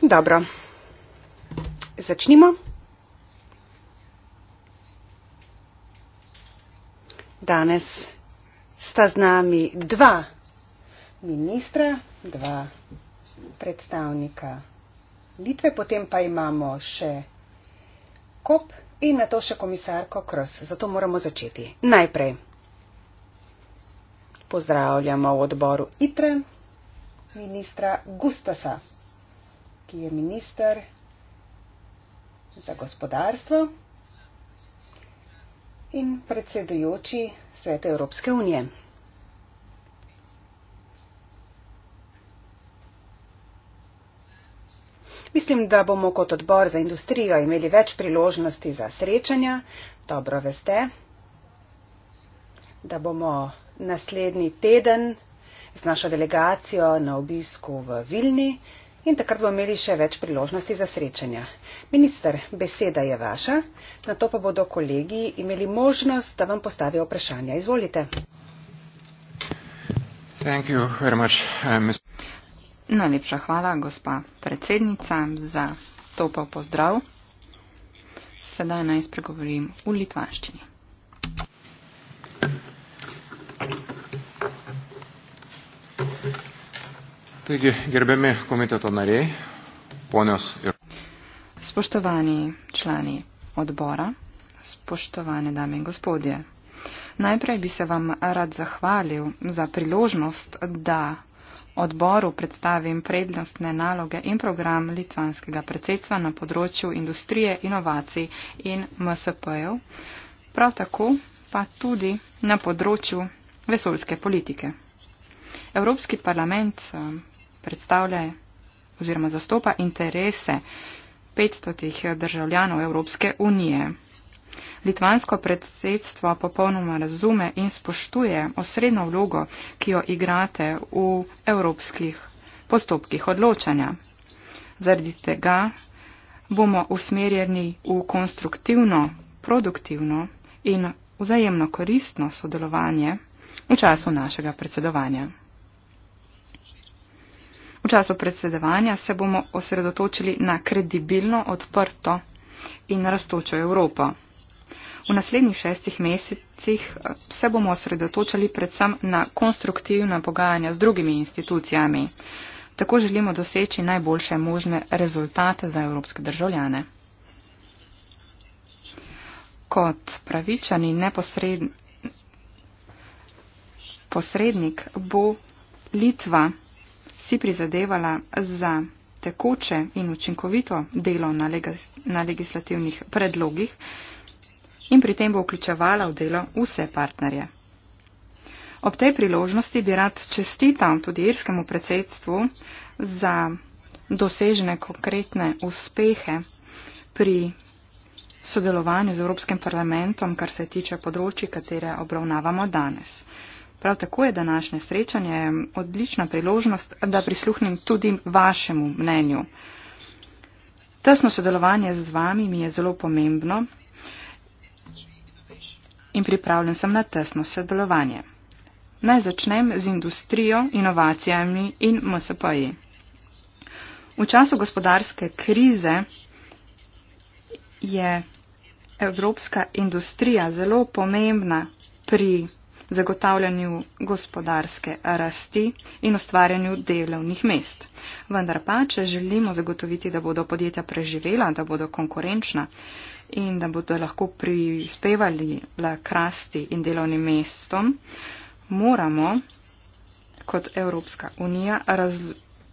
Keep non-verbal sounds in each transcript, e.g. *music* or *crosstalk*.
dobro začnimo danes sta z nami dva ministra dva predstavnika Litve potem pa imamo še kop in na to še komisarko Kros. Zato moramo začeti. Najprej pozdravljamo v odboru ITRE, ministra Gustasa, ki je minister za gospodarstvo in predsedujoči Svete Evropske unije. Mislim, da bomo kot odbor za industrijo imeli več priložnosti za srečanja. Dobro veste, da bomo naslednji teden z našo delegacijo na obisku v Vilni in takrat bomo imeli še več priložnosti za srečanja. Minister, beseda je vaša, na to pa bodo kolegi imeli možnost, da vam postavijo vprašanja. Izvolite. Uh, Najlepša hvala, gospa predsednica, za topo pozdrav. Sedaj naj spregovorim v litvanščini. Taigi, gerbiami komiteto nariai, ponios ir. Spoštovani člani odbora, spoštovane dame in gospodje, najprej bi se vam rad zahvalil za priložnost, da odboru predstavim prednostne naloge in program litvanskega predsedstva na področju industrije, inovacij in MSP-jev, prav tako pa tudi na področju vesoljske politike. Evropski parlament predstavlja oziroma zastopa interese 500 državljanov Evropske unije. Litvansko predsedstvo popolnoma razume in spoštuje osredno vlogo, ki jo igrate v evropskih postopkih odločanja. Zaradi tega bomo usmerjeni v konstruktivno, produktivno in vzajemno koristno sodelovanje v času našega predsedovanja. V času predsedovanja se bomo osredotočili na kredibilno, odprto in rastočo Evropo. V naslednjih šestih mesecih eh, se bomo osredotočili predvsem na konstruktivna pogajanja z drugimi institucijami. Tako želimo doseči najboljše možne rezultate za evropske državljane. Kot pravičani neposrednik bo Litva si prizadevala za tekoče in učinkovito delo na, legis na legislativnih predlogih in pri tem bo vključevala v delo vse partnerje. Ob tej priložnosti bi rad čestital tudi irskemu predsedstvu za dosežene konkretne uspehe pri sodelovanju z Evropskim parlamentom, kar se tiče področji, katere obravnavamo danes. Prav tako je današnje srečanje odlična priložnost, da prisluhnim tudi vašemu mnenju. Tesno sodelovanje z vami mi je zelo pomembno in pripravljen sem na tesno sodelovanje. Naj začnem z industrijo, inovacijami in MSP-ji. V času gospodarske krize je evropska industrija zelo pomembna pri zagotavljanju gospodarske rasti in ustvarjanju delovnih mest. Vendar pa, če želimo zagotoviti, da bodo podjetja preživela, da bodo konkurenčna in da bodo lahko prispevali k rasti in delovnim mestom, moramo kot Evropska unija raz,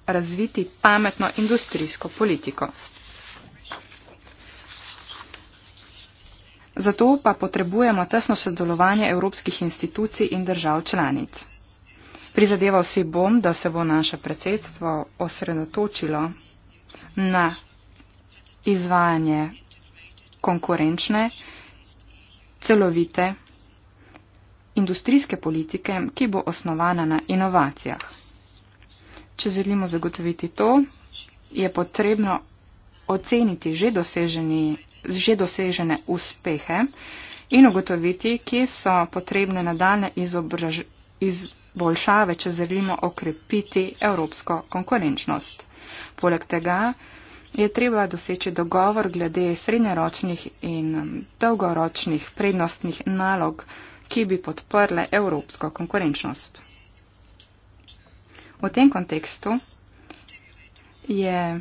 razviti pametno industrijsko politiko. Zato pa potrebujemo tesno sodelovanje evropskih institucij in držav članic. Prizadeval si bom, da se bo naše predsedstvo osredotočilo na izvajanje konkurenčne, celovite industrijske politike, ki bo osnovana na inovacijah. Če želimo zagotoviti to, je potrebno oceniti že doseženi že dosežene uspehe in ugotoviti, kje so potrebne nadaljne izboljšave, če želimo okrepiti evropsko konkurenčnost. Poleg tega je treba doseči dogovor glede srednjeročnih in um, dolgoročnih prednostnih nalog, ki bi podprle evropsko konkurenčnost. V tem kontekstu je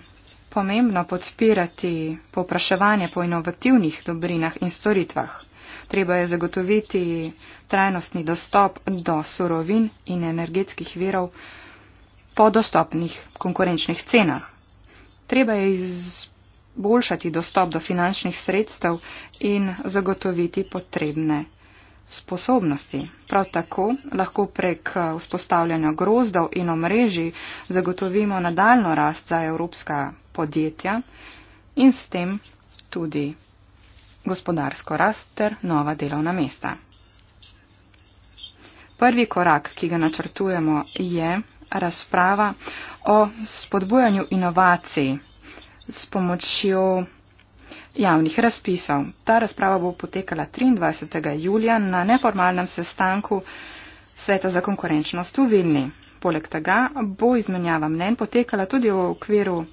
pomembno podpirati povpraševanje po inovativnih dobrinah in storitvah. Treba je zagotoviti trajnostni dostop do surovin in energetskih virov po dostopnih konkurenčnih cenah. Treba je izboljšati dostop do finančnih sredstev in zagotoviti potrebne sposobnosti. Prav tako lahko prek eh, vzpostavljanja grozdov in omrežij zagotovimo nadaljno rast za evropska podjetja in s tem tudi gospodarsko rast ter nova delovna mesta. Prvi korak, ki ga načrtujemo, je razprava o spodbujanju inovacij s pomočjo javnih razpisov. Ta razprava bo potekala 23. julija na neformalnem sestanku Sveta za konkurenčnost v Vilni. Poleg tega bo izmenjava mnen potekala tudi v okviru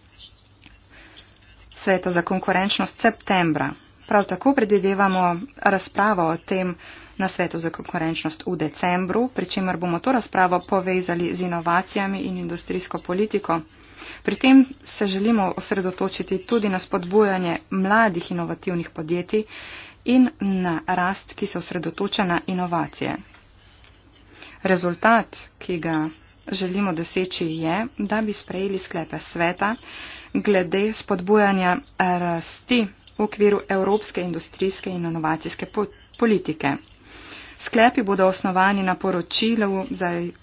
Sveta za konkurenčnost septembra. Prav tako predvidevamo razpravo o tem na Svetu za konkurenčnost v decembru, pri čemer bomo to razpravo povezali z inovacijami in industrijsko politiko. Pri tem se želimo osredotočiti tudi na spodbujanje mladih inovativnih podjetij in na rast, ki se osredotoča na inovacije. Rezultat, ki ga želimo doseči, je, da bi sprejeli sklepe sveta glede spodbujanja rasti v okviru evropske industrijske in inovacijske politike. Sklepi bodo osnovani na poročilu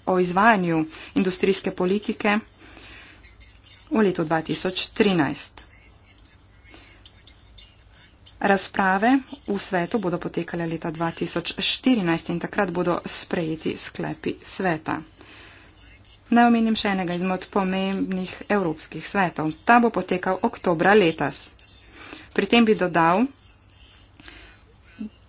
o izvajanju industrijske politike v letu 2013. Razprave v svetu bodo potekale leta 2014 in takrat bodo sprejeti sklepi sveta. Naj omenim še enega izmed pomembnih evropskih svetov. Ta bo potekal oktobra letos. Pri tem bi dodal,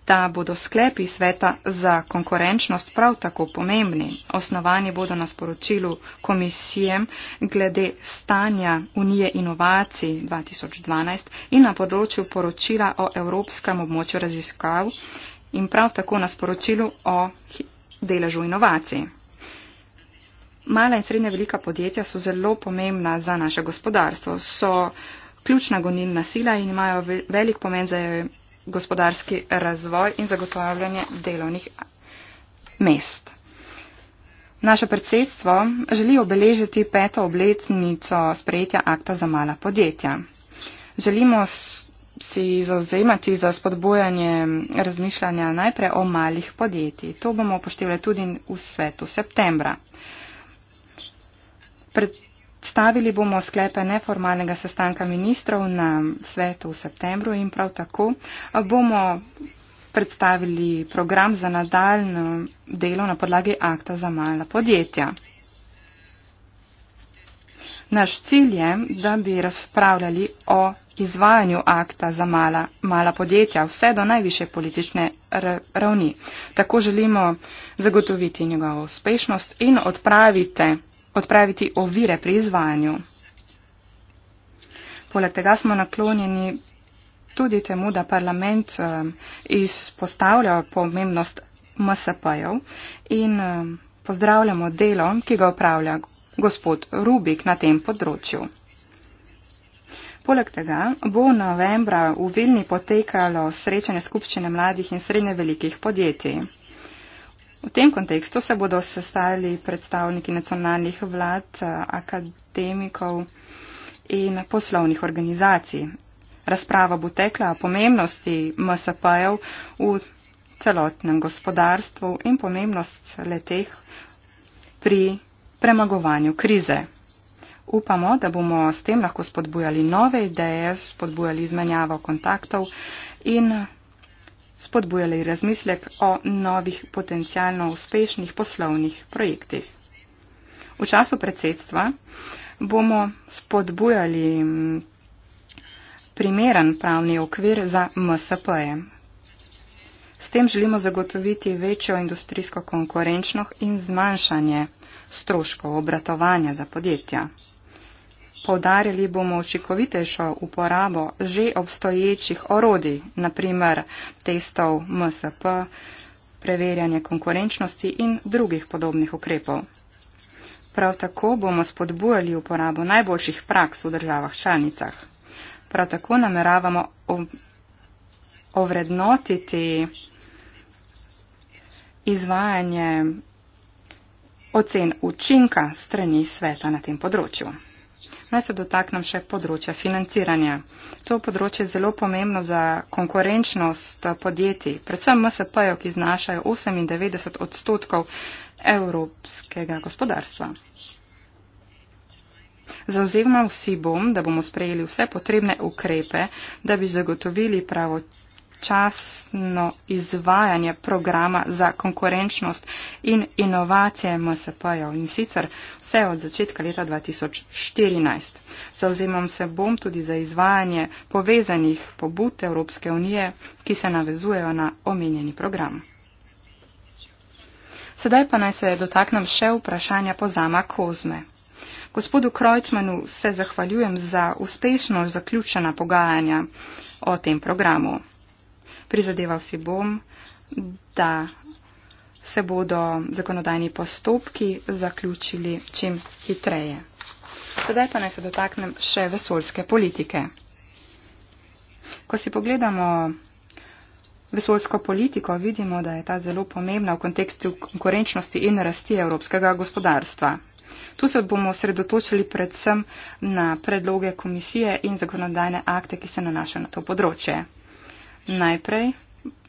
da bodo sklepi sveta za konkurenčnost prav tako pomembni. Osnovani bodo na sporočilu komisijem glede stanja Unije inovacij 2012 in na področju poročila o Evropskem območju raziskav in prav tako na sporočilu o deležu inovacij. Mala in srednja velika podjetja so zelo pomembna za naše gospodarstvo. So ključna gonilna sila in imajo velik pomen za gospodarski razvoj in zagotavljanje delovnih mest. Naše predsedstvo želi obeležiti peto obletnico sprejetja akta za mala podjetja. Želimo si zauzemati za spodbujanje razmišljanja najprej o malih podjetij. To bomo upoštevali tudi v svetu septembra. Pred Stavili bomo sklepe neformalnega sestanka ministrov na svetu v septembru in prav tako eh, bomo predstavili program za nadaljno delo na podlagi akta za mala podjetja. Naš cilj je, da bi razpravljali o izvajanju akta za mala, mala podjetja vse do najviše politične ravni. Tako želimo zagotoviti njegovo uspešnost in odpraviti odpraviti ovire pri izvajanju. Poleg tega smo naklonjeni tudi temu, da parlament um, izpostavlja pomembnost MSP-jev in um, pozdravljamo delo, ki ga upravlja gospod Rubik na tem področju. Poleg tega bo novembra v Vilni potekalo srečanje skupščine mladih in srednje velikih podjetij. V tem kontekstu se bodo sestali predstavniki nacionalnih vlad, akademikov in poslovnih organizacij. Razprava bo tekla o pomembnosti MSP-jev v celotnem gospodarstvu in pomembnost leteh pri premagovanju krize. Upamo, da bomo s tem lahko spodbujali nove ideje, spodbujali izmenjavo kontaktov in spodbujali razmislek o novih potencijalno uspešnih poslovnih projektih. V času predsedstva bomo spodbujali primeren pravni okvir za MSP-je. S tem želimo zagotoviti večjo industrijsko konkurenčnost in zmanjšanje stroškov obratovanja za podjetja. Poudarili bomo učinkovitejšo uporabo že obstoječih orodij, naprimer testov MSP, preverjanje konkurenčnosti in drugih podobnih ukrepov. Prav tako bomo spodbujali uporabo najboljših praks v državah članicah. Prav tako nameravamo ovrednotiti izvajanje ocen učinka strani sveta na tem področju naj se dotaknem še področja financiranja. To področje je zelo pomembno za konkurenčnost podjetij, predvsem MSP-jo, ki znašajo 98 odstotkov evropskega gospodarstva. Zauzemal si bom, da bomo sprejeli vse potrebne ukrepe, da bi zagotovili pravo časno izvajanje programa za konkurenčnost in inovacije MSP-jev in sicer vse od začetka leta 2014. Zauzemam se bom tudi za izvajanje povezanih pobud Evropske unije, ki se navezujejo na omenjeni program. Sedaj pa naj se dotaknem še vprašanja pozama Kozme. Gospodu Krojcmanu se zahvaljujem za uspešno zaključena pogajanja o tem programu prizadeval si bom, da se bodo zakonodajni postopki zaključili čim hitreje. Sedaj pa naj se dotaknem še vesoljske politike. Ko si pogledamo vesoljsko politiko, vidimo, da je ta zelo pomembna v kontekstu konkurenčnosti in rasti evropskega gospodarstva. Tu se bomo sredotočili predvsem na predloge komisije in zakonodajne akte, ki se nanašajo na to področje. Najprej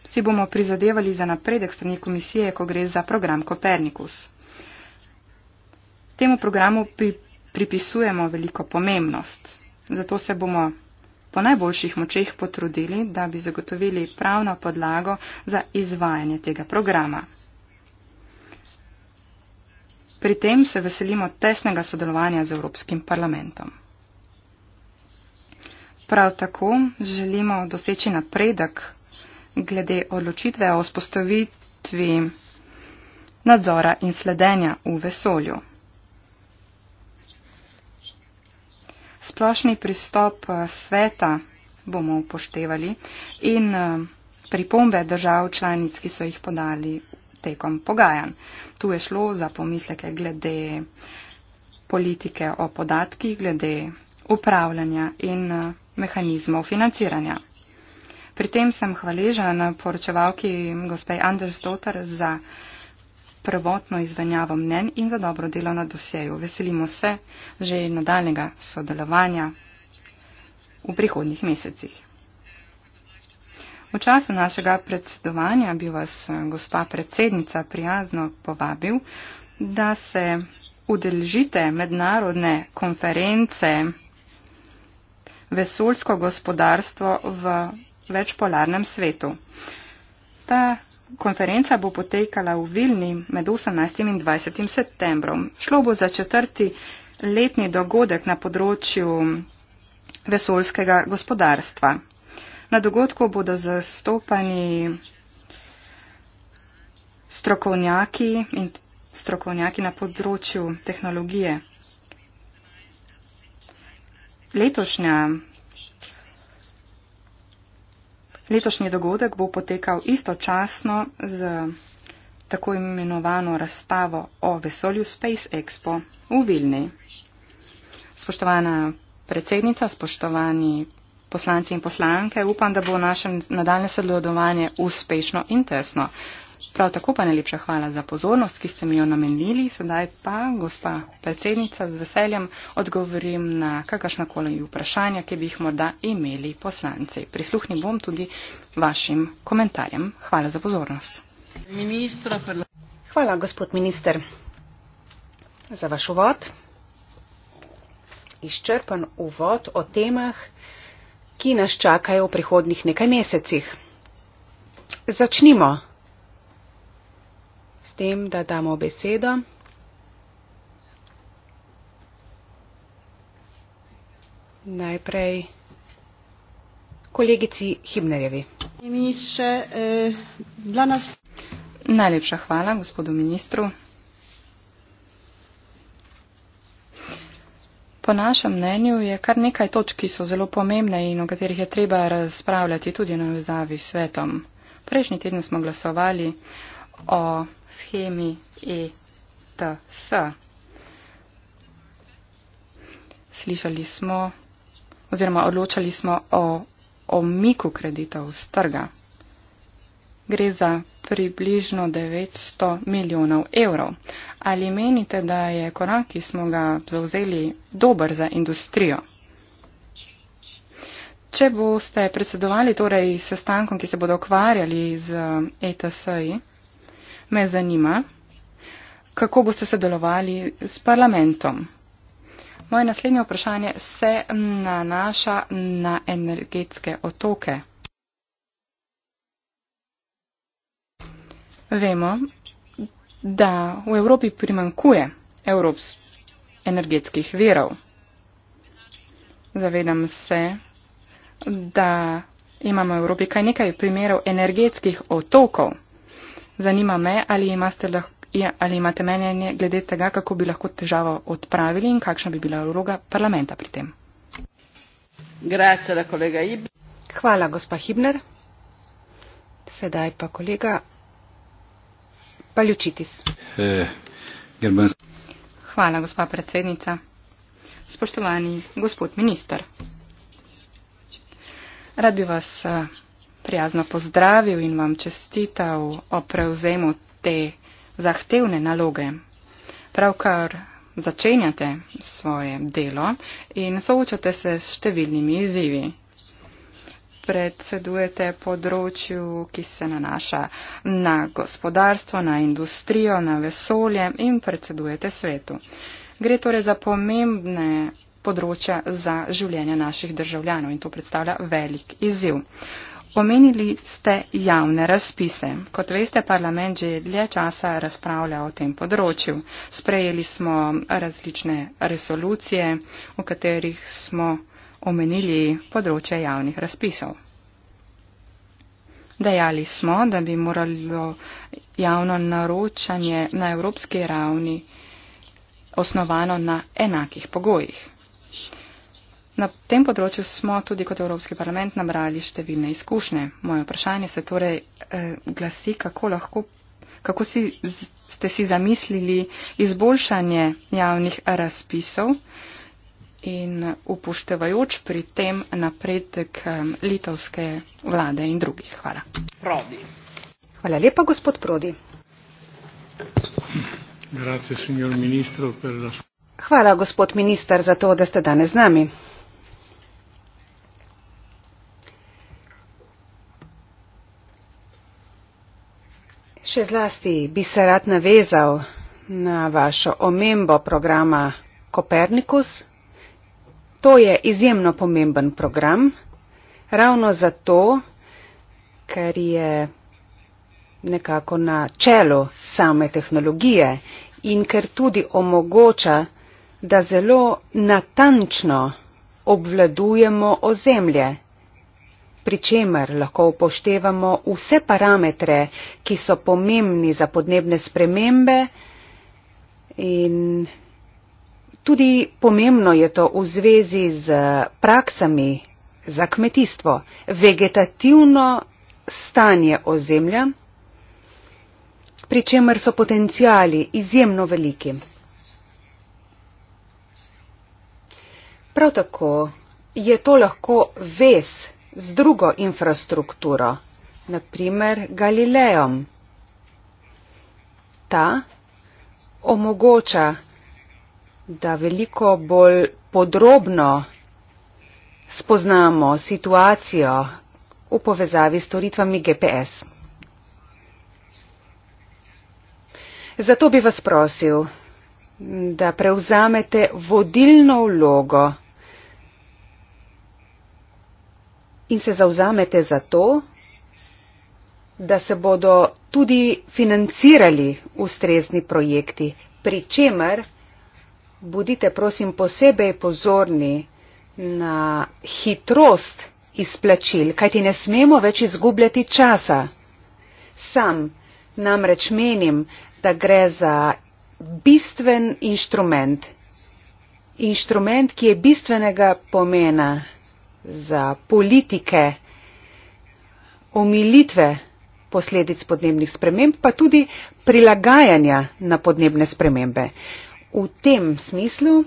si bomo prizadevali za napredek strani komisije, ko gre za program Kopernikus. Temu programu pri, pripisujemo veliko pomembnost, zato se bomo po najboljših močeh potrudili, da bi zagotovili pravno podlago za izvajanje tega programa. Pri tem se veselimo tesnega sodelovanja z Evropskim parlamentom. Prav tako želimo doseči napredek glede odločitve o spostavitvi nadzora in sledenja v vesolju. Splošni pristop eh, sveta bomo upoštevali in eh, pripombe držav članic, ki so jih podali tekom pogajanj. Tu je šlo za pomisleke glede politike o podatkih, glede upravljanja in eh, mehanizmov financiranja. Pri tem sem hvaležen poročevalki gospe Anders Dotar za prvotno izvenjavo mnen in za dobro delo na dosjeju. Veselimo se že nadaljnega sodelovanja v prihodnih mesecih. V času našega predsedovanja bi vas gospa predsednica prijazno povabil, da se udeležite mednarodne konference vesoljsko gospodarstvo v večpolarnem svetu. Ta konferenca bo potekala v Vilni med 18. in 20. septembrom. Šlo bo za četrti letni dogodek na področju vesoljskega gospodarstva. Na dogodku bodo zastopani strokovnjaki in strokovnjaki na področju tehnologije Letošnja, letošnji dogodek bo potekal istočasno z tako imenovano razstavo o vesolju Space Expo v Vilni. Spoštovana predsednica, spoštovani poslanci in poslanke, upam, da bo naše nadaljne sodelovanje uspešno in tesno. Prav tako pa najlepša hvala za pozornost, ki ste mi jo namenili. Sedaj pa, gospa predsednica, z veseljem odgovorim na kakršnakoli vprašanja, ki bi jih morda imeli poslanci. Prisluhnil bom tudi vašim komentarjem. Hvala za pozornost. Hvala, gospod minister, za vaš uvod. Izčrpan uvod o temah, ki nas čakajo v prihodnih nekaj mesecih. Začnimo tem, da damo besedo. Najprej kolegici Himnerjevi. Ministre, eh, dla nas... Najlepša hvala gospodu ministru. Po našem mnenju je kar nekaj točk, ki so zelo pomembne in o katerih je treba razpravljati tudi na vezavi s svetom. Prejšnji teden smo glasovali o schemi ETS. Slišali smo oziroma odločali smo o omiku kreditov z trga. Gre za približno 900 milijonov evrov. Ali menite, da je korak, ki smo ga zauzeli, dober za industrijo? Če boste predsedovali torej sestankom, ki se bodo ukvarjali z ETS-ji, Me zanima, kako boste sodelovali s parlamentom. Moje naslednje vprašanje se nanaša na energetske otoke. Vemo, da v Evropi primankuje evropskih energetskih verov. Zavedam se, da imamo v Evropi kaj nekaj primerov energetskih otokov. Zanima me, ali imate, ali imate menjenje glede tega, kako bi lahko težavo odpravili in kakšna bi bila vloga parlamenta pri tem. Hvala, gospa Hibner. Sedaj pa kolega Paljučitis. Eh, Hvala, gospa predsednica. Spoštovani gospod minister. Rad bi vas eh, prijazno pozdravil in vam čestital o prevzemu te zahtevne naloge. Pravkar začenjate svoje delo in soočate se s številnimi izzivi. Predsedujete področju, ki se nanaša na gospodarstvo, na industrijo, na vesolje in predsedujete svetu. Gre torej za pomembne področja za življenje naših državljanov in to predstavlja velik izziv. Omenili ste javne razpise. Kot veste, parlament že dlje časa razpravlja o tem področju. Sprejeli smo različne resolucije, v katerih smo omenili področje javnih razpisov. Dejali smo, da bi moralo javno naročanje na evropski ravni osnovano na enakih pogojih. Na tem področju smo tudi kot Evropski parlament nabrali številne izkušnje. Moje vprašanje se torej eh, glasi, kako lahko. Kako si, ste si zamislili izboljšanje javnih razpisov in upoštevajoč pri tem napredek eh, litovske vlade in drugih? Hvala. Prodi. Hvala lepa, gospod Prodi. Grazie, Hvala, gospod minister, za to, da ste danes z nami. še zlasti bi se rad navezal na vašo omembo programa Kopernikus. To je izjemno pomemben program, ravno zato, ker je nekako na čelu same tehnologije in ker tudi omogoča, da zelo natančno obvladujemo ozemlje pri čemer lahko upoštevamo vse parametre, ki so pomembni za podnebne spremembe in tudi pomembno je to v zvezi z praksami za kmetijstvo. Vegetativno stanje ozemlja, pri čemer so potencijali izjemno veliki. Prav tako je to lahko ves z drugo infrastrukturo, naprimer Galilejem. Ta omogoča, da veliko bolj podrobno spoznamo situacijo v povezavi s storitvami GPS. Zato bi vas prosil, da prevzamete vodilno vlogo in se zauzamete za to, da se bodo tudi financirali ustrezni projekti. Pri čemer bodite prosim posebej pozorni na hitrost izplačil, kajti ne smemo več izgubljati časa. Sam namreč menim, da gre za bistven inštrument. Inštrument, ki je bistvenega pomena za politike omilitve posledic podnebnih sprememb, pa tudi prilagajanja na podnebne spremembe. V tem smislu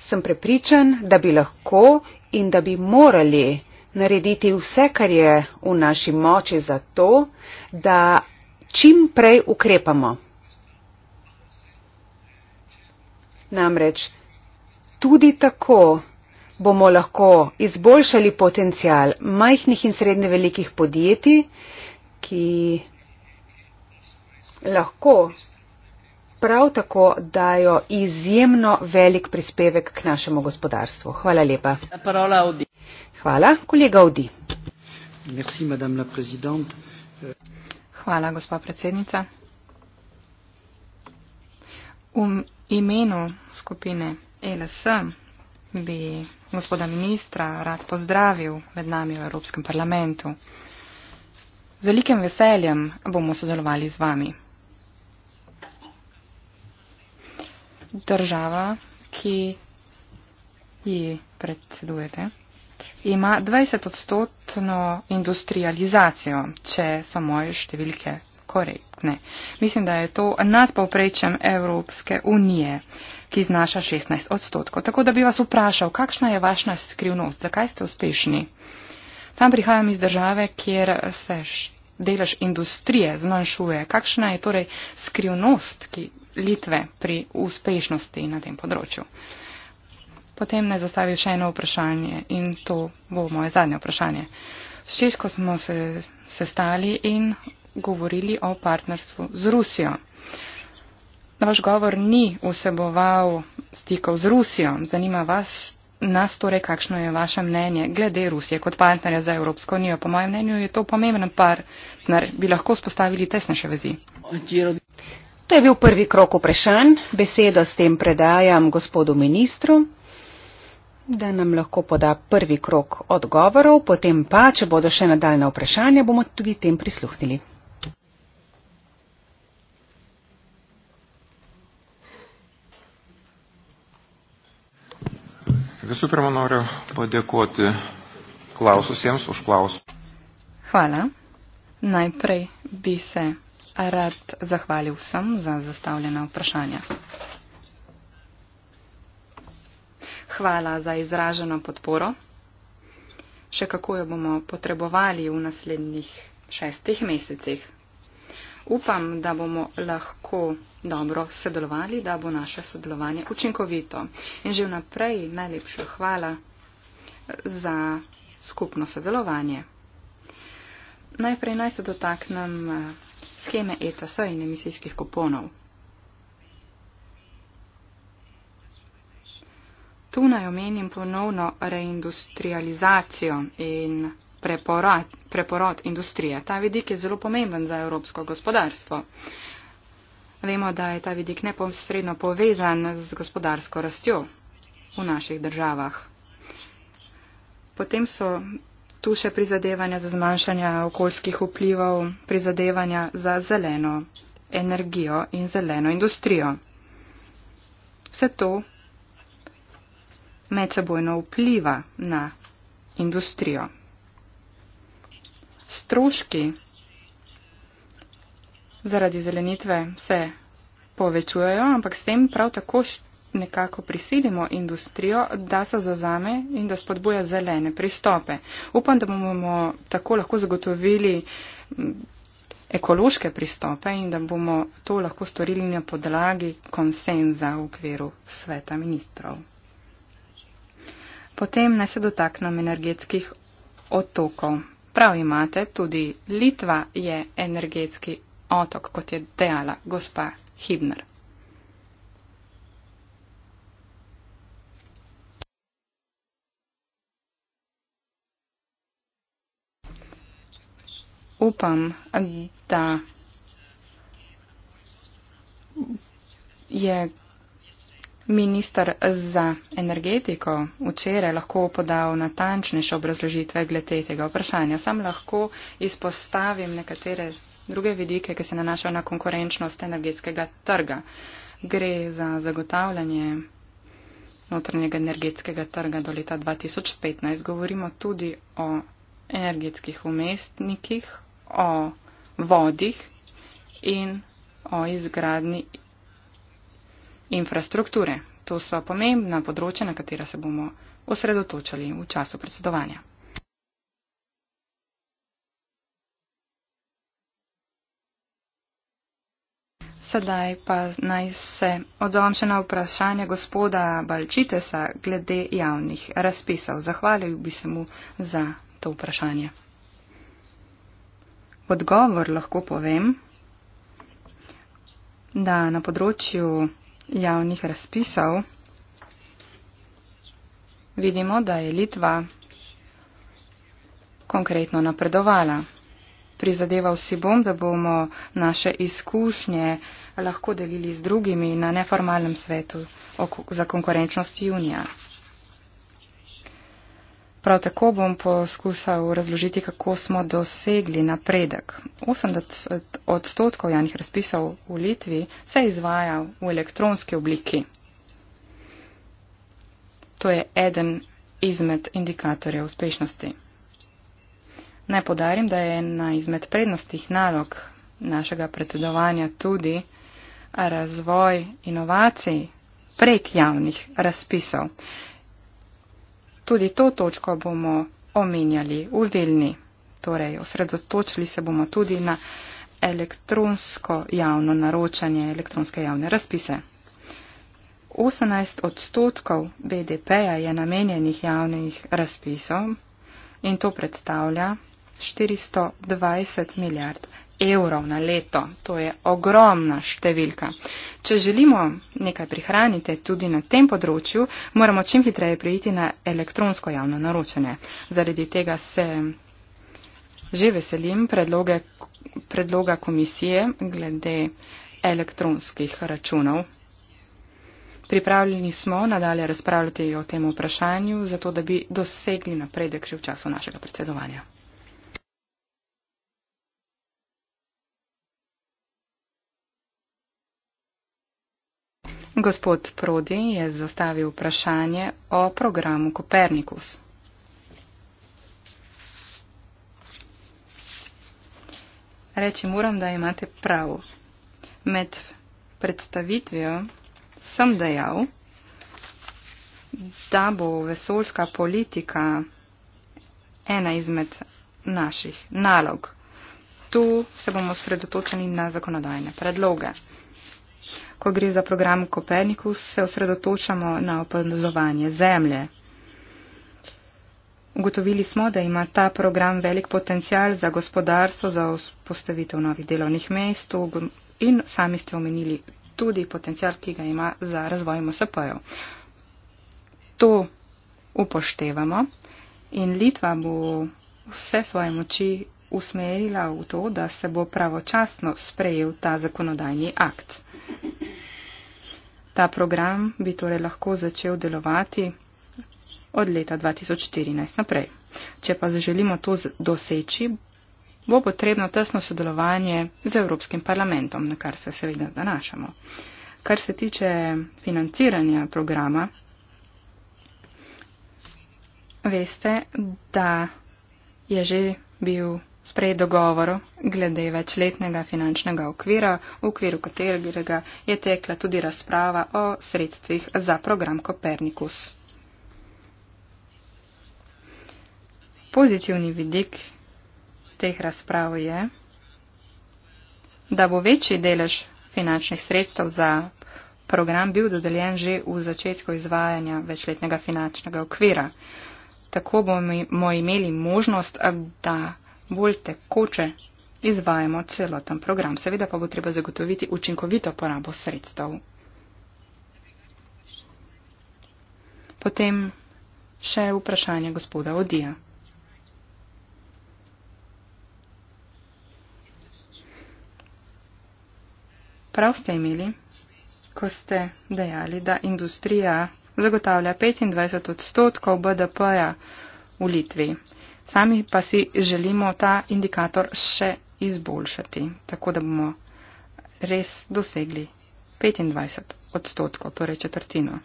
sem prepričan, da bi lahko in da bi morali narediti vse, kar je v naši moči za to, da čim prej ukrepamo. Namreč tudi tako bomo lahko izboljšali potencial majhnih in srednje velikih podjetij, ki lahko prav tako dajo izjemno velik prispevek k našemu gospodarstvu. Hvala lepa. Hvala, kolega Audi. Merci, la Hvala, gospod predsednica. V imenu skupine LSM bi gospoda ministra rad pozdravil med nami v Evropskem parlamentu. Z velikim veseljem bomo sodelovali z vami. Država, ki ji predsedujete, ima 20 odstotno industrializacijo, če so moje številke korektne. Mislim, da je to nadpovprečjem Evropske unije ki znaša 16 odstotkov. Tako da bi vas vprašal, kakšna je vaša skrivnost, zakaj ste uspešni? Sam prihajam iz države, kjer se delež industrije zmanjšuje. Kakšna je torej skrivnost ki, Litve pri uspešnosti na tem področju? Potem naj zastavim še eno vprašanje in to bo moje zadnje vprašanje. S Češko smo se sestali in govorili o partnerstvu z Rusijo. Vaš govor ni vseboval stikov z Rusijo. Zanima vas, nas torej, kakšno je vaše mnenje glede Rusije kot partnerja za Evropsko unijo. Po mojem mnenju je to pomemben partner, bi lahko spostavili tesnejše vezi. To je bil prvi krok vprašanj. Besedo s tem predajam gospodu ministru, da nam lahko poda prvi krok odgovorov, potem pa, če bodo še nadaljne vprašanja, bomo tudi tem prisluhnili. Visų pirma, noriu padėkoti klaususiems už klausimą. Hvala. Najprej bi se rad zahvalil vsem za zastavljena vprašanja. Hvala za izraženo podporo. Še kako jo bomo potrebovali v naslednjih šestih mesecih, Upam, da bomo lahko dobro sodelovali, da bo naše sodelovanje učinkovito. In že vnaprej najlepša hvala eh, za skupno sodelovanje. Najprej naj se dotaknem eh, scheme ETS in emisijskih kuponov. Tu naj omenim ponovno reindustrializacijo in preporod, preporod industrije. Ta vidik je zelo pomemben za evropsko gospodarstvo. Vemo, da je ta vidik neposredno povezan z gospodarsko rastjo v naših državah. Potem so tu še prizadevanja za zmanjšanje okoljskih vplivov, prizadevanja za zeleno energijo in zeleno industrijo. Vse to medsebojno vpliva na industrijo stroški zaradi zelenitve se povečujejo, ampak s tem prav tako nekako prisilimo industrijo, da se zazame in da spodbuja zelene pristope. Upam, da bomo tako lahko zagotovili ekološke pristope in da bomo to lahko storili na podlagi konsenza v okviru sveta ministrov. Potem naj se dotaknem energetskih otokov. Prav imate, tudi Litva je energetski otok, kot je dejala gospa Hibner. Upam, da je Ministr za energetiko včeraj lahko podal natančnejše obrazložitve glede tega vprašanja. Sam lahko izpostavim nekatere druge vidike, ki se nanašajo na konkurenčnost energetskega trga. Gre za zagotavljanje notranjega energetskega trga do leta 2015. Govorimo tudi o energetskih umestnikih, o vodih in o izgradni infrastrukture. To so pomembna področja, na katera se bomo osredotočali v času predsedovanja. Sedaj pa naj se odzovem še na vprašanje gospoda Balčitesa glede javnih razpisov. Zahvalil bi se mu za to vprašanje. Odgovor lahko povem, da na področju javnih razpisov vidimo, da je Litva konkretno napredovala. Prizadeval si bom, da bomo naše izkušnje lahko delili z drugimi na neformalnem svetu za konkurenčnost junija. Prav tako bom poskusal razložiti, kako smo dosegli napredek. 80 odstotkov javnih razpisov v Litvi se izvaja v elektronski obliki. To je eden izmed indikatorjev uspešnosti. Naj podarim, da je ena izmed prednostih nalog našega predsedovanja tudi razvoj inovacij prek javnih razpisov tudi to točko bomo omenjali v Vilni. Torej, osredotočili se bomo tudi na elektronsko javno naročanje, elektronske javne razpise. 18 odstotkov BDP-ja je namenjenih javnih razpisov in to predstavlja 420 milijard evrov na leto. To je ogromna številka. Če želimo nekaj prihraniti tudi na tem področju, moramo čim hitreje prejiti na elektronsko javno naročanje. Zaradi tega se že veselim predloge, predloga komisije glede elektronskih računov. Pripravljeni smo nadalje razpravljati o tem vprašanju, zato da bi dosegli napredek še v času našega predsedovanja. Gospod Prodi je zastavil vprašanje o programu Kopernikus. Reči moram, da imate prav. Med predstavitvijo sem dejal, da bo vesoljska politika ena izmed naših nalog. Tu se bomo sredotočeni na zakonodajne predloge ko gre za program Kopernikus, se osredotočamo na opazovanje Zemlje. Ugotovili smo, da ima ta program velik potencial za gospodarstvo, za vzpostavitev novih delovnih mest in sami ste omenili tudi potencial, ki ga ima za razvoj MSP-jev. To upoštevamo in Litva bo vse svoje moči usmerila v to, da se bo pravočasno sprejel ta zakonodajni akt. Ta program bi torej lahko začel delovati od leta 2014 naprej. Če pa želimo to doseči, bo potrebno tesno sodelovanje z Evropskim parlamentom, na kar se seveda današamo. Kar se tiče financiranja programa, veste, da je že bil sprejet dogovor glede večletnega finančnega okvira, v okviru katerega je tekla tudi razprava o sredstvih za program Kopernikus. Pozitivni vidik teh razprav je, da bo večji delež finančnih sredstev za program bil dodeljen že v začetku izvajanja večletnega finančnega okvira. Tako bomo imeli možnost, da bolj tekoče izvajamo celoten program. Seveda pa bo treba zagotoviti učinkovito porabo sredstev. Potem še vprašanje gospoda Odija. Prav ste imeli, ko ste dejali, da industrija zagotavlja 25 odstotkov BDP-ja v Litvi. Sami pa si želimo ta indikator še izboljšati, tako da bomo res dosegli 25 odstotkov, torej četrtino.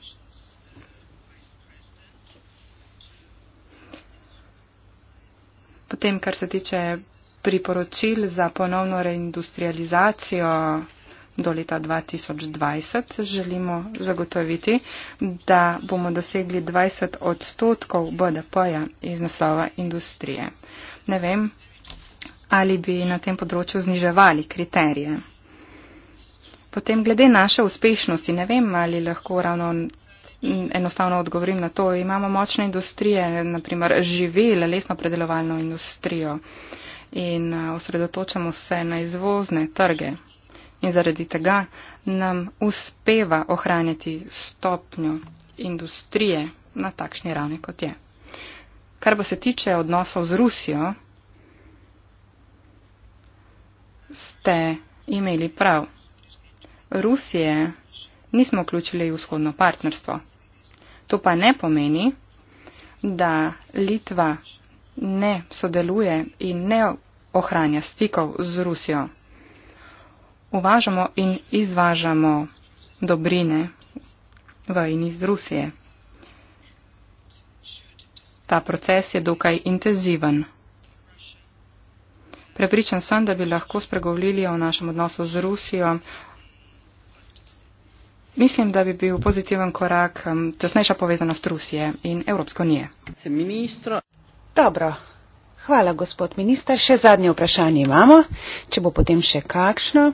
Potem, kar se tiče priporočil za ponovno reindustrializacijo, do leta 2020 želimo zagotoviti, da bomo dosegli 20 odstotkov BDP-ja iz naslova industrije. Ne vem, ali bi na tem področju zniževali kriterije. Potem glede naše uspešnosti, ne vem, ali lahko ravno. Enostavno odgovorim na to. Imamo močne industrije, naprimer živele, lesno predelovalno industrijo in osredotočamo se na izvozne trge in zaradi tega nam uspeva ohranjati stopnjo industrije na takšni ravni, kot je. Kar pa se tiče odnosov z Rusijo, ste imeli prav. Rusije nismo vključili v vzhodno partnerstvo. To pa ne pomeni, da Litva ne sodeluje in ne ohranja stikov z Rusijo uvažamo in izvažamo dobrine v in iz Rusije. Ta proces je dokaj intenziven. Prepričan sem, da bi lahko spregovorili o našem odnosu z Rusijo. Mislim, da bi bil pozitiven korak tesnejša povezanost Rusije in Evropske unije. Dobro. Hvala, gospod minister. Še zadnje vprašanje imamo. Če bo potem še kakšno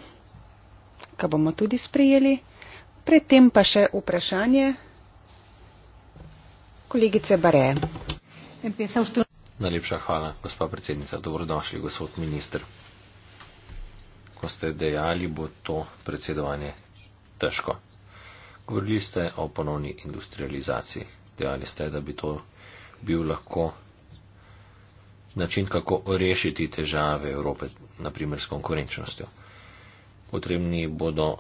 ki bomo tudi sprejeli. Predtem pa še vprašanje kolegice Bare. Najlepša hvala, gospa predsednica. Dobrodošli, gospod minister. Ko ste dejali, bo to predsedovanje težko. Govorili ste o ponovni industrializaciji. Dejali ste, da bi to bil lahko način, kako rešiti težave Evrope, naprimer s konkurenčnostjo potrebni bodo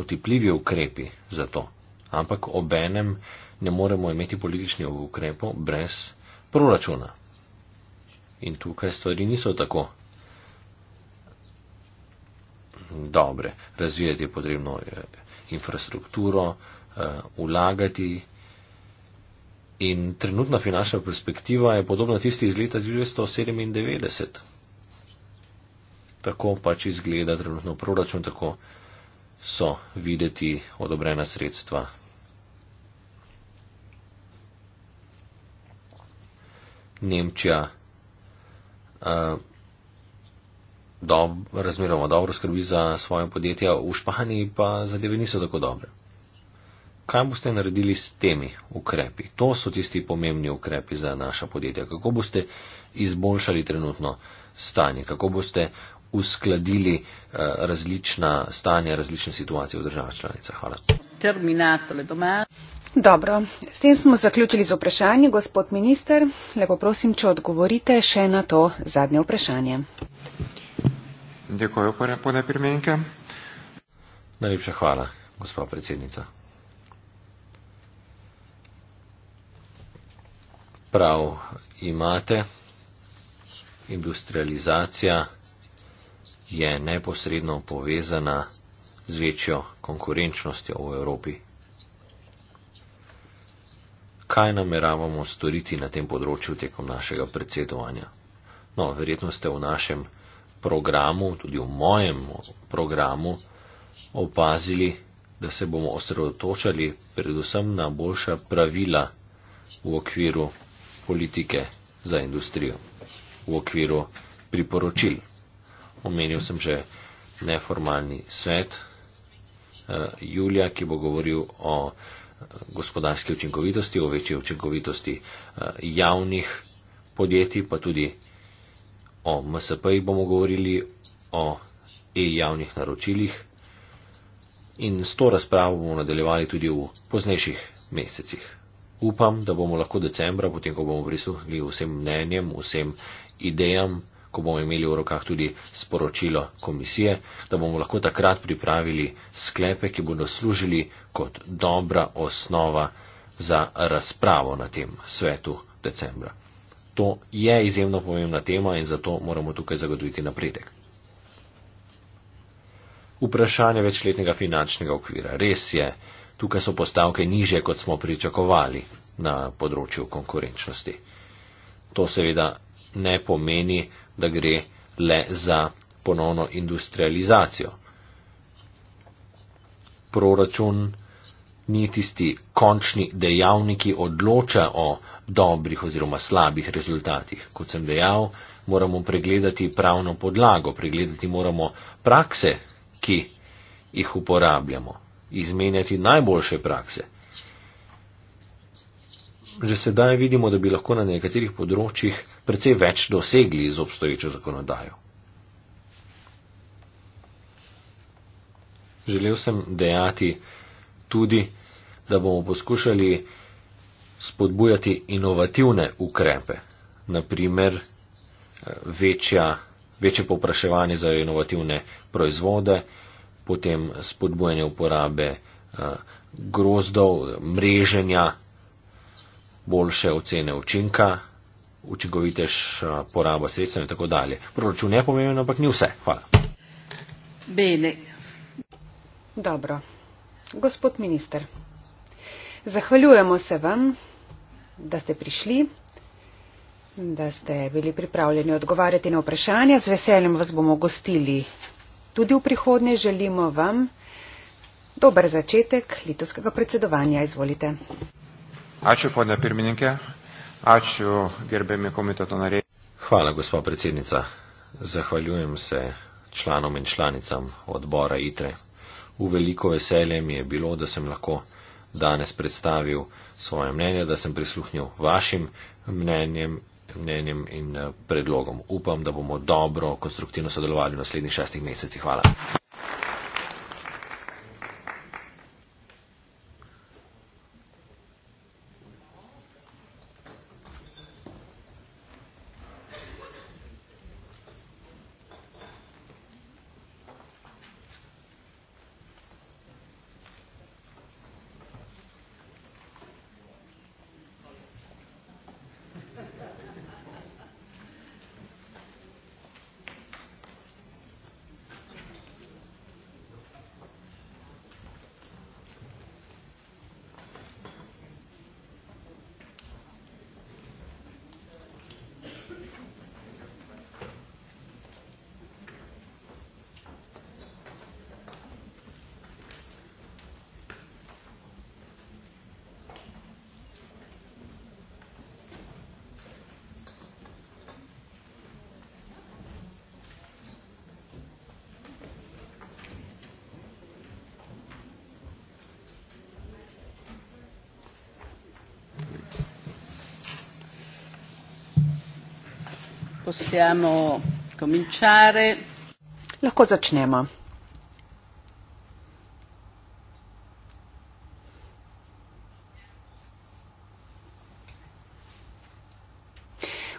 otipljivi ukrepi za to. Ampak obenem ne moremo imeti političnih ukrepov brez proračuna. In tukaj stvari niso tako dobre. Razvijati je potrebno eh, infrastrukturo, ulagati. Eh, In trenutna finančna perspektiva je podobna tisti iz leta 1997 tako pač izgleda trenutno proračun, tako so videti odobrena sredstva. Nemčija uh, dob, razmeroma dobro skrbi za svoje podjetja, v Španiji pa zadeve niso tako dobre. Kaj boste naredili s temi ukrepi? To so tisti pomembni ukrepi za naša podjetja. Kako boste izboljšali trenutno stanje? Kako boste uskladili eh, različna stanja, različne situacije v državah članicah. Hvala. Dobro, s tem smo zaključili z vprašanjem, gospod minister. Lepo prosim, če odgovorite še na to zadnje vprašanje. Dekoju, Najlepša hvala, gospa predsednica. Prav imate industrializacija je neposredno povezana z večjo konkurenčnostjo v Evropi. Kaj nameravamo storiti na tem področju tekom našega predsedovanja? No, verjetno ste v našem programu, tudi v mojem programu, opazili, da se bomo osredotočali predvsem na boljša pravila v okviru politike za industrijo, v okviru priporočil omenil sem že neformalni svet eh, Julija, ki bo govoril o eh, gospodarski učinkovitosti, o večji učinkovitosti eh, javnih podjetij, pa tudi o MSP-ji bomo govorili, o e-javnih naročilih in s to razpravo bomo nadaljevali tudi v poznejših mesecih. Upam, da bomo lahko decembra, potem ko bomo prisluhnili vsem mnenjem, vsem idejam, ko bomo imeli v rokah tudi sporočilo komisije, da bomo lahko takrat pripravili sklepe, ki bodo služili kot dobra osnova za razpravo na tem svetu decembra. To je izjemno pomembna tema in zato moramo tukaj zagotoviti napredek. Vprašanje večletnega finančnega okvira. Res je, tukaj so postavke niže, kot smo pričakovali na področju konkurenčnosti. To seveda ne pomeni, da gre le za ponovno industrializacijo. Proračun ni tisti končni dejavnik, ki odloča o dobrih oziroma slabih rezultatih. Kot sem dejal, moramo pregledati pravno podlago, pregledati moramo prakse, ki jih uporabljamo, izmenjati najboljše prakse. Že sedaj vidimo, da bi lahko na nekaterih področjih precej več dosegli z obstoječo zakonodajo. Želel sem dejati tudi, da bomo poskušali spodbujati inovativne ukrepe, naprimer eh, večja, večje popraševanje za inovativne proizvode, potem spodbujanje uporabe eh, grozdov, mreženja, boljše ocene učinka učinkovitejša poraba sredstva in tako dalje. Proračun je pomemben, ampak ni vse. Hvala. Bene. Dobro. Gospod minister, zahvaljujemo se vam, da ste prišli, da ste bili pripravljeni odgovarjati na vprašanja. Z veseljem vas bomo gostili tudi v prihodnje. Želimo vam dober začetek litovskega predsedovanja. Izvolite. Ačiū, ponia pirmininkė. Ačiū gerbėmi komiteto nariai. Hvala, gospod predsednica. Zahvaljujem se članom in članicam odbora ITRE. V veliko veselje mi je bilo, da sem lahko danes predstavil svoje mnenje, da sem prisluhnil vašim mnenjem, mnenjem in eh, predlogom. Upam, da bomo dobro, konstruktivno sodelovali v naslednjih šestih mesecih. Hvala. Possiamo cominciare. Lahko začnemo.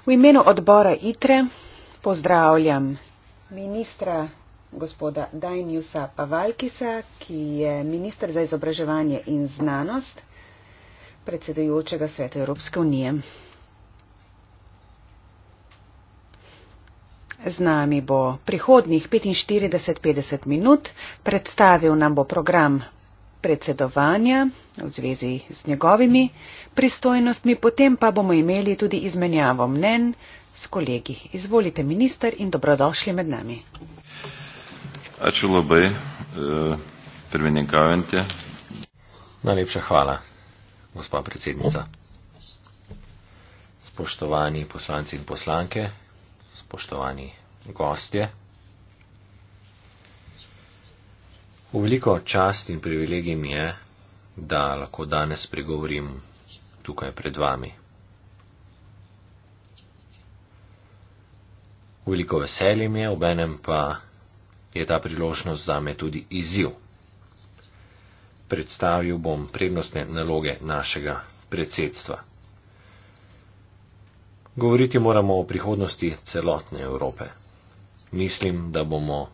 V imenu odbora ITRE pozdravljam ministra gospoda Dajnjusa Pavalkisa, ki je ministr za izobraževanje in znanost predsedujočega Sveta Evropske unije. Z nami bo prihodnih 45-50 minut, predstavil nam bo program predsedovanja v zvezi z njegovimi pristojnostmi, potem pa bomo imeli tudi izmenjavo mnen s kolegi. Izvolite, minister, in dobrodošli med nami. E, Najlepša hvala, gospa predsednica. Spoštovani poslanci in poslanke, spoštovani gostje. V veliko čast in privilegij mi je, da lahko danes pregovorim tukaj pred vami. Veliko veselje mi je, obenem pa je ta priložnost za me tudi izziv. Predstavil bom prednostne naloge našega predsedstva. Govoriti moramo o prihodnosti celotne Evrope. Mislim, da bomo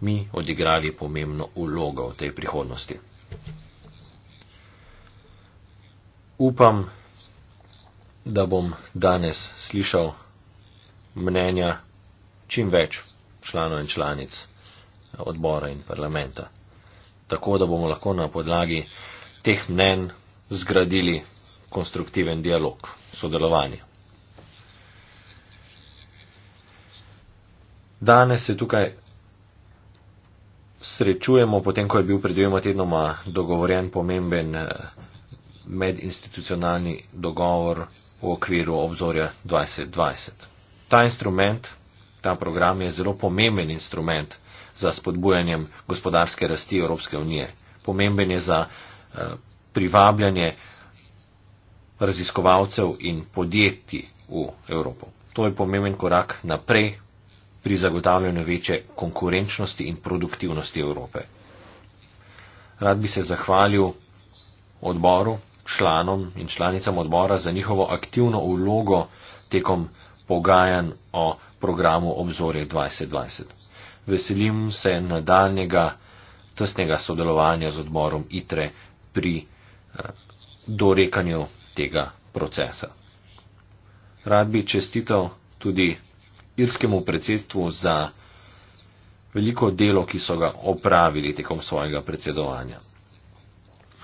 mi odigrali pomembno ulogo v tej prihodnosti. Upam, da bom danes slišal mnenja čim več članov in članic odbora in parlamenta, tako da bomo lahko na podlagi teh mnen zgradili konstruktiven dialog, sodelovanje. Danes se tukaj srečujemo, potem ko je bil pred dvema tednoma dogovorjen pomemben eh, medinstitucionalni dogovor v okviru obzorja 2020. Ta instrument, ta program je zelo pomemben instrument za spodbujanjem gospodarske rasti Evropske unije. Pomemben je za eh, privabljanje raziskovalcev in podjetij v Evropo. To je pomemben korak naprej pri zagotavljanju večje konkurenčnosti in produktivnosti Evrope. Rad bi se zahvalil odboru, članom in članicam odbora za njihovo aktivno vlogo tekom pogajanj o programu Obzorje 2020. Veselim se nadaljnjega tesnega sodelovanja z odborom ITRE pri eh, dorekanju tega procesa. Rad bi čestital tudi irskemu predsedstvu za veliko delo, ki so ga opravili tekom svojega predsedovanja.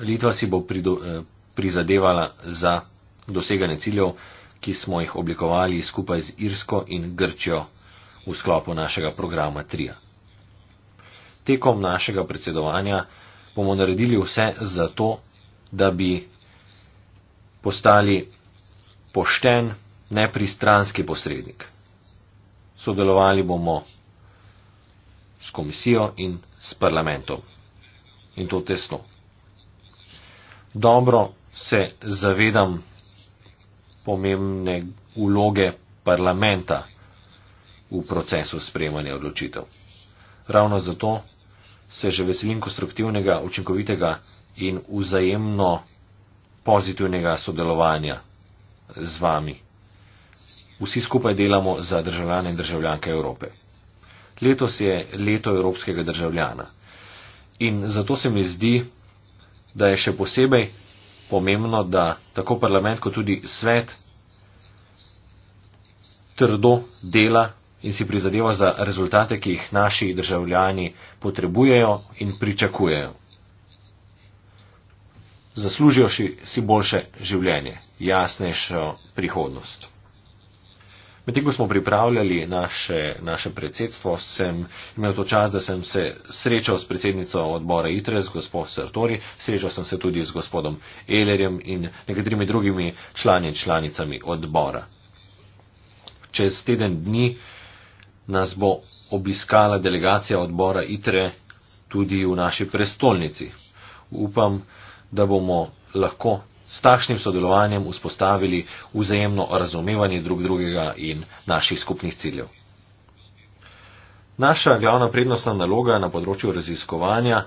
Litva si bo prido, eh, prizadevala za doseganje ciljev, ki smo jih oblikovali skupaj z Irsko in Grčjo v sklopu našega programa TRIA. Tekom našega predsedovanja bomo naredili vse za to, da bi postali pošten, nepristranski posrednik sodelovali bomo s komisijo in s parlamentom. In to tesno. Dobro se zavedam pomembne uloge parlamenta v procesu sprejemanja odločitev. Ravno zato se že veselim konstruktivnega, učinkovitega in vzajemno pozitivnega sodelovanja z vami. Vsi skupaj delamo za državljane in državljanke Evrope. Letos je leto evropskega državljana. In zato se mi zdi, da je še posebej pomembno, da tako parlament kot tudi svet trdo dela in si prizadeva za rezultate, ki jih naši državljani potrebujejo in pričakujejo. Zaslužijo si boljše življenje, jasnejšo prihodnost. Medtem ko smo pripravljali naše, naše predsedstvo, sem imel to čas, da sem se srečal s predsednico odbora ITRES, gospod Sartori, srečal sem se tudi z gospodom Elerjem in nekaterimi drugimi člani in članicami odbora. Čez teden dni nas bo obiskala delegacija odbora ITRE tudi v naši prestolnici. Upam, da bomo lahko s takšnim sodelovanjem vzpostavili vzajemno razumevanje drug drugega in naših skupnih ciljev. Naša glavna prednostna naloga na področju raziskovanja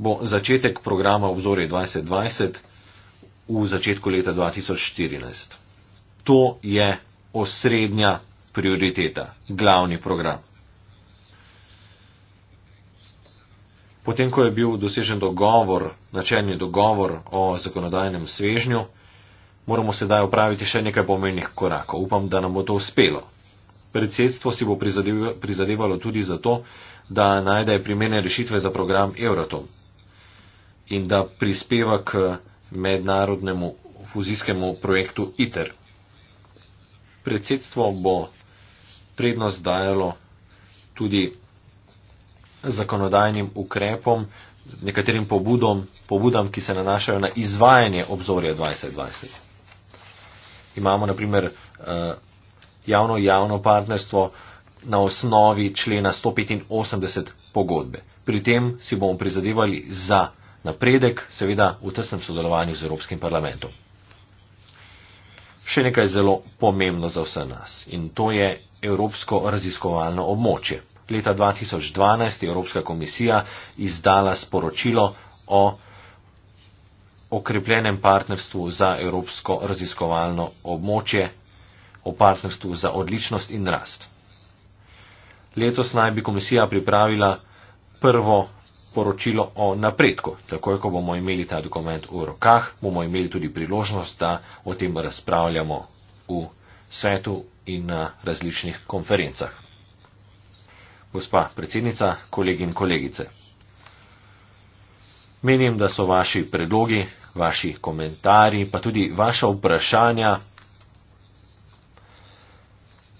bo začetek programa obzorje 2020 v začetku leta 2014. To je osrednja prioriteta, glavni program. Potem, ko je bil dosežen dogovor, načelni dogovor o zakonodajnem svežnju, moramo sedaj upraviti še nekaj pomenih korakov. Upam, da nam bo to uspelo. Predsedstvo si bo prizadevalo tudi za to, da najde primerne rešitve za program Euratom in da prispeva k mednarodnemu fuzijskemu projektu ITER. Predsedstvo bo prednost dajalo tudi zakonodajnim ukrepom, nekaterim pobudom, pobudam, ki se nanašajo na izvajanje obzorja 2020. Imamo naprimer javno-javno eh, partnerstvo na osnovi člena 185 pogodbe. Pri tem si bomo prizadevali za napredek, seveda v tesnem sodelovanju z Evropskim parlamentom. Še nekaj zelo pomembno za vse nas in to je Evropsko raziskovalno območje leta 2012 je Evropska komisija izdala sporočilo o okrepljenem partnerstvu za Evropsko raziskovalno območje, o partnerstvu za odličnost in rast. Letos naj bi komisija pripravila prvo poročilo o napredku. Takoj, ko bomo imeli ta dokument v rokah, bomo imeli tudi priložnost, da o tem razpravljamo v svetu in na različnih konferencah gospa predsednica, kolegi in kolegice. Menim, da so vaši predlogi, vaši komentarji, pa tudi vaša vprašanja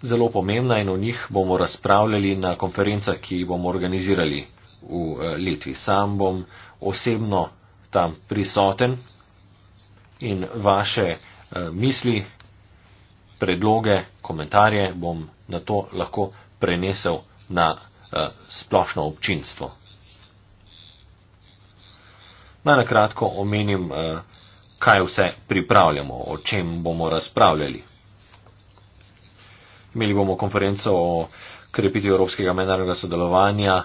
zelo pomembna in o njih bomo razpravljali na konferencah, ki jih bomo organizirali v eh, Litvi. Sam bom osebno tam prisoten in vaše eh, misli, predloge, komentarje bom na to lahko prenesel na eh, splošno občinstvo. Naj na kratko omenim, eh, kaj vse pripravljamo, o čem bomo razpravljali. Imeli bomo konferenco o krepitvi evropskega mednarodnega sodelovanja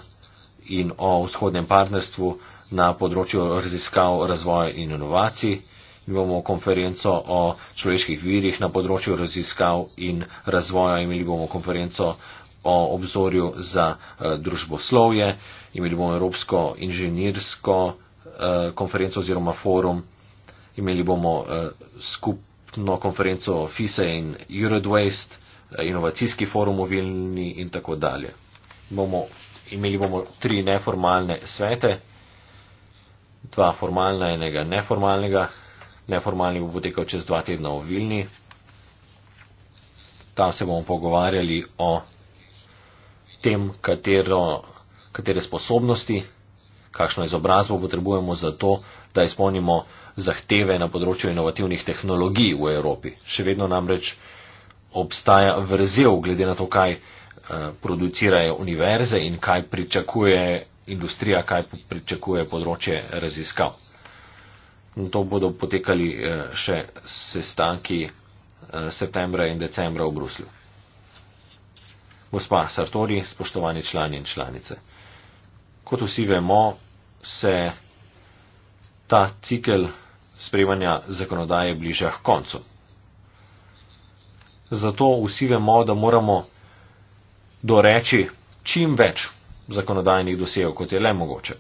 in o vzhodnem partnerstvu na področju raziskav, razvoja in inovacij. Imeli bomo konferenco o človeških virih na področju raziskav in razvoja. Imeli bomo konferenco o obzorju za eh, družboslovje, imeli bomo Evropsko inženirsko eh, konferenco oziroma forum, imeli bomo eh, skupno konferenco FISA in Eurodwaste, inovacijski forum v Vilni in tako dalje. Bomo, imeli bomo tri neformalne svete, dva formalna in enega neformalnega. Neformalni bo potekal čez dva tedna v Vilni. Tam se bomo pogovarjali o tem, katero, katere sposobnosti, kakšno izobrazbo potrebujemo za to, da izpolnimo zahteve na področju inovativnih tehnologij v Evropi. Še vedno namreč obstaja vrzel, glede na to, kaj eh, producirajo univerze in kaj pričakuje industrija, kaj pričakuje področje raziskav. In to bodo potekali eh, še sestanki eh, septembra in decembra v Bruslju. Gospa Sartori, spoštovani člani in članice. Kot vsi vemo, se ta cikel sprejmanja zakonodaje bliža k koncu. Zato vsi vemo, da moramo doreči čim več zakonodajnih dosegov, kot je le mogoče.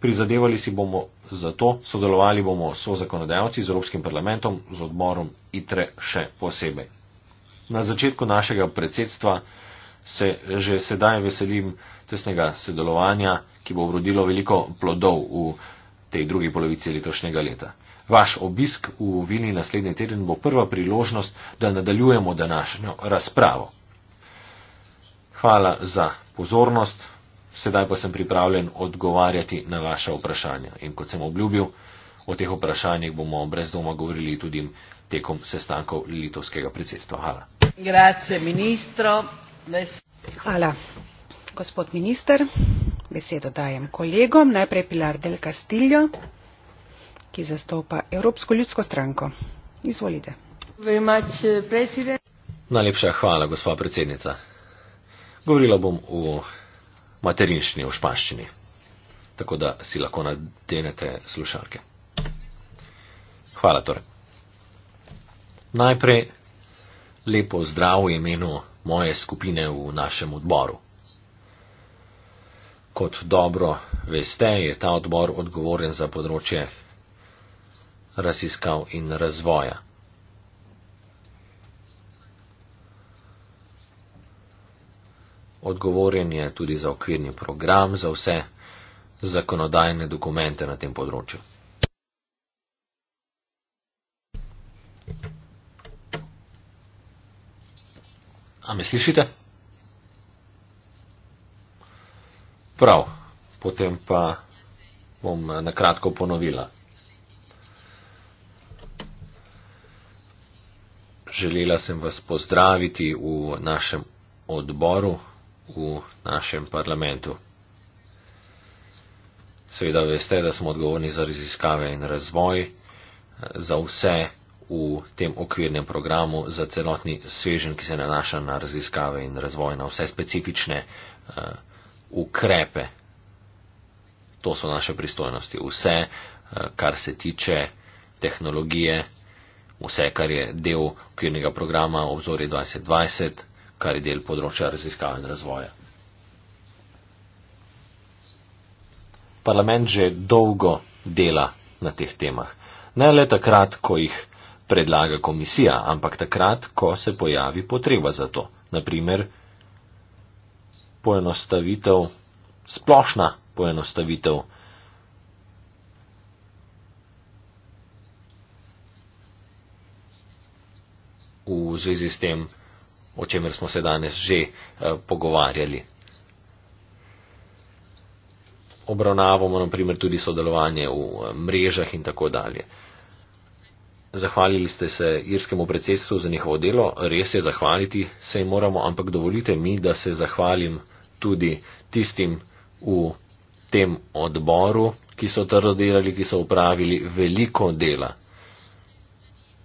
Prizadevali si bomo za to, sodelovali bomo so zakonodajalci z Evropskim parlamentom, z odborom ITRE še posebej na začetku našega predsedstva se že sedaj veselim tesnega sodelovanja, ki bo urodilo veliko plodov v tej drugi polovici letošnjega leta. Vaš obisk v Vilni naslednji teden bo prva priložnost, da nadaljujemo današnjo razpravo. Hvala za pozornost, sedaj pa sem pripravljen odgovarjati na vaše vprašanja. In kot sem obljubil, o teh vprašanjih bomo brez doma govorili tudi tekom sestankov litovskega predsedstva. Hvala. Hvala. Gospod minister, besedo dajem kolegom. Najprej Pilar del Castillo, ki zastopa Evropsko ljudsko stranko. Izvolite. Eh, Najlepša hvala, gospa predsednica. Govorila bom v materinščini, v španščini, tako da si lahko nadenete slušalke. Hvala torej. Najprej lepo zdrav v imenu moje skupine v našem odboru. Kot dobro veste, je ta odbor odgovoren za področje raziskav in razvoja. Odgovoren je tudi za okvirni program, za vse zakonodajne dokumente na tem področju. A me slišite? Prav, potem pa bom eh, na kratko ponovila. Želela sem vas pozdraviti v našem odboru, v našem parlamentu. Seveda veste, da smo odgovorni za raziskave in razvoj, eh, za vse v tem okvirnem programu za celotni svežen, ki se nanaša na raziskave in razvoj, na vse specifične uh, ukrepe. To so naše pristojnosti. Vse, uh, kar se tiče tehnologije, vse, kar je del okvirnega programa obzori 2020, kar je del področja raziskave in razvoja. Parlament že dolgo dela na teh temah. Ne le takrat, ko jih predlaga komisija, ampak takrat, ko se pojavi potreba za to. Naprimer, poenostavitev, splošna poenostavitev v zvezi s tem, o čemer smo se danes že eh, pogovarjali. Obravnavamo naprimer tudi sodelovanje v eh, mrežah in tako dalje. Zahvalili ste se irskemu predsedstvu za njihovo delo, res je zahvaliti, se jim moramo, ampak dovolite mi, da se zahvalim tudi tistim v tem odboru, ki so trdo delali, ki so upravili veliko dela.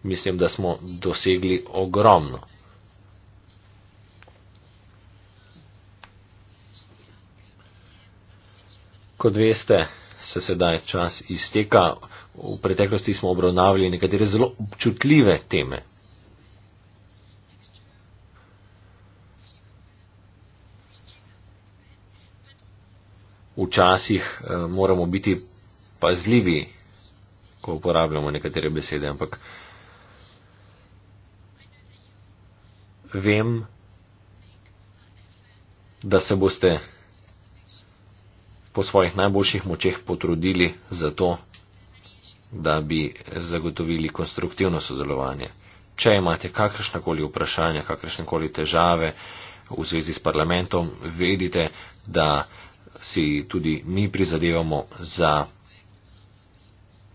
Mislim, da smo dosegli ogromno. Kot veste, se sedaj čas izteka. V preteklosti smo obravnavali nekatere zelo občutljive teme. Včasih eh, moramo biti pazljivi, ko uporabljamo nekatere besede, ampak vem, da se boste po svojih najboljših močeh potrudili za to, da bi zagotovili konstruktivno sodelovanje. Če imate kakršnakoli vprašanja, kakršnekoli težave v zvezi s parlamentom, vedite, da si tudi mi prizadevamo za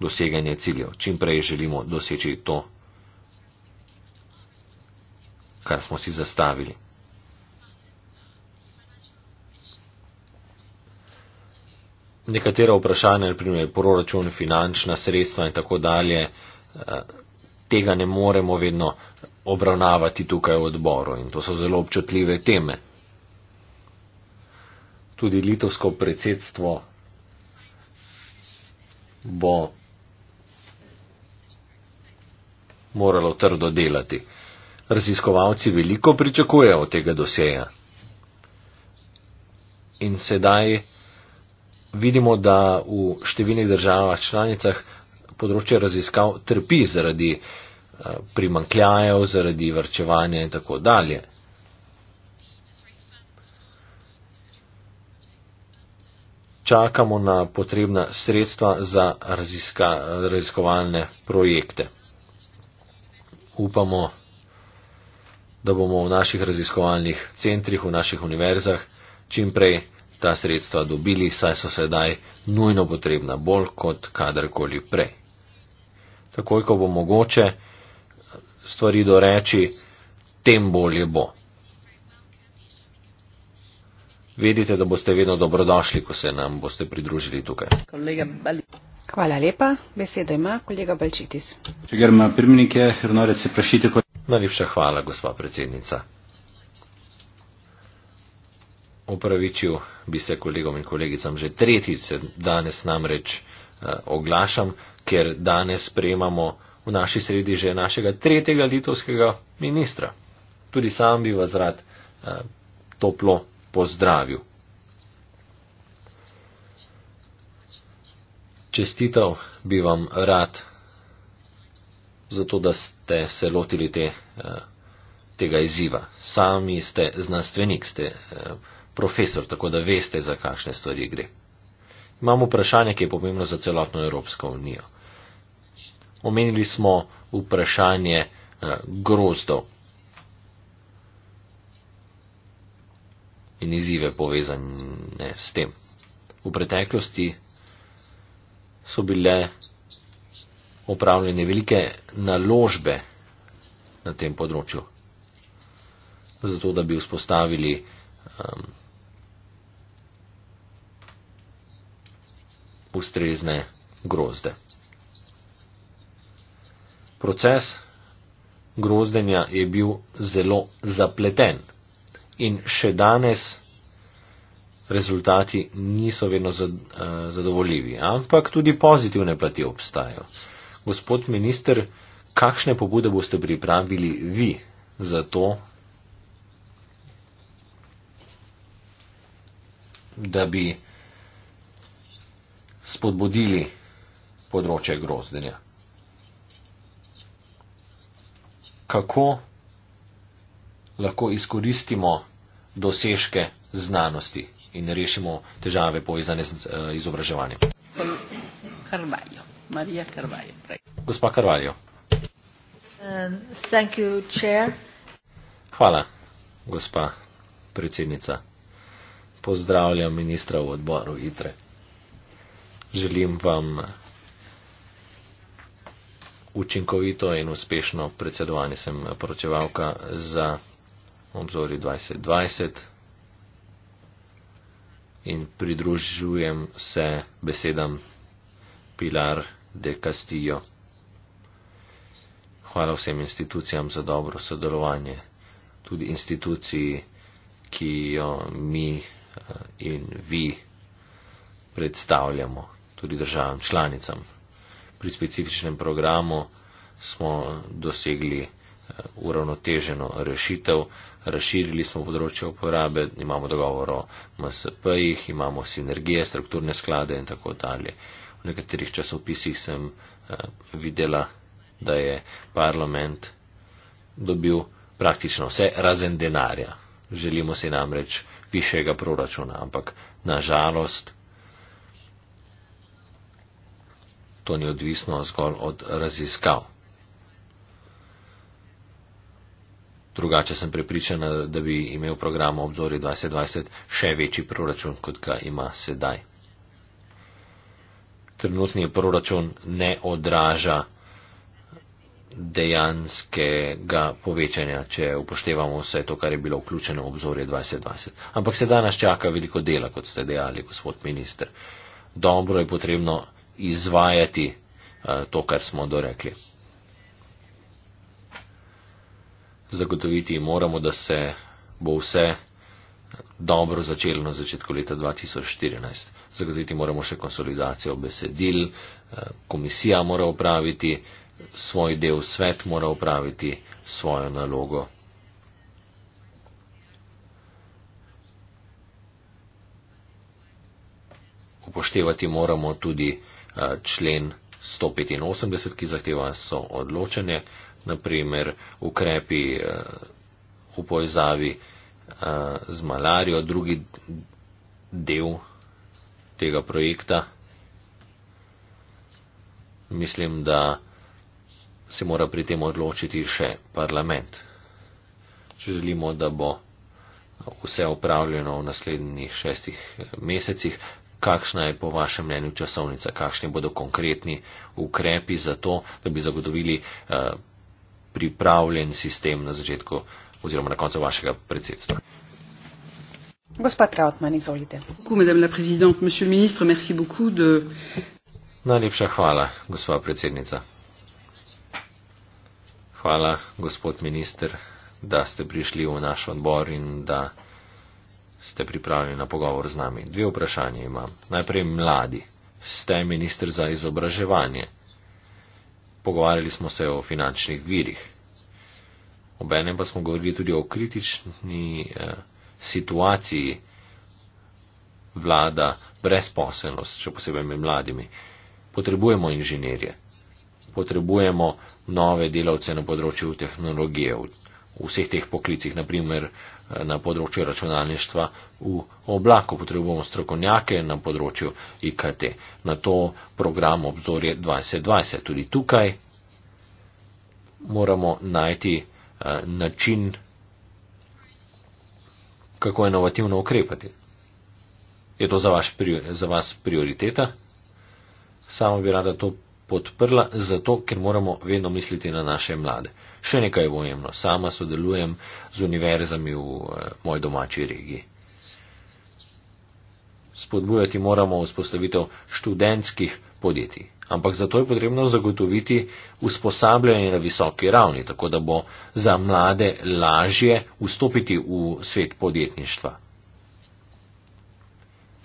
doseganje ciljev. Čim prej želimo doseči to, kar smo si zastavili. nekatera vprašanja, naprimer proračun, finančna sredstva in tako dalje, eh, tega ne moremo vedno obravnavati tukaj v odboru in to so zelo občutljive teme. Tudi litovsko predsedstvo bo moralo trdo delati. Raziskovalci veliko pričakujejo od tega doseja. In sedaj vidimo, da v številnih državah članicah področje raziskav trpi zaradi eh, primankljajev, zaradi vrčevanja in tako dalje. Čakamo na potrebna sredstva za raziska, raziskovalne projekte. Upamo, da bomo v naših raziskovalnih centrih, v naših univerzah čim prej ta sredstva dobili, saj so sedaj nujno potrebna bolj kot kadarkoli prej. Takoj, ko bo mogoče stvari doreči, tem bolje bo. Vedite, da boste vedno dobrodošli, ko se nam boste pridružili tukaj. Hvala lepa. Beseda ima kolega Balčitis. Najlepša hvala, gospa predsednica opravičil, bi se kolegom in kolegicam že tretjič danes namreč eh, oglašam, ker danes sprejemamo v naši sredi že našega tretjega litovskega ministra. Tudi sam bi vas rad eh, toplo pozdravil. Čestitav bi vam rad zato, da ste se lotili te, eh, tega izziva. Sami ste znanstvenik, ste profesor, tako da veste, za kakšne stvari gre. Imamo vprašanje, ki je pomembno za celotno Evropsko unijo. Omenili smo vprašanje eh, grozdov in izzive povezane s tem. V preteklosti so bile opravljene velike naložbe na tem področju, zato da bi vzpostavili um, ustrezne grozde. Proces grozdenja je bil zelo zapleten in še danes rezultati niso vedno eh, zadovoljivi, ampak tudi pozitivne plati obstajajo. Gospod minister, kakšne pobude boste pripravili vi za to, da bi spodbudili področje grozdenja. Kako lahko izkoristimo dosežke znanosti in rešimo težave povezane z eh, izobraževanjem? Karvaljo, Marija Karvaljo. Gospa Karvaljo. Um, Hvala, gospa predsednica. Pozdravljam ministra v odboru Hitre želim vam učinkovito in uspešno predsedovanje. Sem poročevalka za obzori 2020 in pridružujem se besedam Pilar de Castillo. Hvala vsem institucijam za dobro sodelovanje, tudi instituciji, ki jo mi eh, in vi predstavljamo tudi državam članicam. Pri specifičnem programu smo dosegli eh, uravnoteženo rešitev, razširili smo področje uporabe, imamo dogovor o MSP-jih, imamo sinergije, strukturne sklade in tako dalje. V nekaterih časopisih sem eh, videla, da je parlament dobil praktično vse razen denarja. Želimo si namreč višjega proračuna, ampak na žalost To ni odvisno zgolj od raziskav. Drugače sem prepričana, da bi imel program obzori 2020 še večji proračun, kot ga ima sedaj. Trenutni proračun ne odraža dejanskega povečanja, če upoštevamo vse to, kar je bilo vključeno v obzorje 2020. Ampak sedaj nas čaka veliko dela, kot ste dejali, gospod minister. Dobro je potrebno izvajati eh, to, kar smo dorekli. Zagotoviti moramo, da se bo vse dobro začelo na začetku leta 2014. Zagotoviti moramo še konsolidacijo besedil, eh, komisija mora upraviti svoj del, svet mora upraviti svojo nalogo. Upoštevati moramo tudi Eh, člen 185, ki zahteva so odločene, naprimer ukrepi eh, v povezavi eh, z malarijo, drugi del tega projekta. Mislim, da se mora pri tem odločiti še parlament. Če želimo, da bo vse upravljeno v naslednjih šestih mesecih, kakšna je po vašem mnenju časovnica, kakšni bodo konkretni ukrepi za to, da bi zagotovili eh, pripravljen sistem na začetku oziroma na koncu vašega predsedstva. Gospod Trautmann, izvolite. Najlepša hvala, gospa predsednica. Hvala, gospod minister, da ste prišli v naš odbor in da ste pripravljeni na pogovor z nami. Dve vprašanje imam. Najprej mladi. Ste ministr za izobraževanje. Pogovarjali smo se o finančnih virih. Obenem pa smo govorili tudi o kritični eh, situaciji vlada brezposelnost, še posebej med mladimi. Potrebujemo inženirje, potrebujemo nove delavce na področju tehnologije v, v vseh teh poklicih, naprimer na področju računalništva v oblaku. Potrebujemo strokovnjake na področju IKT. Na to program obzorje 2020. Tudi tukaj moramo najti eh, način, kako inovativno ukrepati. Je to za, vaš, za vas prioriteta? Samo bi rada to podprla, zato ker moramo vedno misliti na naše mlade. Še nekaj je pomembno, sama sodelujem z univerzami v eh, moji domači regiji. Spodbujati moramo vzpostavitev študentskih podjetij, ampak zato je potrebno zagotoviti usposabljanje na visoki ravni, tako da bo za mlade lažje vstopiti v svet podjetništva.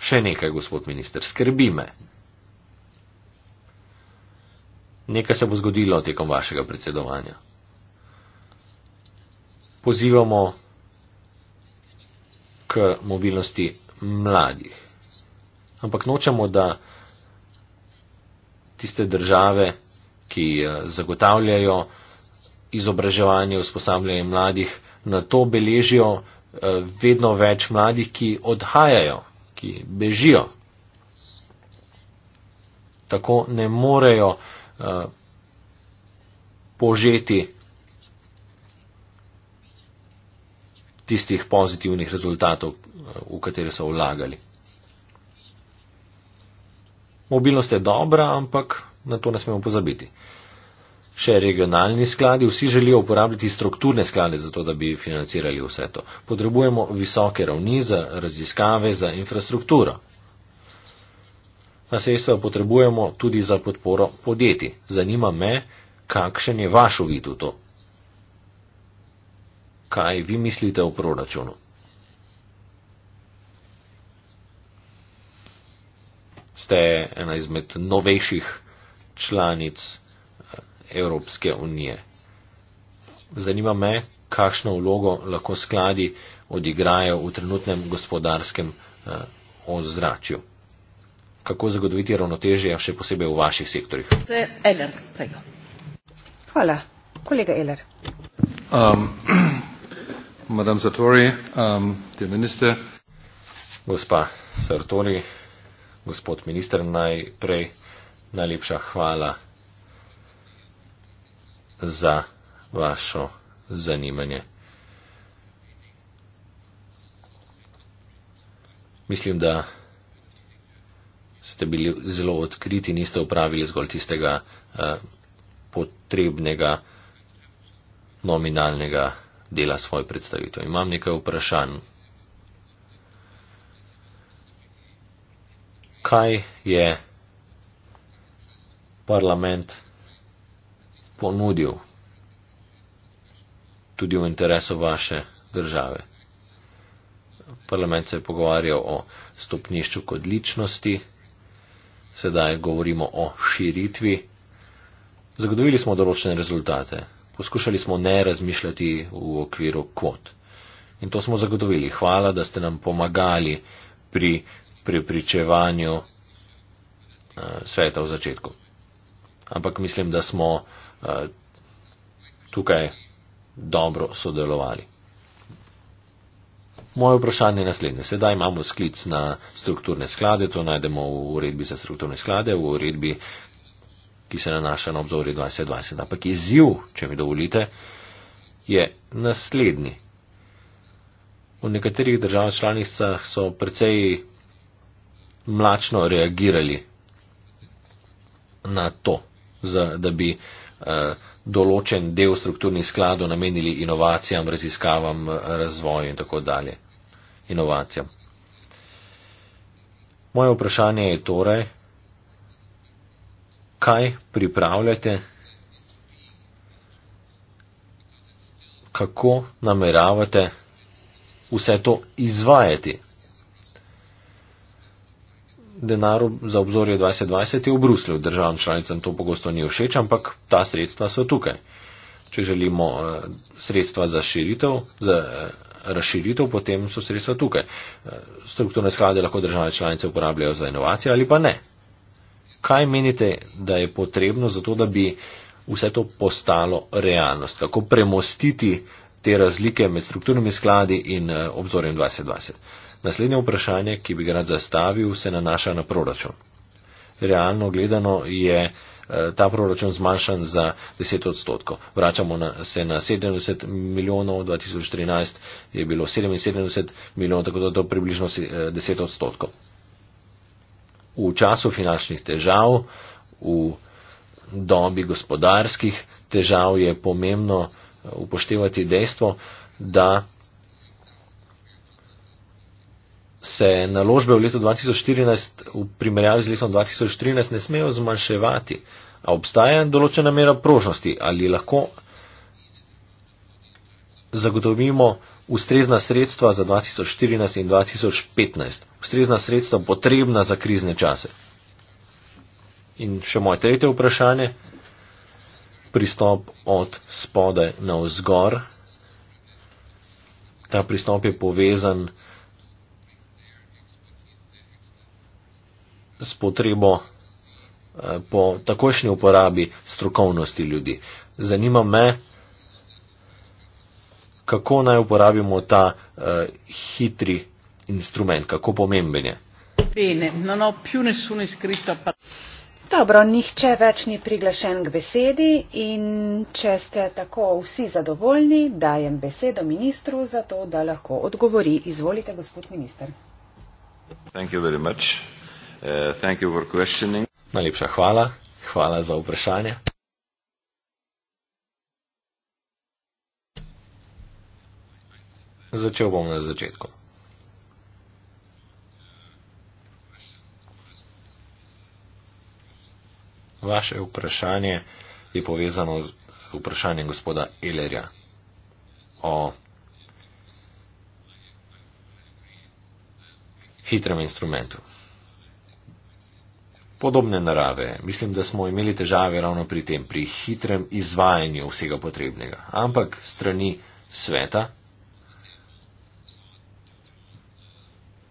Še nekaj, gospod minister, skrbi me nekaj se bo zgodilo tekom vašega predsedovanja. Pozivamo k mobilnosti mladih. Ampak nočemo, da tiste države, ki eh, zagotavljajo izobraževanje, usposabljanje mladih, na to beležijo eh, vedno več mladih, ki odhajajo, ki bežijo. Tako ne morejo Eh, požeti tistih pozitivnih rezultatov, eh, v katere so vlagali. Mobilnost je dobra, ampak na to ne smemo pozabiti. Še regionalni skladi, vsi želijo uporabljati strukturne sklade za to, da bi financirali vse to. Potrebujemo visoke ravni za raziskave, za infrastrukturo a sredstva potrebujemo tudi za podporo podjetij. Zanima me, kakšen je vaš uvid v to? Kaj vi mislite o proračunu? Ste ena izmed novejših članic eh, Evropske unije. Zanima me, kakšno vlogo lahko skladi odigrajo v trenutnem gospodarskem eh, ozračju. Uh, kako zagotoviti ravnotežje, še posebej v vaših sektorjih. Hvala. Kolega Eler. Um, Zatori, *clears throat* um, Gospa Sartori, gospod minister, najprej najlepša hvala za vašo zanimanje. Mislim, da ste bili zelo odkriti, niste upravili zgolj tistega eh, potrebnega nominalnega dela svoj predstavitev. Imam nekaj vprašanj. Kaj je parlament ponudil tudi v interesu vaše države? Parlament se je pogovarjal o stopnišču kot ličnosti sedaj govorimo o širitvi. Zagotovili smo določene rezultate. Poskušali smo ne razmišljati v okviru kvot. In to smo zagotovili. Hvala, da ste nam pomagali pri prepričevanju eh, sveta v začetku. Ampak mislim, da smo eh, tukaj dobro sodelovali. Moje vprašanje je naslednje. Sedaj imamo sklic na strukturne sklade, to najdemo v uredbi za strukturne sklade, v uredbi, ki se nanaša na obzorje 2020. Ampak izziv, če mi dovolite, je naslednji. V nekaterih držav članicah so precej mlačno reagirali na to, da bi eh, določen del strukturnih skladov namenili inovacijam, raziskavam, razvoju in tako dalje inovacijam. Moje vprašanje je torej, kaj pripravljate, kako nameravate vse to izvajati. Denar za obzorje 2020 je v Bruslju, državam članicam to pogosto ni všeč, ampak ta sredstva so tukaj. Če želimo eh, sredstva za širitev, za eh, razširitev, potem so sredstva tukaj. E, strukturne sklade lahko države članice uporabljajo za inovacije ali pa ne. Kaj menite, da je potrebno za to, da bi vse to postalo realnost? Kako premostiti te razlike med strukturnimi skladi in e, obzorjem 2020? Naslednje vprašanje, ki bi ga rad zastavil, se nanaša na proračun. Realno gledano je. Eh, ta proračun zmanjšan za 10 odstotkov. Vračamo na, se na 70 milijonov, 2013 je bilo 77 milijonov, tako da to je približno 10 eh, odstotkov. V času finančnih težav, v dobi gospodarskih težav je pomembno eh, upoštevati dejstvo, da se naložbe v letu 2014 v primerjavi z letom 2013 ne smejo zmanjševati, a obstaja določena mera prožnosti, ali lahko zagotovimo ustrezna sredstva za 2014 in 2015, ustrezna sredstva potrebna za krizne čase. In še moje tretje vprašanje, pristop od spode na vzgor. Ta pristop je povezan s potrebo eh, po takošnji uporabi strokovnosti ljudi. Zanima me, kako naj uporabimo ta uh, hitri instrument, kako pomemben je. Bene, no, no, più nessuno è scritto a parlare. Dobro, nihče več ni priglašen k besedi in če ste tako vsi zadovoljni, dajem besedo ministru za to, da lahko odgovori. Izvolite, gospod minister. Thank you very much. Uh, thank you for questioning. Najlepša hvala, hvala za vprašanje. Začel bom na začetku. Vaše vprašanje je povezano z vprašanjem gospoda Elerja o hitrem instrumentu podobne narave. Mislim, da smo imeli težave ravno pri tem, pri hitrem izvajanju vsega potrebnega. Ampak strani sveta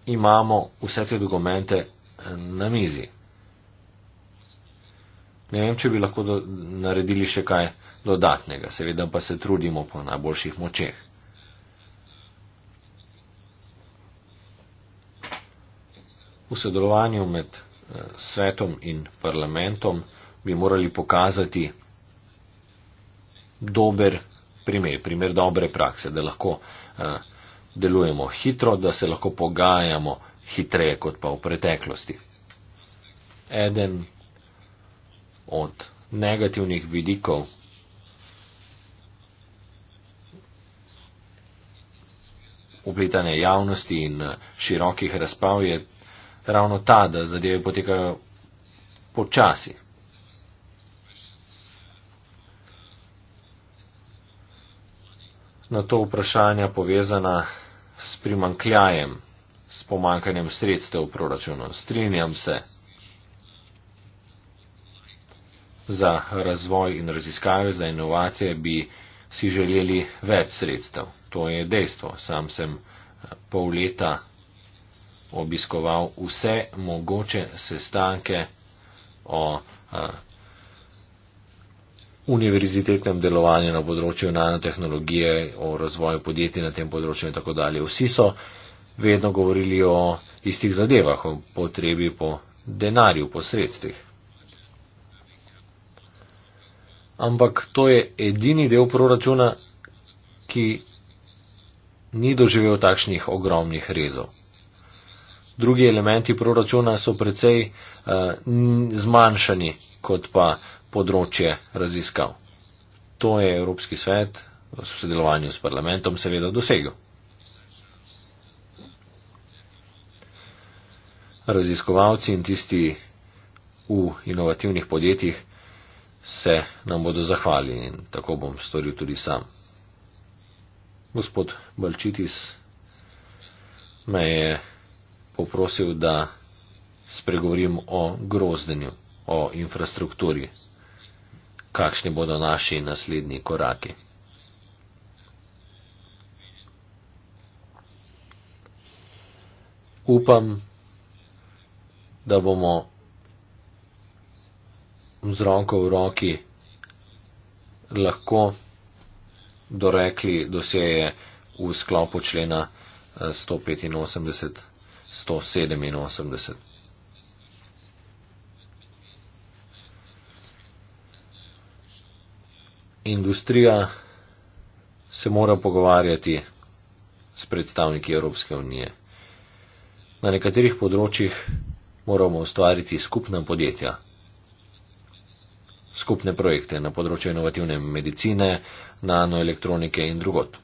imamo vse te dokumente eh, na mizi. Ne vem, če bi lahko do, naredili še kaj dodatnega, seveda pa se trudimo po najboljših močeh. V sodelovanju med svetom in parlamentom bi morali pokazati dober primer, primer dobre prakse, da lahko eh, delujemo hitro, da se lahko pogajamo hitreje kot pa v preteklosti. Eden od negativnih vidikov upletanja javnosti in eh, širokih razprav je ravno ta, da zadeve potekajo počasi. Na to vprašanje povezana s primankljajem, s pomankanjem sredstev v proračunu. Strinjam se za razvoj in raziskave, za inovacije bi si želeli več sredstev. To je dejstvo. Sam sem pol leta obiskoval vse mogoče sestanke o a, univerzitetnem delovanju na področju nanotehnologije, o razvoju podjetij na tem področju in tako dalje. Vsi so vedno govorili o istih zadevah, o potrebi po denarju, po sredstvih. Ampak to je edini del proračuna, ki ni doživel takšnih ogromnih rezov drugi elementi proračuna so precej uh, zmanjšani kot pa področje raziskav. To je Evropski svet v sodelovanju s parlamentom seveda dosegel. Raziskovalci in tisti v inovativnih podjetjih se nam bodo zahvalili in tako bom storil tudi sam. Gospod Balčitis me je poprosil, da spregovorim o grozdenju, o infrastrukturi, kakšni bodo naši naslednji koraki. Upam, da bomo z roko v roki lahko dorekli dosjeje v sklopu člena 185. Eh, 187. Industrija se mora pogovarjati s predstavniki Evropske unije. Na nekaterih področjih moramo ustvariti skupna podjetja, skupne projekte na področju inovativne medicine, nanoelektronike in drugot.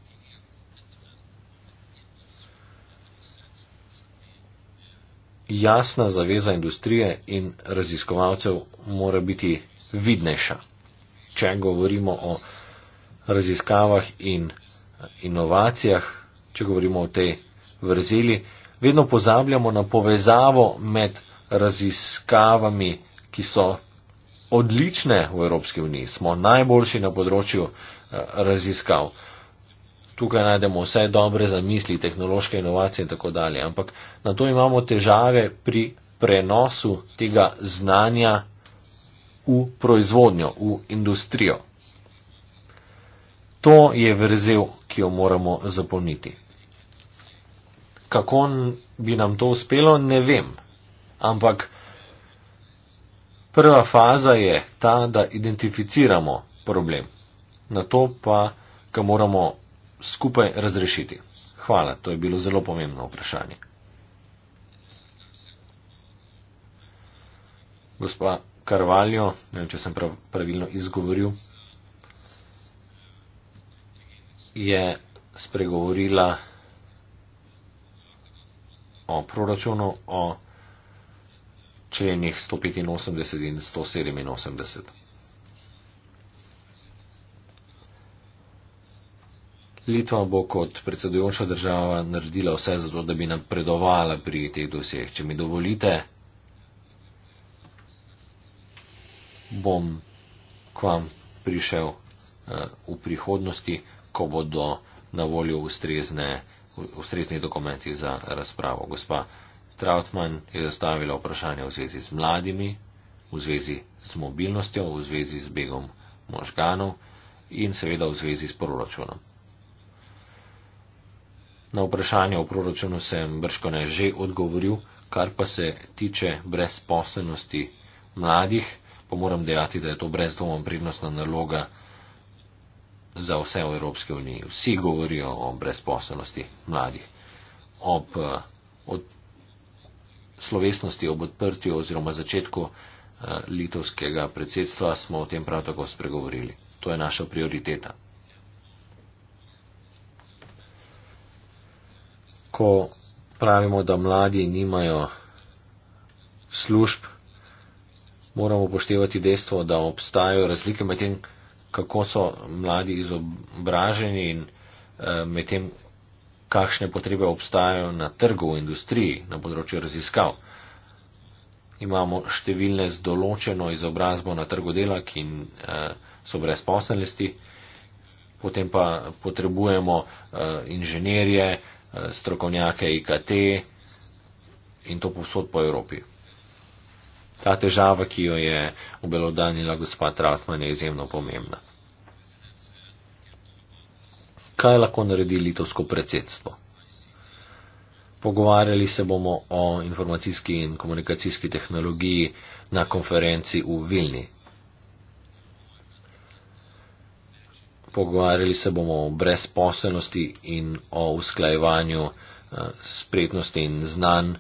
jasna zaveza industrije in raziskovalcev mora biti vidnejša. Če govorimo o raziskavah in inovacijah, če govorimo o tej vrzeli, vedno pozabljamo na povezavo med raziskavami, ki so odlične v Evropski uniji. Smo najboljši na področju eh, raziskav tukaj najdemo vse dobre zamisli, tehnološke inovacije in tako dalje. Ampak na to imamo težave pri prenosu tega znanja v proizvodnjo, v industrijo. To je vrzel, ki jo moramo zapolniti. Kako bi nam to uspelo, ne vem. Ampak prva faza je ta, da identificiramo problem. Na to pa ga moramo skupaj razrešiti? Hvala, to je bilo zelo pomembno vprašanje. Gospa Karvaljo, ne vem, če sem pravilno izgovoril, je spregovorila o proračunu, o členih 185 in 187. Litva bo kot predsedujoča država naredila vse za to, da bi napredovala pri teh doseh. Če mi dovolite, bom k vam prišel eh, v prihodnosti, ko bodo na voljo ustrezne, ustrezni dokumenti za razpravo. Gospa Trautmann je zastavila vprašanje v zvezi z mladimi, v zvezi z mobilnostjo, v zvezi z begom možganov in seveda v zvezi s proračunom. Na vprašanje o proračunu sem brškone že odgovoril, kar pa se tiče brezposlenosti mladih, pa moram dejati, da je to brez dvoma prednostna naloga za vse v Evropske unije. Vsi govorijo o brezposlenosti mladih. Ob eh, od slovesnosti, ob odprtju oziroma začetku eh, litovskega predsedstva smo o tem prav tako spregovorili. To je naša prioriteta. ko pravimo, da mladi nimajo služb, moramo upoštevati dejstvo, da obstajajo razlike med tem, kako so mladi izobraženi in eh, med tem, kakšne potrebe obstajajo na trgu, v industriji, na področju raziskav. Imamo številne z določeno izobrazbo na trgu dela, ki eh, so brezposelnosti, potem pa potrebujemo eh, inženirje, Eh, strokovnjake IKT in to povsod po Evropi. Ta težava, ki jo je obelodanila gospa Tratman, je izjemno pomembna. Kaj lahko naredi litovsko predsedstvo? Pogovarjali se bomo o informacijski in komunikacijski tehnologiji na konferenci v Vilni pogovarjali se bomo o brezposelnosti in o usklajevanju eh, spretnosti in znanj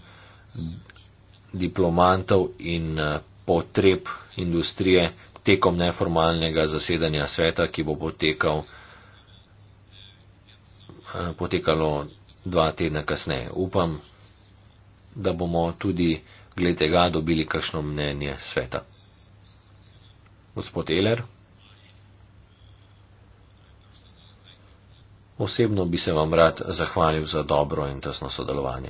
diplomantov in eh, potreb industrije tekom neformalnega zasedanja sveta, ki bo potekal, eh, potekalo dva tedna kasneje. Upam, da bomo tudi glede tega dobili kakšno mnenje sveta. Gospod Eler. Osebno bi se vam rad zahvalil za dobro in tesno sodelovanje.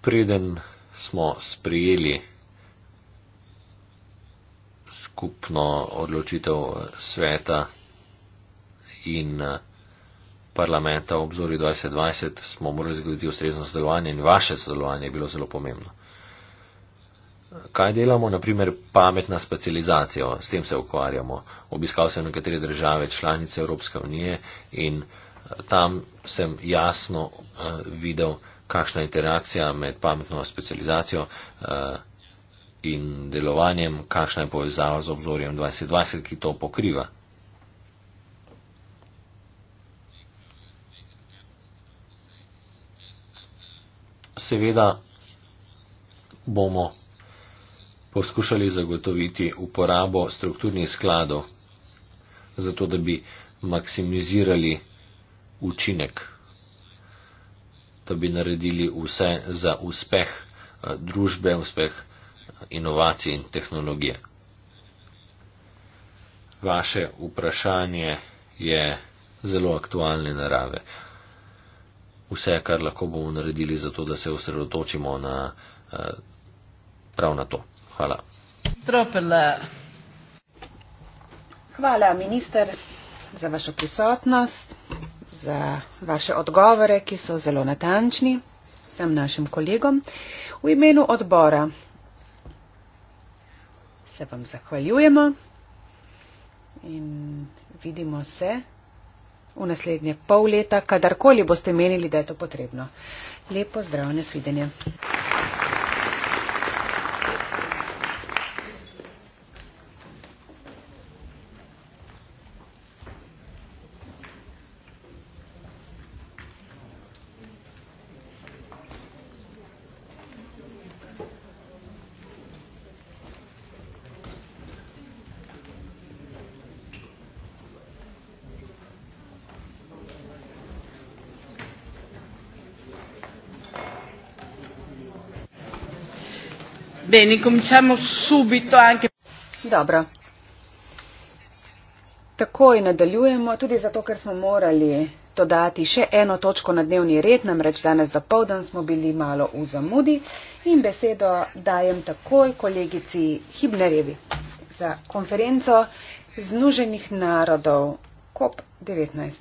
Preden smo sprijeli skupno odločitev sveta in eh, parlamenta obzori 2020, smo morali zgoditi ustrezno sodelovanje in vaše sodelovanje je bilo zelo pomembno kaj delamo, naprimer pametna specializacija, s tem se ukvarjamo. Obiskal sem nekatere države, članice Evropske unije in eh, tam sem jasno eh, videl, kakšna je interakcija med pametno specializacijo eh, in delovanjem, kakšna je povezava z obzorjem 2020, ki to pokriva. Seveda bomo poskušali zagotoviti uporabo strukturnih skladov, zato da bi maksimizirali učinek, da bi naredili vse za uspeh eh, družbe, uspeh eh, inovacij in tehnologije. Vaše vprašanje je zelo aktualne narave. Vse, kar lahko bomo naredili, zato da se osredotočimo na, eh, prav na to. Hvala. Stropele. Hvala, minister, za vašo prisotnost, za vaše odgovore, ki so zelo natančni vsem našim kolegom. V imenu odbora se vam zahvaljujemo in vidimo se v naslednje pol leta, kadarkoli boste menili, da je to potrebno. Lepo zdrav, nasvidenje. Bene, cominciamo subito anche. Dobro. Takoj nadaljujemo, tudi zato, ker smo morali dodati še eno točko na dnevni red, namreč danes do povdan smo bili malo v zamudi in besedo dajem takoj kolegici Hibnerjevi za konferenco Znuženih narodov COP19.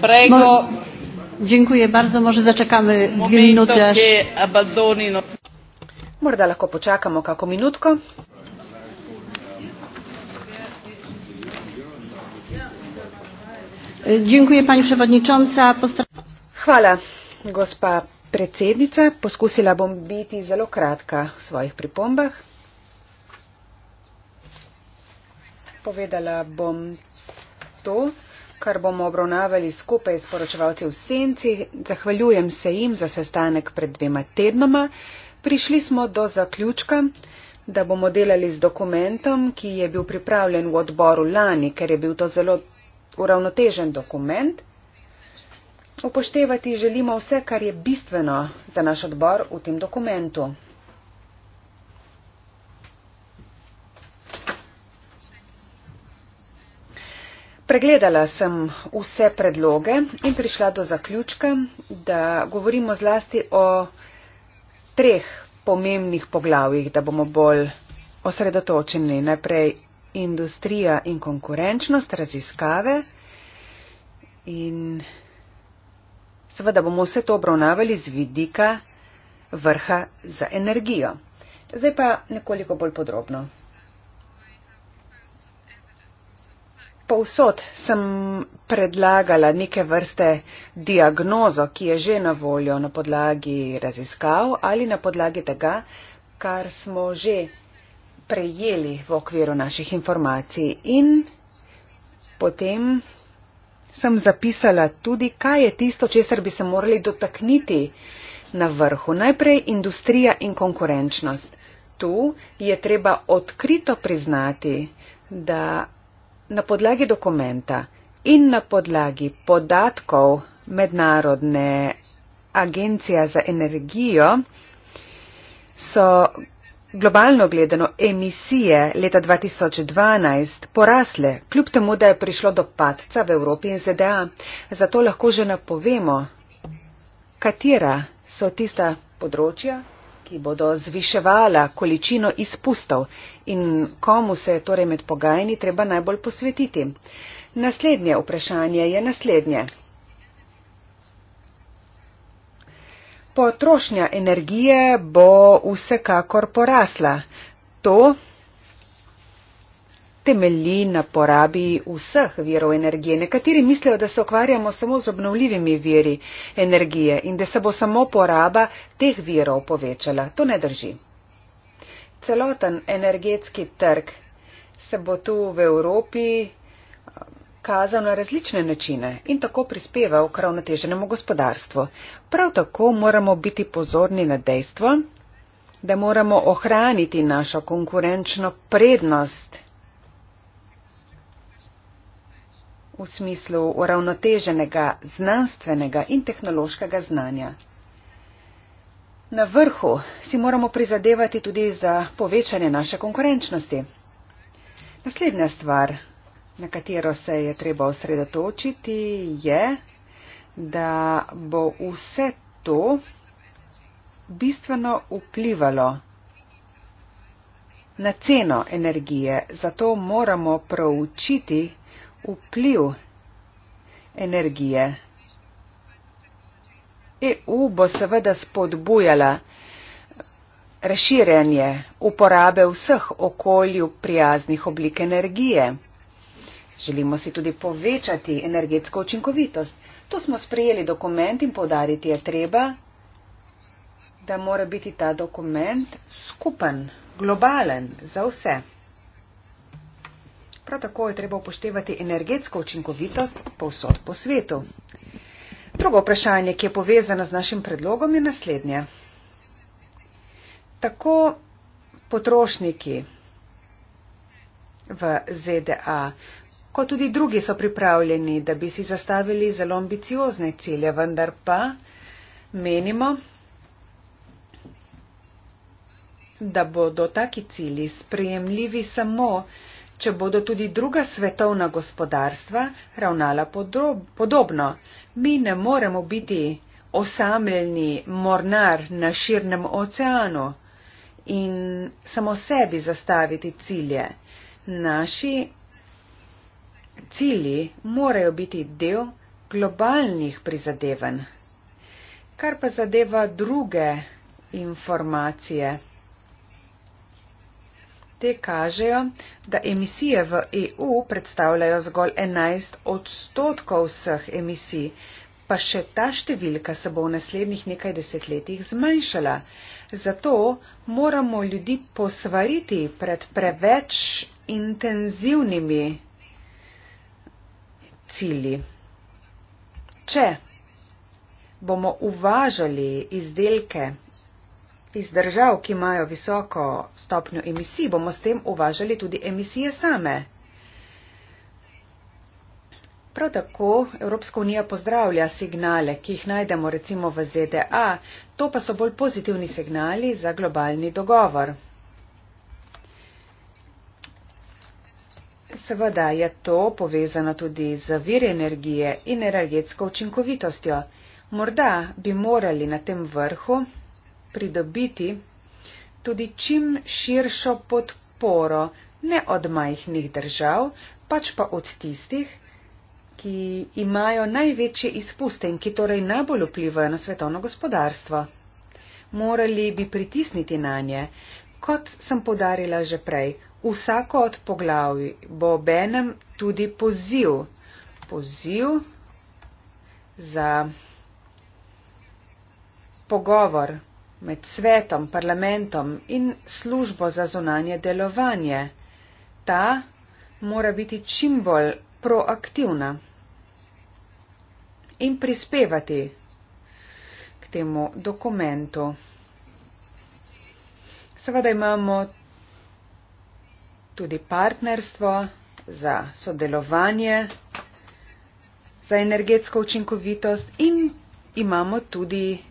Prego. Mo Dziękuję bardzo. Może zaczekamy dwie minuty aż... Morda lahko počakamo kako minutko. Dziękuję pani przewodnicząca. Hvala, gospa predsednica. Poskusila bom biti zelo kratka v svojih pripombah. Povedala bom to kar bomo obravnavali skupaj s poročevalci v senci. Zahvaljujem se jim za sestanek pred dvema tednoma. Prišli smo do zaključka, da bomo delali z dokumentom, ki je bil pripravljen v odboru lani, ker je bil to zelo uravnotežen dokument. Upoštevati želimo vse, kar je bistveno za naš odbor v tem dokumentu. Pregledala sem vse predloge in prišla do zaključka, da govorimo zlasti o treh pomembnih poglavjih, da bomo bolj osredotočeni. Najprej industrija in konkurenčnost, raziskave in seveda bomo vse to obravnavali z vidika vrha za energijo. Zdaj pa nekoliko bolj podrobno. povsod sem predlagala neke vrste diagnozo, ki je že na voljo na podlagi raziskav ali na podlagi tega, kar smo že prejeli v okviru naših informacij. In potem sem zapisala tudi, kaj je tisto, česar bi se morali dotakniti na vrhu. Najprej industrija in konkurenčnost. Tu je treba odkrito priznati, da na podlagi dokumenta in na podlagi podatkov mednarodne agencije za energijo so globalno gledano emisije leta 2012 porasle, kljub temu, da je prišlo do padca v Evropi in ZDA. Zato lahko že napovemo, katera so tista področja, ki bodo zviševala količino izpustov in komu se je torej med pogajanji treba najbolj posvetiti. Naslednje vprašanje je naslednje. Potrošnja energije bo vsekakor porasla. To temelji na porabi vseh virov energije. Nekateri mislijo, da se ukvarjamo samo z obnovljivimi viri energije in da se bo samo poraba teh virov povečala. To ne drži. Celoten energetski trg se bo tu v Evropi um, kazal na različne načine in tako prispeval k ravnoteženemu gospodarstvu. Prav tako moramo biti pozorni na dejstvo, da moramo ohraniti našo konkurenčno prednost v smislu uravnoteženega znanstvenega in tehnološkega znanja. Na vrhu si moramo prizadevati tudi za povečanje naše konkurenčnosti. Naslednja stvar, na katero se je treba osredotočiti, je, da bo vse to bistveno vplivalo na ceno energije. Zato moramo proučiti, vpliv energije. EU bo seveda spodbujala razširjanje uporabe vseh okolju prijaznih oblik energije. Želimo si tudi povečati energetsko učinkovitost. To smo sprejeli dokument in povdariti je treba, da mora biti ta dokument skupen, globalen za vse. Prav tako je treba upoštevati energetsko učinkovitost povsod po svetu. Drugo vprašanje, ki je povezano z našim predlogom, je naslednje. Tako potrošniki v ZDA, kot tudi drugi so pripravljeni, da bi si zastavili zelo ambiciozne cilje, vendar pa menimo, da bodo taki cilji sprejemljivi samo, če bodo tudi druga svetovna gospodarstva ravnala podrob, podobno. Mi ne moremo biti osamljeni mornar na širnem oceanu in samo sebi zastaviti cilje. Naši cilji morajo biti del globalnih prizadevanj. Kar pa zadeva druge informacije, Te kažejo, da emisije v EU predstavljajo zgolj 11 odstotkov vseh emisij, pa še ta številka se bo v naslednjih nekaj desetletjih zmanjšala. Zato moramo ljudi posvariti pred preveč intenzivnimi cilji. Če bomo uvažali izdelke iz držav, ki imajo visoko stopnjo emisij, bomo s tem uvažali tudi emisije same. Prav tako Evropska unija pozdravlja signale, ki jih najdemo recimo v ZDA, to pa so bolj pozitivni signali za globalni dogovor. Seveda je to povezano tudi z viri energije in energetsko učinkovitostjo. Morda bi morali na tem vrhu pridobiti tudi čim širšo podporo, ne od majhnih držav, pač pa od tistih, ki imajo največje izpuste in ki torej najbolj vplivajo na svetovno gospodarstvo. Morali bi pritisniti na nje, kot sem podarila že prej, vsako od poglavij bo ob enem tudi poziv. Poziv za pogovor, med svetom, parlamentom in službo za zunanje delovanje. Ta mora biti čim bolj proaktivna in prispevati k temu dokumentu. Seveda imamo tudi partnerstvo za sodelovanje, za energetsko učinkovitost in imamo tudi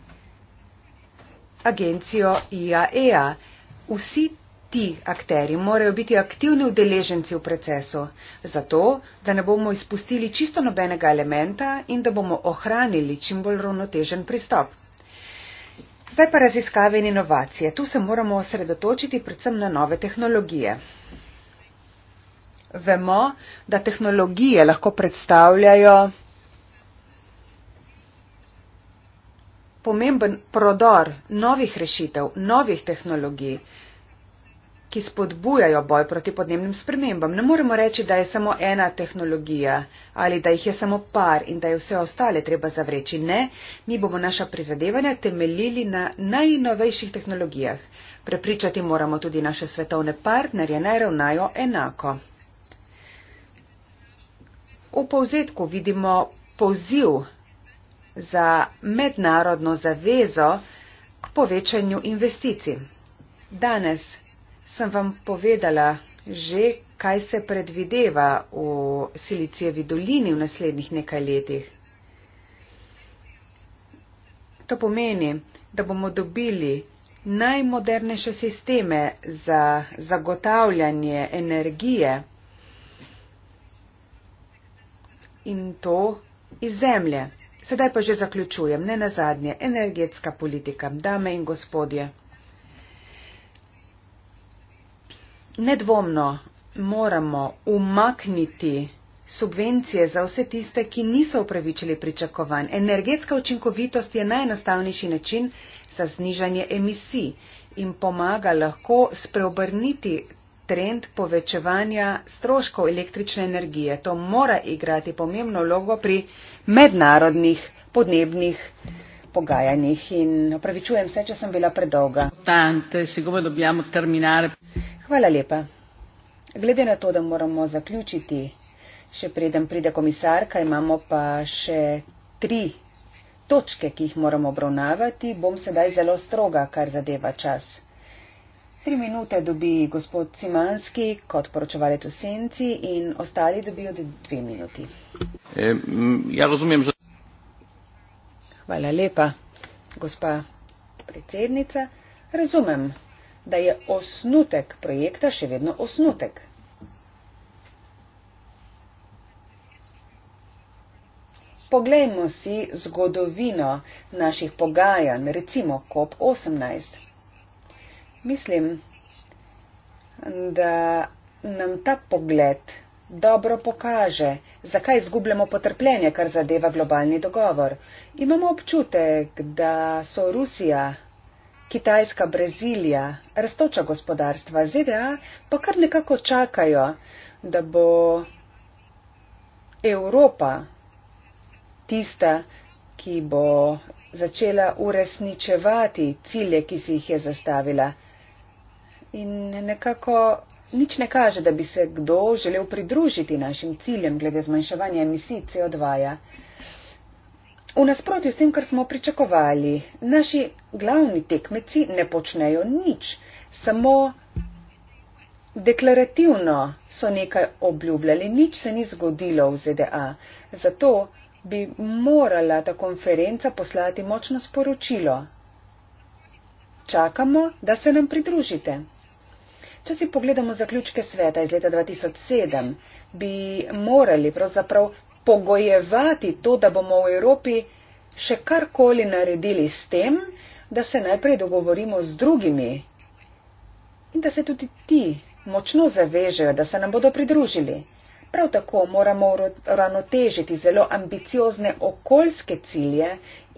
agencijo IAEA. E Vsi ti akteri morajo biti aktivni udeleženci v procesu, zato da ne bomo izpustili čisto nobenega elementa in da bomo ohranili čim bolj ravnotežen pristop. Zdaj pa raziskave in inovacije. Tu se moramo osredotočiti predvsem na nove tehnologije. Vemo, da tehnologije lahko predstavljajo pomemben prodor novih rešitev, novih tehnologij, ki spodbujajo boj proti podnebnim spremembam. Ne moremo reči, da je samo ena tehnologija ali da jih je samo par in da je vse ostale treba zavreči. Ne, mi bomo naša prizadevanja temeljili na najnovejših tehnologijah. Prepričati moramo tudi naše svetovne partnerje, naj ravnajo enako. V povzetku vidimo poziv za mednarodno zavezo k povečanju investicij. Danes sem vam povedala že, kaj se predvideva v Silicijevi dolini v naslednjih nekaj letih. To pomeni, da bomo dobili najmodernejše sisteme za zagotavljanje energije in to iz zemlje. Sedaj pa že zaključujem, ne na zadnje, energetska politika, dame in gospodje. Nedvomno moramo umakniti subvencije za vse tiste, ki niso upravičili pričakovanj. Energetska učinkovitost je najenostavnejši način za znižanje emisij in pomaga lahko spreobrniti trend povečevanja stroškov električne energije. To mora igrati pomembno vlogo pri mednarodnih podnebnih pogajanjih. In opravičujem se, če sem bila predolga. Hvala lepa. Glede na to, da moramo zaključiti, še preden pride komisarka, imamo pa še tri točke, ki jih moramo obravnavati, bom sedaj zelo stroga, kar zadeva čas. Tri minute dobi gospod Cimanski kot poročevalec v senci in ostali dobijo dve minuti. E, ja razumem, že. Hvala lepa, gospa predsednica. Razumem, da je osnutek projekta še vedno osnutek. Poglejmo si zgodovino naših pogajanj, recimo COP18 mislim, da nam ta pogled dobro pokaže, zakaj izgubljamo potrpljenje, kar zadeva globalni dogovor. Imamo občutek, da so Rusija, Kitajska, Brazilija, raztoča gospodarstva ZDA pa kar nekako čakajo, da bo Evropa tista, ki bo začela uresničevati cilje, ki si jih je zastavila in nekako nič ne kaže, da bi se kdo želel pridružiti našim ciljem glede zmanjševanja emisij CO2. -ja. V nasprotju s tem, kar smo pričakovali, naši glavni tekmeci ne počnejo nič, samo deklarativno so nekaj obljubljali, nič se ni zgodilo v ZDA. Zato bi morala ta konferenca poslati močno sporočilo. Čakamo, da se nam pridružite. Če si pogledamo zaključke sveta iz leta 2007, bi morali pravzaprav pogojevati to, da bomo v Evropi še karkoli naredili s tem, da se najprej dogovorimo z drugimi in da se tudi ti močno zavežejo, da se nam bodo pridružili. Prav tako moramo ravnotežiti zelo ambiciozne okoljske cilje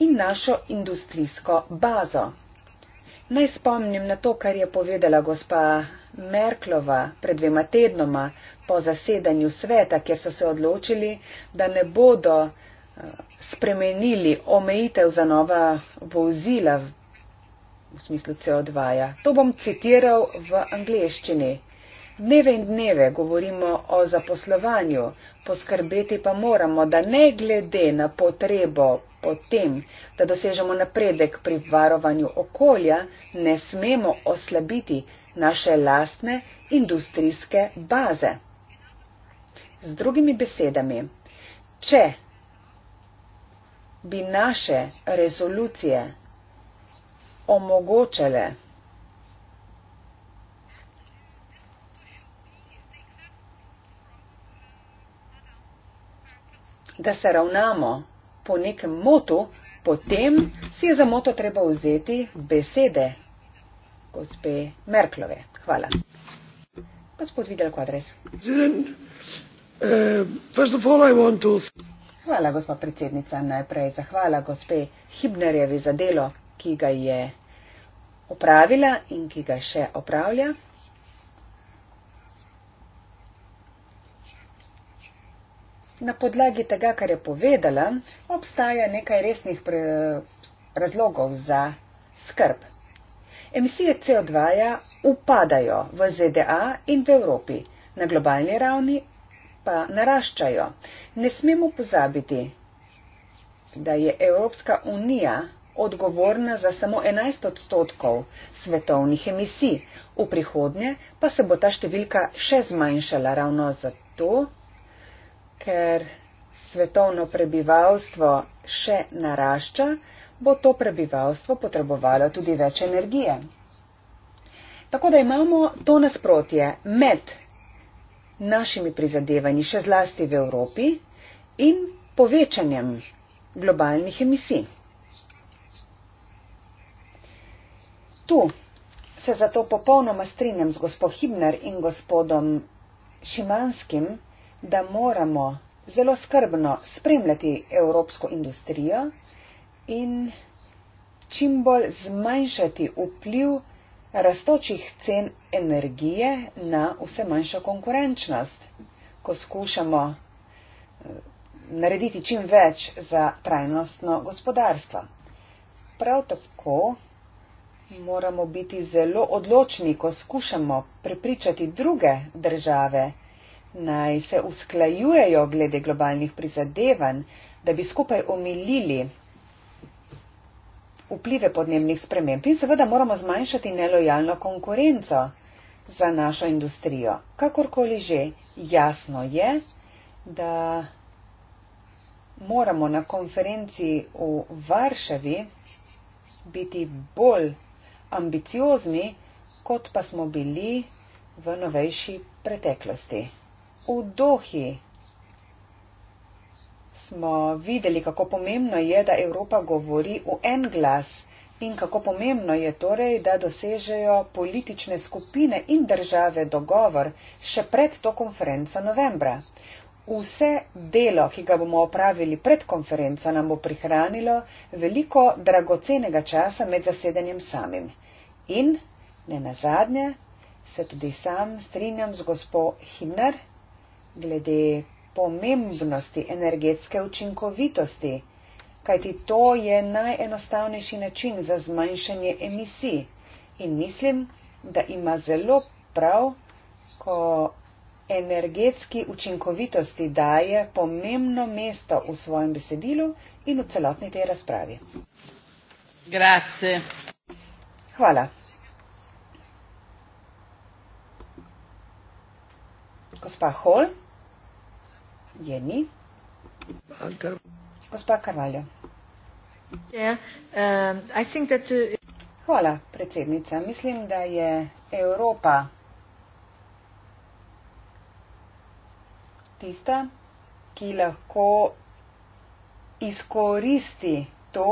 in našo industrijsko bazo. Naj spomnim na to, kar je povedala gospa Merklova pred dvema tednoma po zasedanju sveta, kjer so se odločili, da ne bodo eh, spremenili omejitev za nova vozila v smislu CO2-ja. To bom citiral v angleščini. Dneve in dneve govorimo o zaposlovanju, poskrbeti pa moramo, da ne glede na potrebo potem, da dosežemo napredek pri varovanju okolja, ne smemo oslabiti naše lastne industrijske baze. Z drugimi besedami, če bi naše rezolucije omogočale da se ravnamo po nekem motu, potem si je za moto treba vzeti besede gospe Merklove. Hvala. Gospod Videl Kvadres. Eh, Hvala, gospa predsednica. Najprej zahvala gospe Hibnerjevi za delo, ki ga je opravila in ki ga še opravlja. na podlagi tega, kar je povedala, obstaja nekaj resnih pre, razlogov za skrb. Emisije CO2 -ja upadajo v ZDA in v Evropi, na globalni ravni pa naraščajo. Ne smemo pozabiti, da je Evropska unija odgovorna za samo 11 odstotkov svetovnih emisij. V prihodnje pa se bo ta številka še zmanjšala ravno zato, ker svetovno prebivalstvo še narašča, bo to prebivalstvo potrebovalo tudi več energije. Tako da imamo to nasprotje med našimi prizadevanji, še zlasti v Evropi, in povečanjem globalnih emisij. Tu se zato popolnoma strinjam z gospod Hibner in gospodom Šimanskim, da moramo zelo skrbno spremljati evropsko industrijo in čim bolj zmanjšati vpliv rastočih cen energije na vse manjšo konkurenčnost, ko skušamo eh, narediti čim več za trajnostno gospodarstvo. Prav tako moramo biti zelo odločni, ko skušamo prepričati druge države, naj se usklajujejo glede globalnih prizadevanj, da bi skupaj omilili vplive podnebnih sprememb in seveda moramo zmanjšati nelojalno konkurenco za našo industrijo. Kakorkoli že, jasno je, da moramo na konferenci v Varšavi biti bolj ambiciozni, kot pa smo bili v novejši preteklosti v Dohi smo videli, kako pomembno je, da Evropa govori v en glas in kako pomembno je torej, da dosežejo politične skupine in države dogovor še pred to konferenco novembra. Vse delo, ki ga bomo opravili pred konferenco, nam bo prihranilo veliko dragocenega časa med zasedanjem samim. In, ne nazadnje, se tudi sam strinjam z gospod Himner glede pomembnosti energetske učinkovitosti, kajti to je najenostavnejši način za zmanjšanje emisij in mislim, da ima zelo prav, ko energetski učinkovitosti daje pomembno mesto v svojem besedilu in v celotni tej razpravi. Grazie. Hvala. Gospa Hol. Je ni? Gr Gospa Karvaljo. Yeah. Um, that, uh, Hvala, predsednica. Mislim, da je Evropa tista, ki lahko izkoristi to,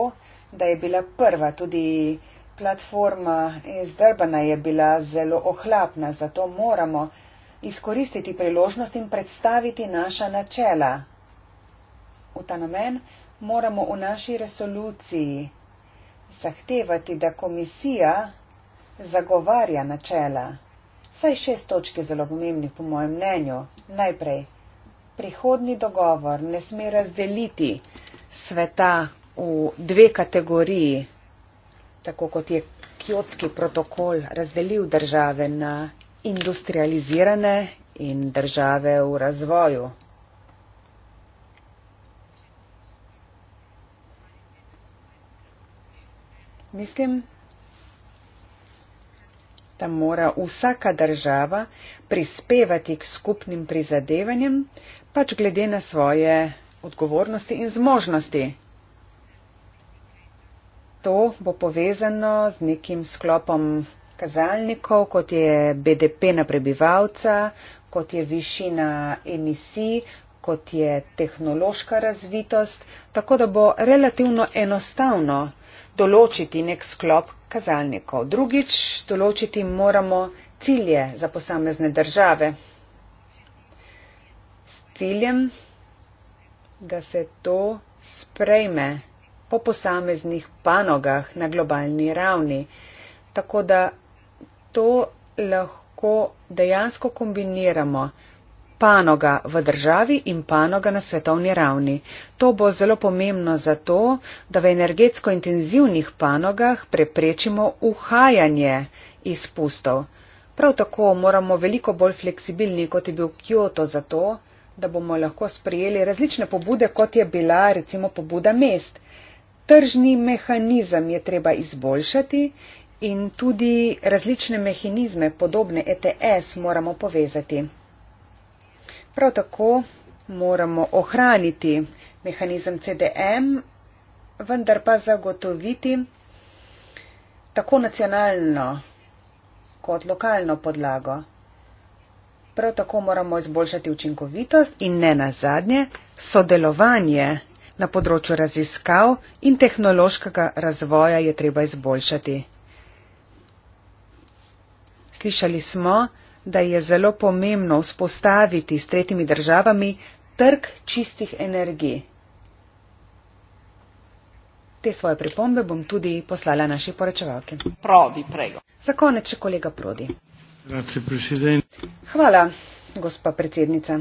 da je bila prva tudi platforma izdrbana, je bila zelo ohlapna, zato moramo izkoristiti priložnost in predstaviti naša načela. V ta namen moramo v naši resoluciji zahtevati, da komisija zagovarja načela. Saj šest točk je zelo pomembnih, po mojem mnenju. Najprej, prihodni dogovor ne sme razdeliti sveta v dve kategoriji, tako kot je kjotski protokol razdelil države na industrializirane in države v razvoju. Mislim, da mora vsaka država prispevati k skupnim prizadevanjem, pač glede na svoje odgovornosti in zmožnosti. To bo povezano z nekim sklopom kazalnikov, kot je BDP na prebivalca, kot je višina emisij, kot je tehnološka razvitost, tako da bo relativno enostavno določiti nek sklop kazalnikov. Drugič, določiti moramo cilje za posamezne države. S ciljem, da se to sprejme po posameznih panogah na globalni ravni. Tako da to lahko dejansko kombiniramo panoga v državi in panoga na svetovni ravni. To bo zelo pomembno zato, da v energetsko intenzivnih panogah preprečimo uhajanje izpustov. Prav tako moramo veliko bolj fleksibilni, kot je bil Kyoto, zato, da bomo lahko sprejeli različne pobude, kot je bila recimo pobuda mest. Tržni mehanizem je treba izboljšati in tudi različne mehanizme, podobne ETS, moramo povezati. Prav tako moramo ohraniti mehanizem CDM, vendar pa zagotoviti tako nacionalno kot lokalno podlago. Prav tako moramo izboljšati učinkovitost in ne nazadnje sodelovanje na področju raziskav in tehnološkega razvoja je treba izboljšati. Slišali smo, da je zelo pomembno vzpostaviti s tretjimi državami trg čistih energij. Te svoje pripombe bom tudi poslala naši poročevalki. Za konec še kolega Prodi. Hvala, gospa predsednica.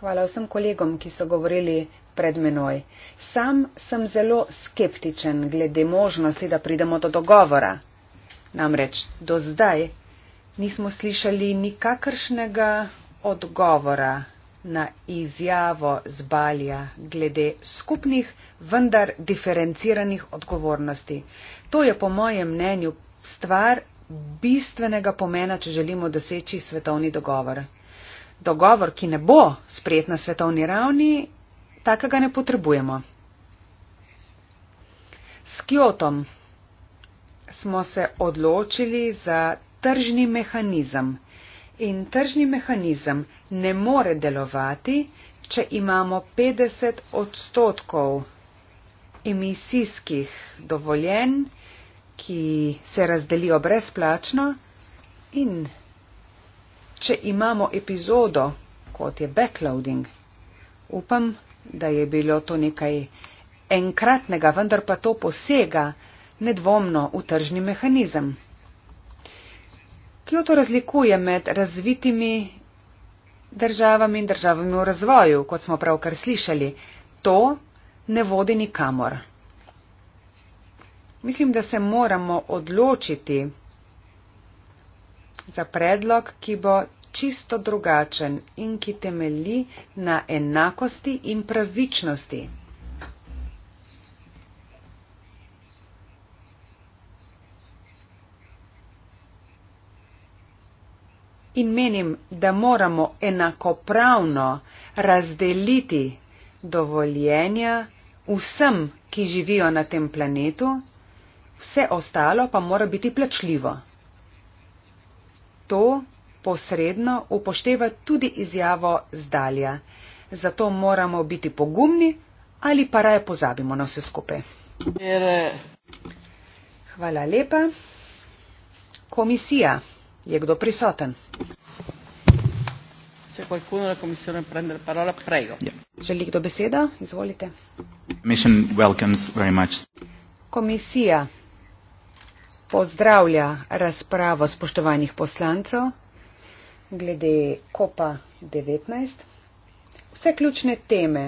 Hvala vsem kolegom, ki so govorili pred menoj. Sam sem zelo skeptičen glede možnosti, da pridemo do dogovora. Namreč do zdaj nismo slišali nikakršnega odgovora na izjavo z Balja glede skupnih, vendar diferenciranih odgovornosti. To je po mojem mnenju stvar bistvenega pomena, če želimo doseči svetovni dogovor. Dogovor, ki ne bo sprejet na svetovni ravni, takega ne potrebujemo. S Kyotom smo se odločili za tržni mehanizem in tržni mehanizem ne more delovati, če imamo 50 odstotkov emisijskih dovoljen, ki se razdelijo brezplačno in če imamo epizodo, kot je backloading, upam, da je bilo to nekaj enkratnega, vendar pa to posega nedvomno v tržni mehanizem. Kjo to razlikuje med razvitimi državami in državami v razvoju, kot smo pravkar slišali? To ne vodi nikamor. Mislim, da se moramo odločiti za predlog, ki bo čisto drugačen in ki temelji na enakosti in pravičnosti. In menim, da moramo enakopravno razdeliti dovoljenja vsem, ki živijo na tem planetu, vse ostalo pa mora biti plačljivo. To posredno upošteva tudi izjavo zdalja. Zato moramo biti pogumni ali pa raje pozabimo na vse skupaj. Hvala lepa. Komisija. Je kdo prisoten? Ja. Želi kdo besedo? Izvolite. Komisija pozdravlja razpravo spoštovanih poslancev glede COP-a 19. Vse ključne teme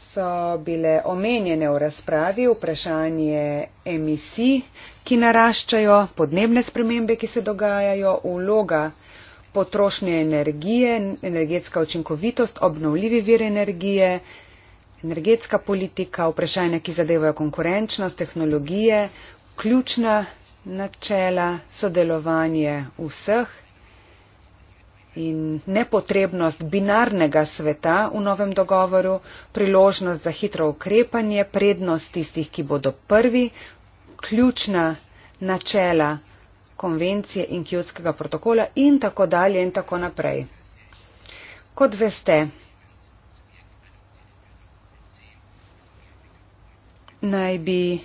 so bile omenjene v razpravi, vprašanje emisij, ki naraščajo, podnebne spremembe, ki se dogajajo, vloga potrošnje energije, energetska učinkovitost, obnovljivi vir energije, energetska politika, vprašanja, ki zadevajo konkurenčnost, tehnologije, ključna načela, sodelovanje vseh in nepotrebnost binarnega sveta v novem dogovoru, priložnost za hitro ukrepanje, prednost tistih, ki bodo prvi, ključna načela konvencije in kjutskega protokola in tako dalje in tako naprej. Kot veste, naj bi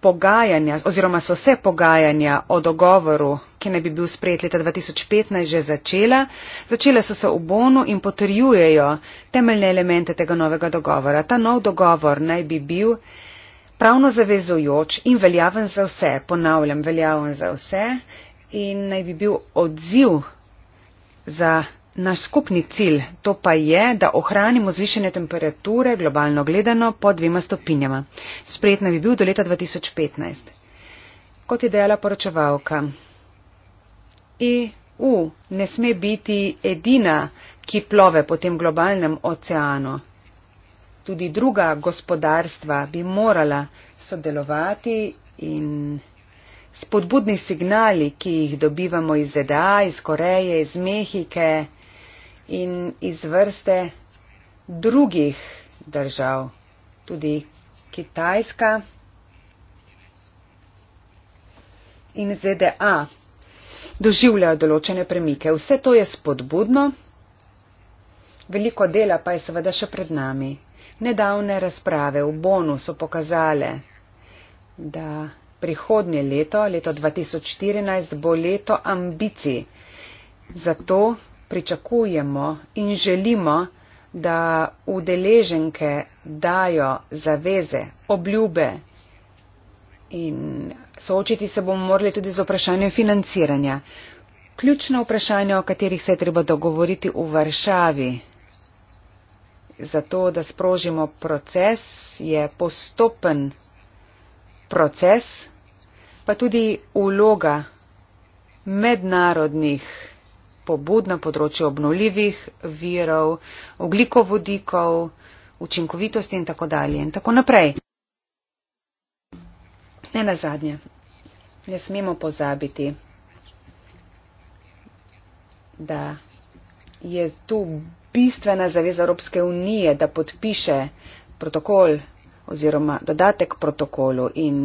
pogajanja oziroma so se pogajanja o dogovoru ki naj bi bil sprejet leta 2015, že začela. Začele so se v Bonu in potrjujejo temeljne elemente tega novega dogovora. Ta nov dogovor naj bi bil pravno zavezojoč in veljaven za vse, ponavljam, veljaven za vse in naj bi bil odziv za naš skupni cilj. To pa je, da ohranimo zvišene temperature globalno gledano pod dvema stopinjama. Sprejet naj bi bil do leta 2015. Kot je dejala poročevalka. EU ne sme biti edina, ki plove po tem globalnem oceanu. Tudi druga gospodarstva bi morala sodelovati in spodbudni signali, ki jih dobivamo iz ZDA, iz Koreje, iz Mehike in iz vrste drugih držav, tudi Kitajska in ZDA, doživljajo določene premike. Vse to je spodbudno, veliko dela pa je seveda še pred nami. Nedavne razprave v Bonu so pokazale, da prihodnje leto, leto 2014, bo leto ambicij. Zato pričakujemo in želimo, da udeleženke dajo zaveze, obljube in Soočiti se bomo morali tudi z vprašanjem financiranja. Ključno vprašanje, o katerih se je treba dogovoriti v Varšavi, zato da sprožimo proces, je postopen proces, pa tudi uloga mednarodnih pobud na področju obnovljivih virov, oglikovodikov, učinkovitosti in tako dalje in tako naprej. Ne na zadnje, ne smemo pozabiti, da je tu bistvena zaveza Evropske unije, da podpiše protokol oziroma dodatek protokolu in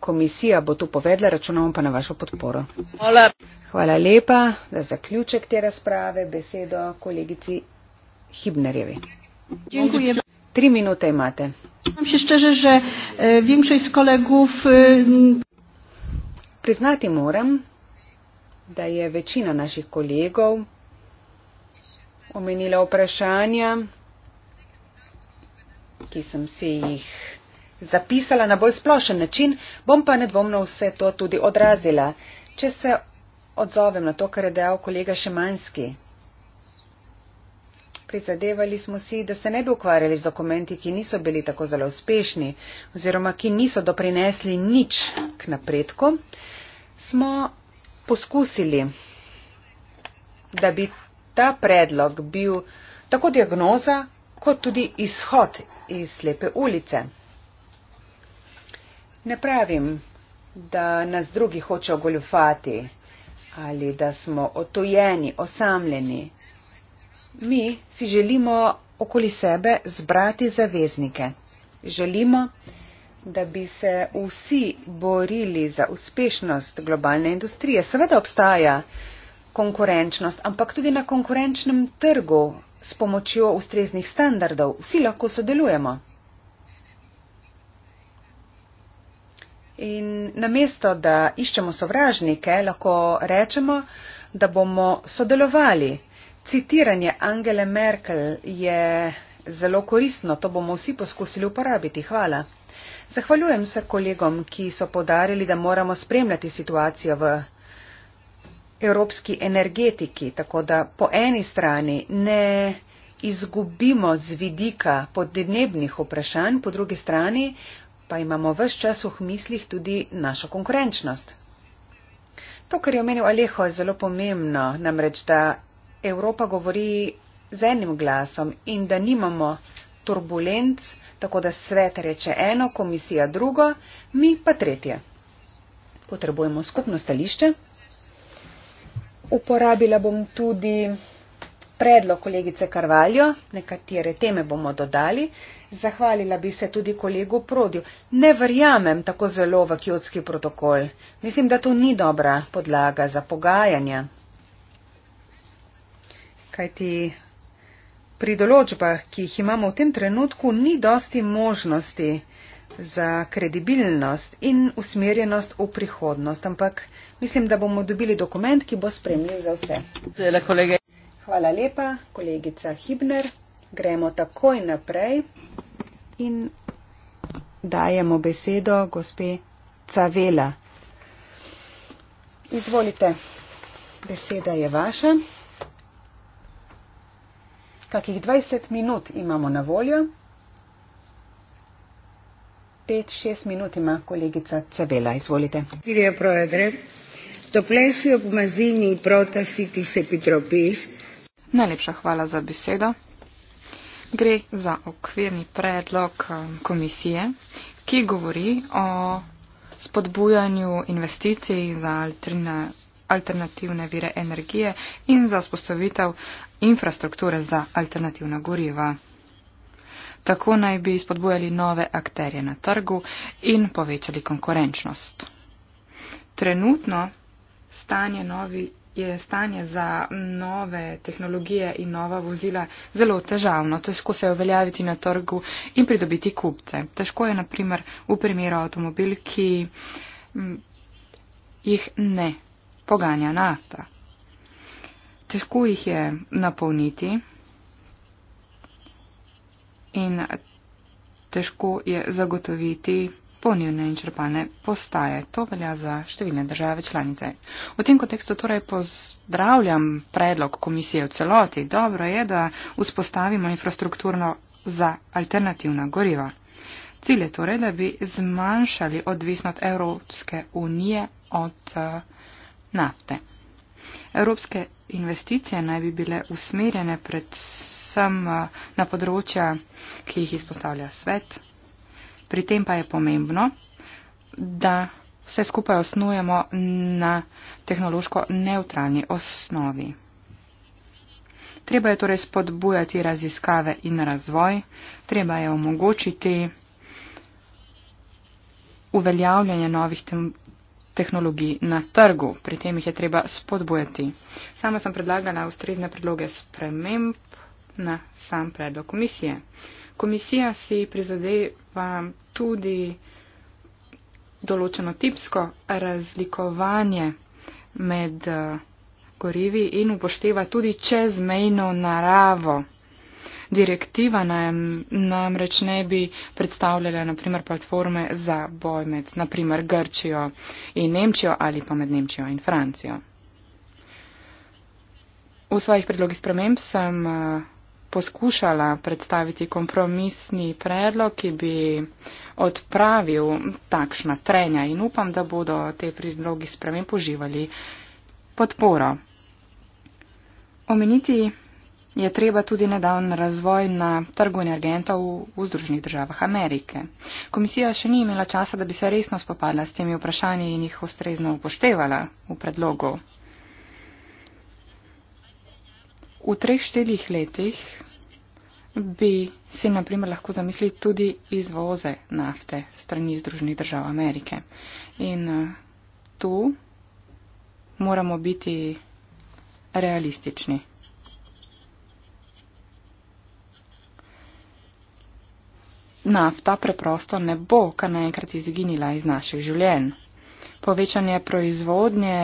komisija bo tu povedla, računamo pa na vašo podporo. Hvala, Hvala lepa za zaključek te razprave, besedo kolegici Hibnerjevi. Dziękuję. Tri minuty imate. Przyznam się szczerze, że e, większość z kolegów... E, Przyznati moram, da je većina naših kolegov omenila vprašanja, ki sem si jih zapisala na bolj splošen način, bom pa nedvomno vse to tudi odrazila. Če se odzovem na to, kar je dejal kolega Šemanski, Prizadevali smo si, da se ne bi ukvarjali z dokumenti, ki niso bili tako zelo uspešni oziroma ki niso doprinesli nič k napredku. Smo poskusili, da bi ta predlog bil tako diagnoza, kot tudi izhod iz slepe ulice. Ne pravim, da nas drugi hoče ogoljufati ali da smo otojeni, osamljeni. Mi si želimo okoli sebe zbrati zaveznike. Želimo, da bi se vsi borili za uspešnost globalne industrije. Seveda obstaja konkurenčnost, ampak tudi na konkurenčnem trgu s pomočjo ustreznih standardov vsi lahko sodelujemo. In namesto, da iščemo sovražnike, lahko rečemo, da bomo sodelovali. Citiranje Angele Merkel je zelo koristno, to bomo vsi poskusili uporabiti. Hvala. Zahvaljujem se kolegom, ki so podarili, da moramo spremljati situacijo v evropski energetiki, tako da po eni strani ne izgubimo z vidika podnebnih vprašanj, po drugi strani pa imamo vse čas v mislih tudi našo konkurenčnost. To, kar je omenil Aleho, je zelo pomembno, namreč da Evropa govori z enim glasom in da nimamo turbulenc, tako da svet reče eno, komisija drugo, mi pa tretje. Potrebujemo skupno stališče. Uporabila bom tudi predlog kolegice Karvaljo, nekatere teme bomo dodali. Zahvalila bi se tudi kolegu Prodju. Ne verjamem tako zelo v kjotski protokol. Mislim, da to ni dobra podlaga za pogajanje kajti pri določbah, ki jih imamo v tem trenutku, ni dosti možnosti za kredibilnost in usmerjenost v prihodnost. Ampak mislim, da bomo dobili dokument, ki bo spremljiv za vse. Hvala, kolege. Hvala lepa, kolegica Hibner. Gremo takoj naprej in dajemo besedo gospe Cavela. Izvolite, beseda je vaša kakih 20 minut imamo na voljo. 5-6 minut ima kolegica Cebela, izvolite. Pirje proedre, toplejši ob mazini prota siti se pitropis. Najlepša hvala za besedo. Gre za okvirni predlog um, komisije, ki govori o spodbujanju investicij za alternativne vire energije in za spostavitev infrastrukture za alternativna goriva. Tako naj bi spodbujali nove akterje na trgu in povečali konkurenčnost. Trenutno stanje novi, je stanje za nove tehnologije in nova vozila zelo težavno. Težko se je uveljaviti na trgu in pridobiti kupce. Težko je, na primer, v primeru avtomobil, ki mm, jih ne poganja nafta težko jih je napolniti in težko je zagotoviti polnjene in črpane postaje. To velja za številne države članice. V tem kontekstu torej pozdravljam predlog komisije v celoti. Dobro je, da vzpostavimo infrastrukturno za alternativna goriva. Cilj je torej, da bi zmanjšali odvisnost Evropske unije od eh, nafte. Evropske investicije naj bi bile usmerjene predvsem eh, na področja, ki jih izpostavlja svet. Pri tem pa je pomembno, da vse skupaj osnujemo na tehnološko neutralni osnovi. Treba je torej spodbujati raziskave in razvoj, treba je omogočiti uveljavljanje novih tehnologij na trgu. Pri tem jih je treba spodbujati. Sama sem predlagala ustrezne predloge sprememb na sam predlog komisije. Komisija si prizadeva tudi določeno tipsko razlikovanje med eh, gorivi in upošteva tudi čezmejno naravo direktiva nam, namreč ne bi predstavljala naprimer platforme za boj med naprimer Grčijo in Nemčijo ali pa med Nemčijo in Francijo. V svojih predlogih sprememb sem eh, poskušala predstaviti kompromisni predlog, ki bi odpravil takšna trenja in upam, da bodo te predlogi spremem poživali podporo. Omeniti je treba tudi nedavn razvoj na trgu energentov v Združenih državah Amerike. Komisija še ni imela časa, da bi se resno spopadla s temi vprašanji in jih ustrezno upoštevala v predlogu. V treh štelih letih bi si na primer lahko zamislili tudi izvoze nafte strani Združenih držav Amerike. In eh, tu moramo biti realistični. nafta preprosto ne bo kar naenkrat izginila iz naših življenj. Povečanje proizvodnje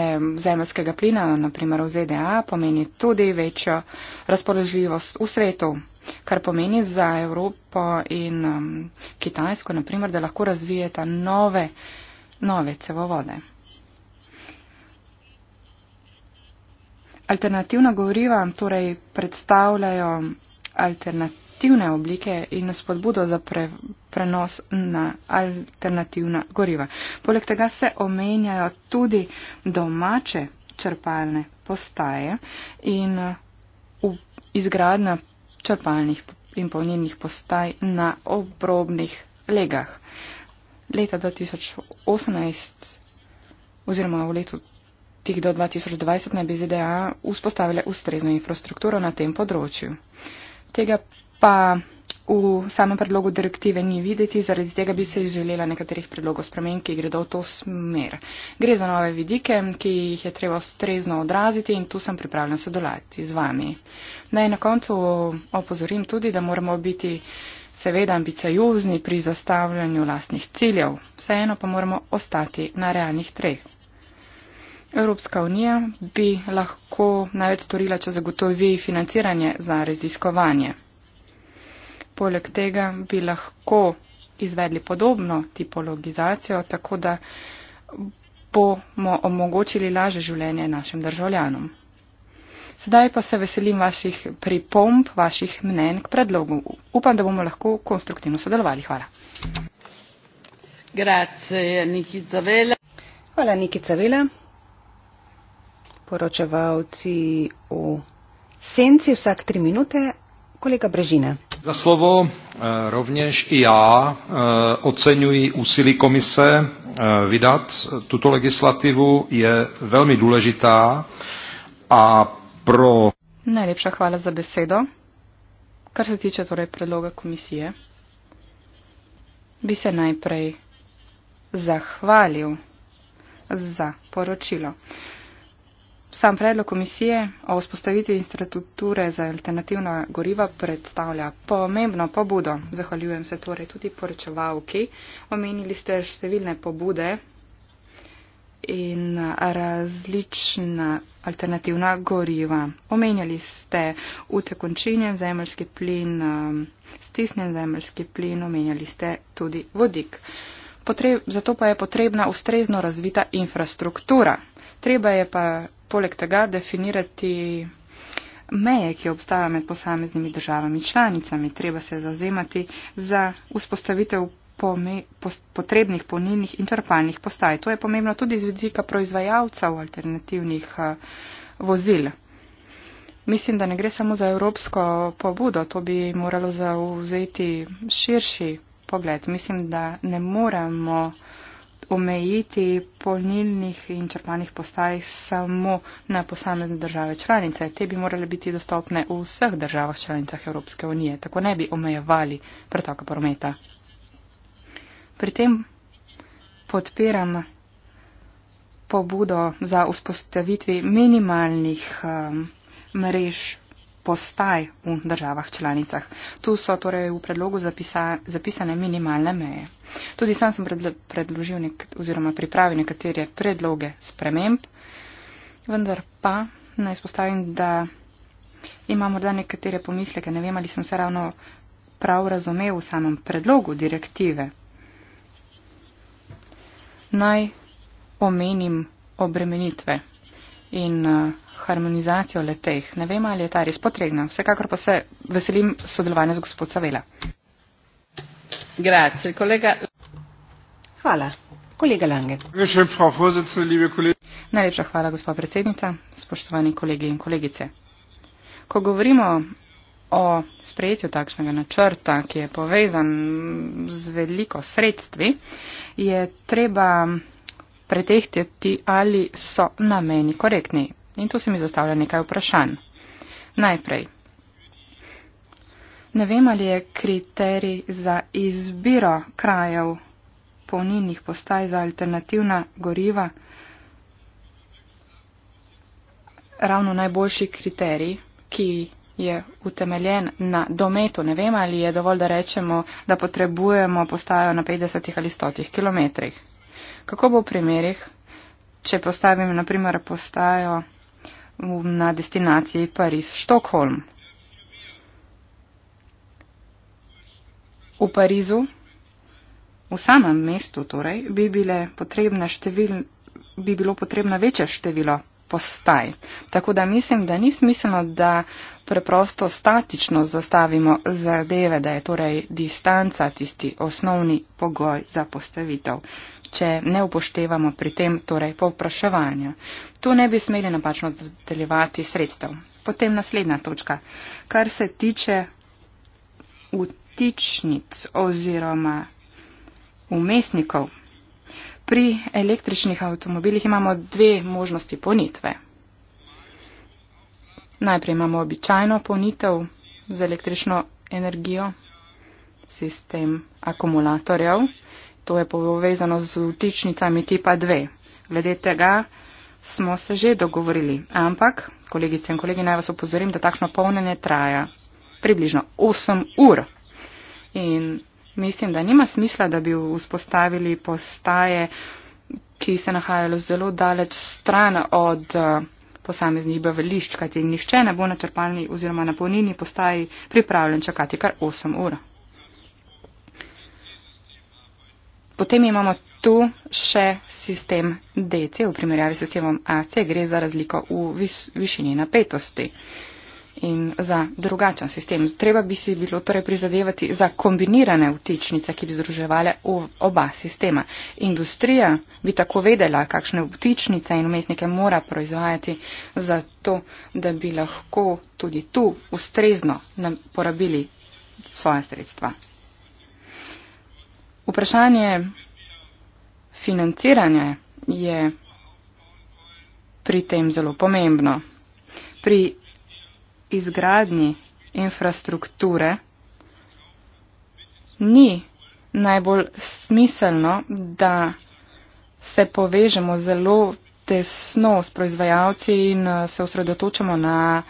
zemljskega plina, naprimer v ZDA, pomeni tudi večjo razpoložljivost v svetu, kar pomeni za Evropo in um, Kitajsko, naprimer, da lahko razvijeta nove, nove cevovode. Alternativna goriva torej predstavljajo alternativ alternativne oblike in spodbudo za pre, prenos na alternativna goriva. Poleg tega se omenjajo tudi domače črpalne postaje in izgradnja črpalnih in polnilnih postaj na obrobnih legah. Leta 2018 oziroma v letu tih do 2020 naj bi ZDA vzpostavile ustrezno infrastrukturo na tem področju. Tega pa v samem predlogu direktive ni videti, zaradi tega bi se želela nekaterih predlogov spremen, ki gredo v to smer. Gre za nove vidike, ki jih je treba ustrezno odraziti in tu sem pripravljena sodelovati z vami. Naj na koncu opozorim tudi, da moramo biti seveda ambiciozni pri zastavljanju lastnih ciljev, vseeno pa moramo ostati na realnih treh. Evropska unija bi lahko največ storila, če zagotovi financiranje za raziskovanje. Poleg tega bi lahko izvedli podobno tipologizacijo, tako da bomo omogočili laže življenje našim državljanom. Sedaj pa se veselim vaših pripomb, vaših mnen k predlogu. Upam, da bomo lahko konstruktivno sodelovali. Hvala. Grazie, Nikita Vela. Hvala, Nikita Vela. Poročevalci v senci vsak tri minute, kolega Brežina za slovo. Eh, rovněž i já eh, oceňuji úsilí komise eh, vydat tuto legislativu. Je velmi důležitá a pro... Najlepša hvala za besedo. Kar se tiče torej predloga komisije, bi se najprej zahvalil za poročilo. Sam predlog komisije o vzpostavitvi infrastrukture za alternativna goriva predstavlja pomembno pobudo. Zahvaljujem se torej tudi poročevalki. Omenili ste številne pobude in različna alternativna goriva. Omenjali ste utekončinjen zemljski plin, um, stisnjen zemljski plin, omenjali ste tudi vodik. Potreb, zato pa je potrebna ustrezno razvita infrastruktura. Treba je pa poleg tega definirati meje, ki obstajajo med posameznimi državami članicami. Treba se zazemati za vzpostavitev potrebnih polnilnih in črpalnih postaj. To je pomembno tudi z vidika proizvajalcev alternativnih eh, vozil. Mislim, da ne gre samo za evropsko pobudo, to bi moralo zauzeti širši pogled. Mislim, da ne moremo uh, omejiti polnilnih in črpanih postaj samo na posamezne države članice. Te bi morale biti dostopne v vseh državah članicah Evropske unije, tako ne bi omejevali pretoka prometa. Pri tem podpiram pobudo za vzpostavitvi minimalnih um, mrež postaj v državah članicah. Tu so torej v predlogu zapisa, zapisane minimalne meje. Tudi sam sem predložil nek, oziroma pripravil nekatere predloge sprememb, vendar pa naj spostavim, da imam morda nekatere pomisleke. Ne vem, ali sem se ravno prav razumel v samem predlogu direktive. Naj omenim obremenitve in eh, harmonizacijo leteh. Ne vem, ali je ta res potrebna. Vsekakor pa se veselim sodelovanja z gospod Savela. Grazie, kolega. Hvala. Kolega Lange. Najlepša hvala, gospa predsednica, spoštovani kolegi in kolegice. Ko govorimo o sprejetju takšnega načrta, ki je povezan z veliko sredstvi, je treba pretehtati, ali so nameni korektni. In tu se mi zastavlja nekaj vprašanj. Najprej. Ne vem, ali je kriterij za izbiro krajev polninih postaj za alternativna goriva ravno najboljši kriterij, ki je utemeljen na dometu. Ne vem, ali je dovolj, da rečemo, da potrebujemo postajo na 50 ali 100 kilometrih. Kako bo v primerih, če postavim naprimer postajo na destinaciji Pariz-Štokholm? V Parizu, v samem mestu torej, bi, števil, bi bilo potrebno večje število postaj. Tako da mislim, da ni smiselno, da preprosto statično zastavimo zadeve, da je torej distanca tisti osnovni pogoj za postavitev če ne upoštevamo pri tem torej povpraševanja. Tu ne bi smeli napačno dodeljevati sredstev. Potem naslednja točka, kar se tiče vtičnic oziroma umestnikov. Pri električnih avtomobilih imamo dve možnosti ponitve. Najprej imamo običajno ponitev z električno energijo, sistem akumulatorjev to je povezano z vtičnicami tipa 2. Glede tega smo se že dogovorili, ampak, kolegice in kolegi, naj vas opozorim, da takšno polnjenje traja približno 8 ur. In mislim, da nima smisla, da bi vzpostavili postaje, ki se nahajajo zelo daleč stran od eh, posameznih bavelišč, kajti nihče ne bo na črpalni oziroma na polnini postaji pripravljen čakati kar 8 ur. Potem imamo tu še sistem DC v primerjavi s sistemom AC, gre za razliko v vis, višini napetosti in za drugačen sistem. Treba bi si bilo torej prizadevati za kombinirane vtičnice, ki bi združevale oba sistema. Industrija bi tako vedela, kakšne vtičnice in umestnike mora proizvajati za to, da bi lahko tudi tu ustrezno porabili svoje sredstva. Vprašanje financiranja je pri tem zelo pomembno. Pri izgradnji infrastrukture ni najbolj smiselno, da se povežemo zelo tesno s proizvajalci in eh, se osredotočamo na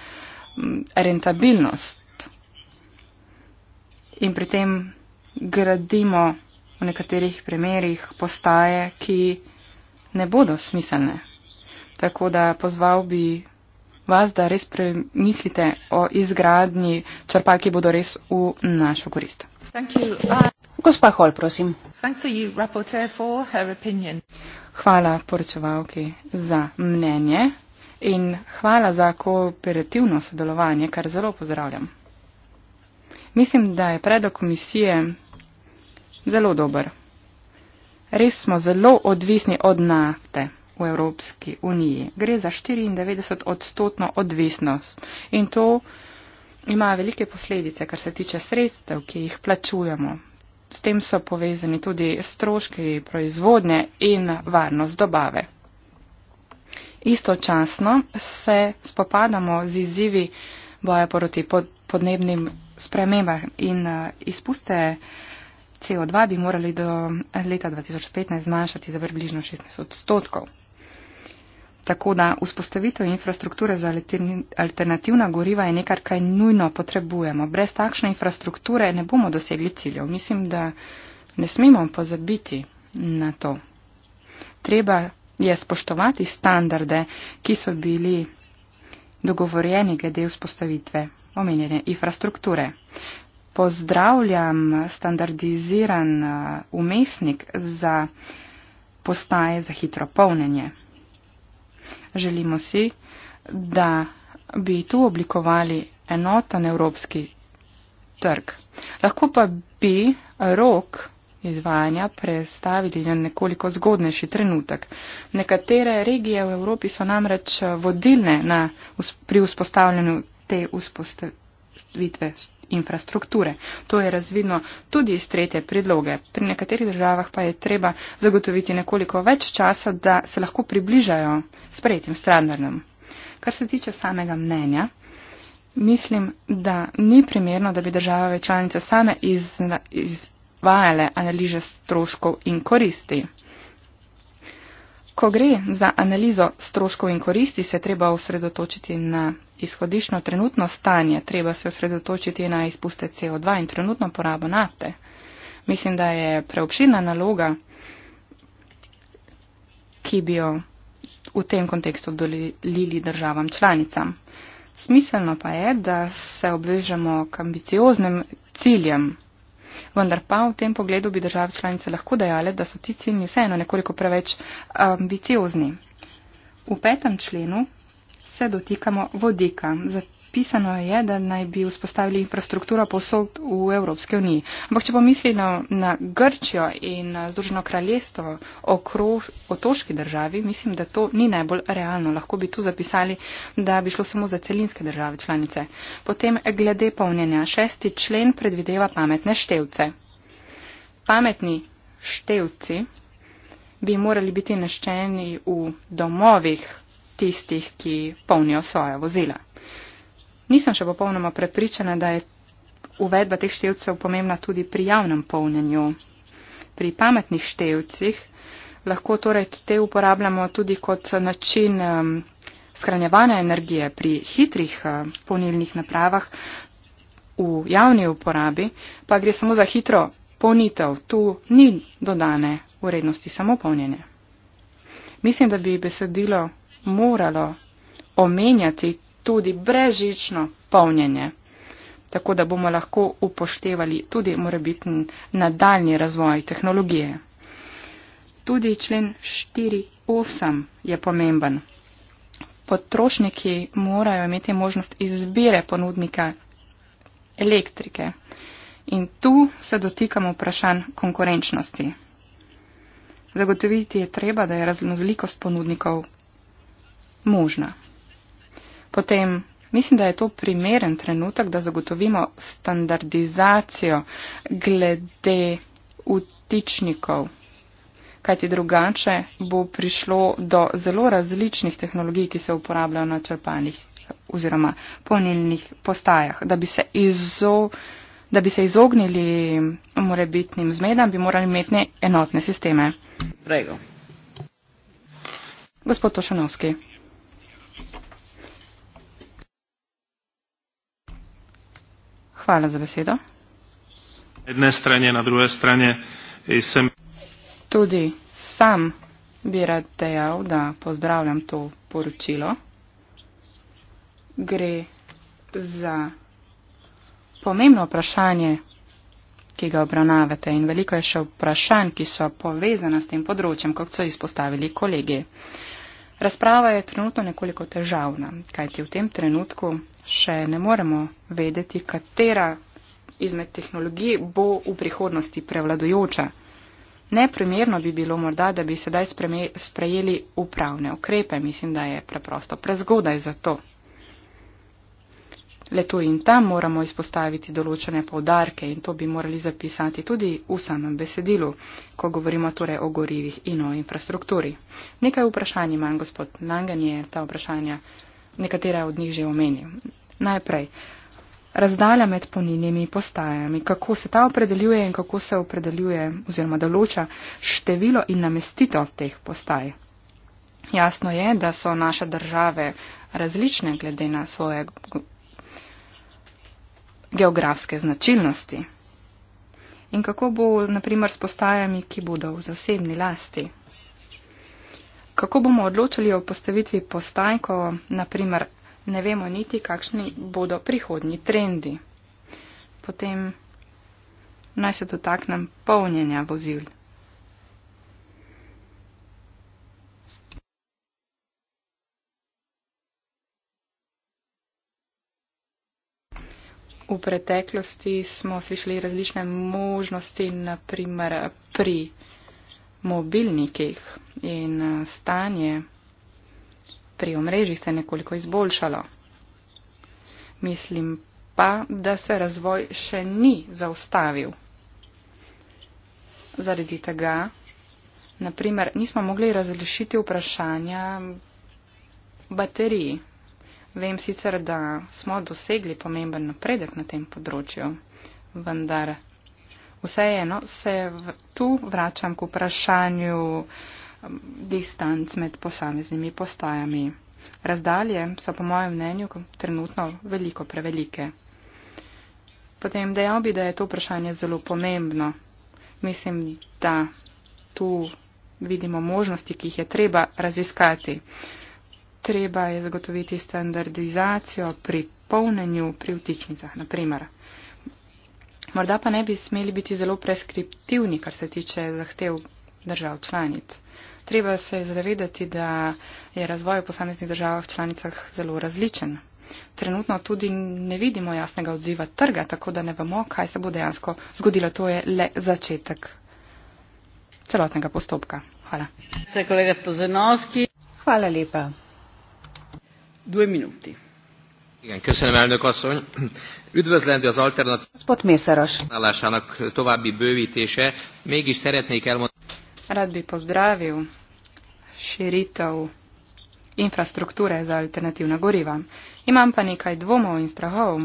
mm, rentabilnost. In pri tem gradimo v nekaterih primerjih postaje, ki ne bodo smiselne. Tako da pozval bi vas, da res premislite o izgradnji črpalk, ki bodo res v našo korist. Uh, Gospa Hol, prosim. Hvala poročevalki za mnenje in hvala za kooperativno sodelovanje, kar zelo pozdravljam. Mislim, da je predlog komisije Zelo dober. Res smo zelo odvisni od nafte v Evropski uniji. Gre za 94 odstotno odvisnost in to ima velike posledice, kar se tiče sredstev, ki jih plačujemo. S tem so povezani tudi stroški proizvodnje in varnost dobave. Istočasno se spopadamo z izzivi boja proti podnebnim spremembam in eh, izpuste. CO2 bi morali do eh, leta 2015 zmanjšati za približno 16 odstotkov. Tako da vzpostavitev infrastrukture za alternativna goriva je nekaj, kar nujno potrebujemo. Brez takšne infrastrukture ne bomo dosegli ciljev. Mislim, da ne smemo pozabiti na to. Treba je spoštovati standarde, ki so bili dogovorjeni glede vzpostavitve omenjene infrastrukture pozdravljam standardiziran uh, umestnik za postaje za hitro polnjenje. Želimo si, da bi tu oblikovali enoten evropski trg. Lahko pa bi rok izvajanja predstavili na nekoliko zgodnejši trenutek. Nekatere regije v Evropi so namreč vodilne na, pri vzpostavljanju te vzpostavitve infrastrukture. To je razvidno tudi iz tretje predloge. Pri nekaterih državah pa je treba zagotoviti nekoliko več časa, da se lahko približajo sprejetim standardom. Kar se tiče samega mnenja, mislim, da ni primerno, da bi države članice same izvajale analize stroškov in koristi. Ko gre za analizo stroškov in koristi, se treba osredotočiti na izhodišno trenutno stanje, treba se osredotočiti na izpuste CO2 in trenutno porabo nafte. Mislim, da je preobširna naloga, ki bi jo v tem kontekstu dolili državam članicam. Smiselno pa je, da se obvežemo k ambicioznim ciljem vendar pa v tem pogledu bi države članice lahko dejale, da so ti cilji vseeno nekoliko preveč um, ambiciozni. V petem členu se dotikamo vodika. Zato zapisano je, da naj bi vzpostavili infrastrukturo posod v Evropske uniji. Ampak če pomislimo na Grčijo in Združeno kraljestvo okrog otoški državi, mislim, da to ni najbolj realno. Lahko bi tu zapisali, da bi šlo samo za celinske države članice. Potem glede polnjenja. Šesti člen predvideva pametne števce. Pametni števci bi morali biti naščeni v domovih tistih, ki polnijo svoje vozila. Nisem še popolnoma prepričana, da je uvedba teh števcev pomembna tudi pri javnem polnjenju. Pri pametnih števcih lahko torej te uporabljamo tudi kot način um, skranjevanja energije pri hitrih uh, polnilnih napravah v javni uporabi, pa gre samo za hitro polnitev. Tu ni dodane vrednosti samo polnjenje. Mislim, da bi besedilo moralo omenjati tudi brežično polnjenje. Tako da bomo lahko upoštevali tudi morebitni nadaljni razvoj tehnologije. Tudi člen 4.8 je pomemben. Potrošniki morajo imeti možnost izbire ponudnika elektrike. In tu se dotikamo vprašanj konkurenčnosti. Zagotoviti je treba, da je raznolikost ponudnikov možna. Potem mislim, da je to primeren trenutek, da zagotovimo standardizacijo glede vtičnikov, kajti drugače bo prišlo do zelo različnih tehnologij, ki se uporabljajo na črpanih oziroma polnilnih postajah. Da bi se, izo, da bi se izognili morebitnim zmedam, bi morali imeti ne enotne sisteme. Prego. Gospod Tošanovski. Hvala za besedo. Jedne strani, na druge strani eh, sem. Tudi sam bi rad dejal, da pozdravljam to poročilo. Gre za pomembno vprašanje, ki ga obravnavate in veliko je še vprašanj, ki so povezana s tem področjem, kot so izpostavili kolegi. Razprava je trenutno nekoliko težavna, kajti v tem trenutku še ne moremo vedeti, katera izmed tehnologij bo v prihodnosti prevladojoča. Neprimerno bi bilo morda, da bi sedaj spreme, sprejeli upravne ukrepe. Mislim, da je preprosto prezgodaj za to. Le tu in tam moramo izpostaviti določene povdarke in to bi morali zapisati tudi v samem besedilu, ko govorimo torej o gorivih in o infrastrukturi. Nekaj vprašanj imam, gospod Nangan je ta vprašanja, nekatera od njih že omenil. Najprej, razdalja med polnilnimi postajami, kako se ta opredeljuje in kako se opredeljuje oziroma določa število in namestito teh postaj. Jasno je, da so naše države različne glede na svoje geografske značilnosti. In kako bo, naprimer, s postajami, ki bodo v zasebni lasti? Kako bomo odločili o postavitvi postaj, ko, naprimer, ne vemo niti, kakšni bodo prihodnji trendi? Potem naj se dotaknem polnjenja vozil. V preteklosti smo slišali različne možnosti, naprimer pri mobilnikih in eh, stanje pri omrežjih se je nekoliko izboljšalo. Mislim pa, da se razvoj še ni zaustavil. Zaradi tega, naprimer, nismo mogli razrešiti vprašanja baterij, Vem sicer, da smo dosegli pomemben napredek na tem področju, vendar vseeno se v, tu vračam k vprašanju um, distanc med posameznimi postajami. Razdalje so po mojem mnenju trenutno veliko prevelike. Potem dejal bi, da je to vprašanje zelo pomembno. Mislim, da tu vidimo možnosti, ki jih je treba raziskati treba je zagotoviti standardizacijo pri polnenju pri vtičnicah, naprimer. Morda pa ne bi smeli biti zelo preskriptivni, kar se tiče zahtev držav članic. Treba se je zavedati, da je razvoj v posameznih državah članicah zelo različen. Trenutno tudi ne vidimo jasnega odziva trga, tako da ne vemo, kaj se bo dejansko zgodilo. To je le začetek celotnega postopka. Hvala. Hvala lepa üdvözlendő az alternatv állásának további bővtése mégis szeretnék elmondani Rád by pozdravil širitev infrastruktúre za alternatívne goriva. Imam pa nekaj dvomov in strahov.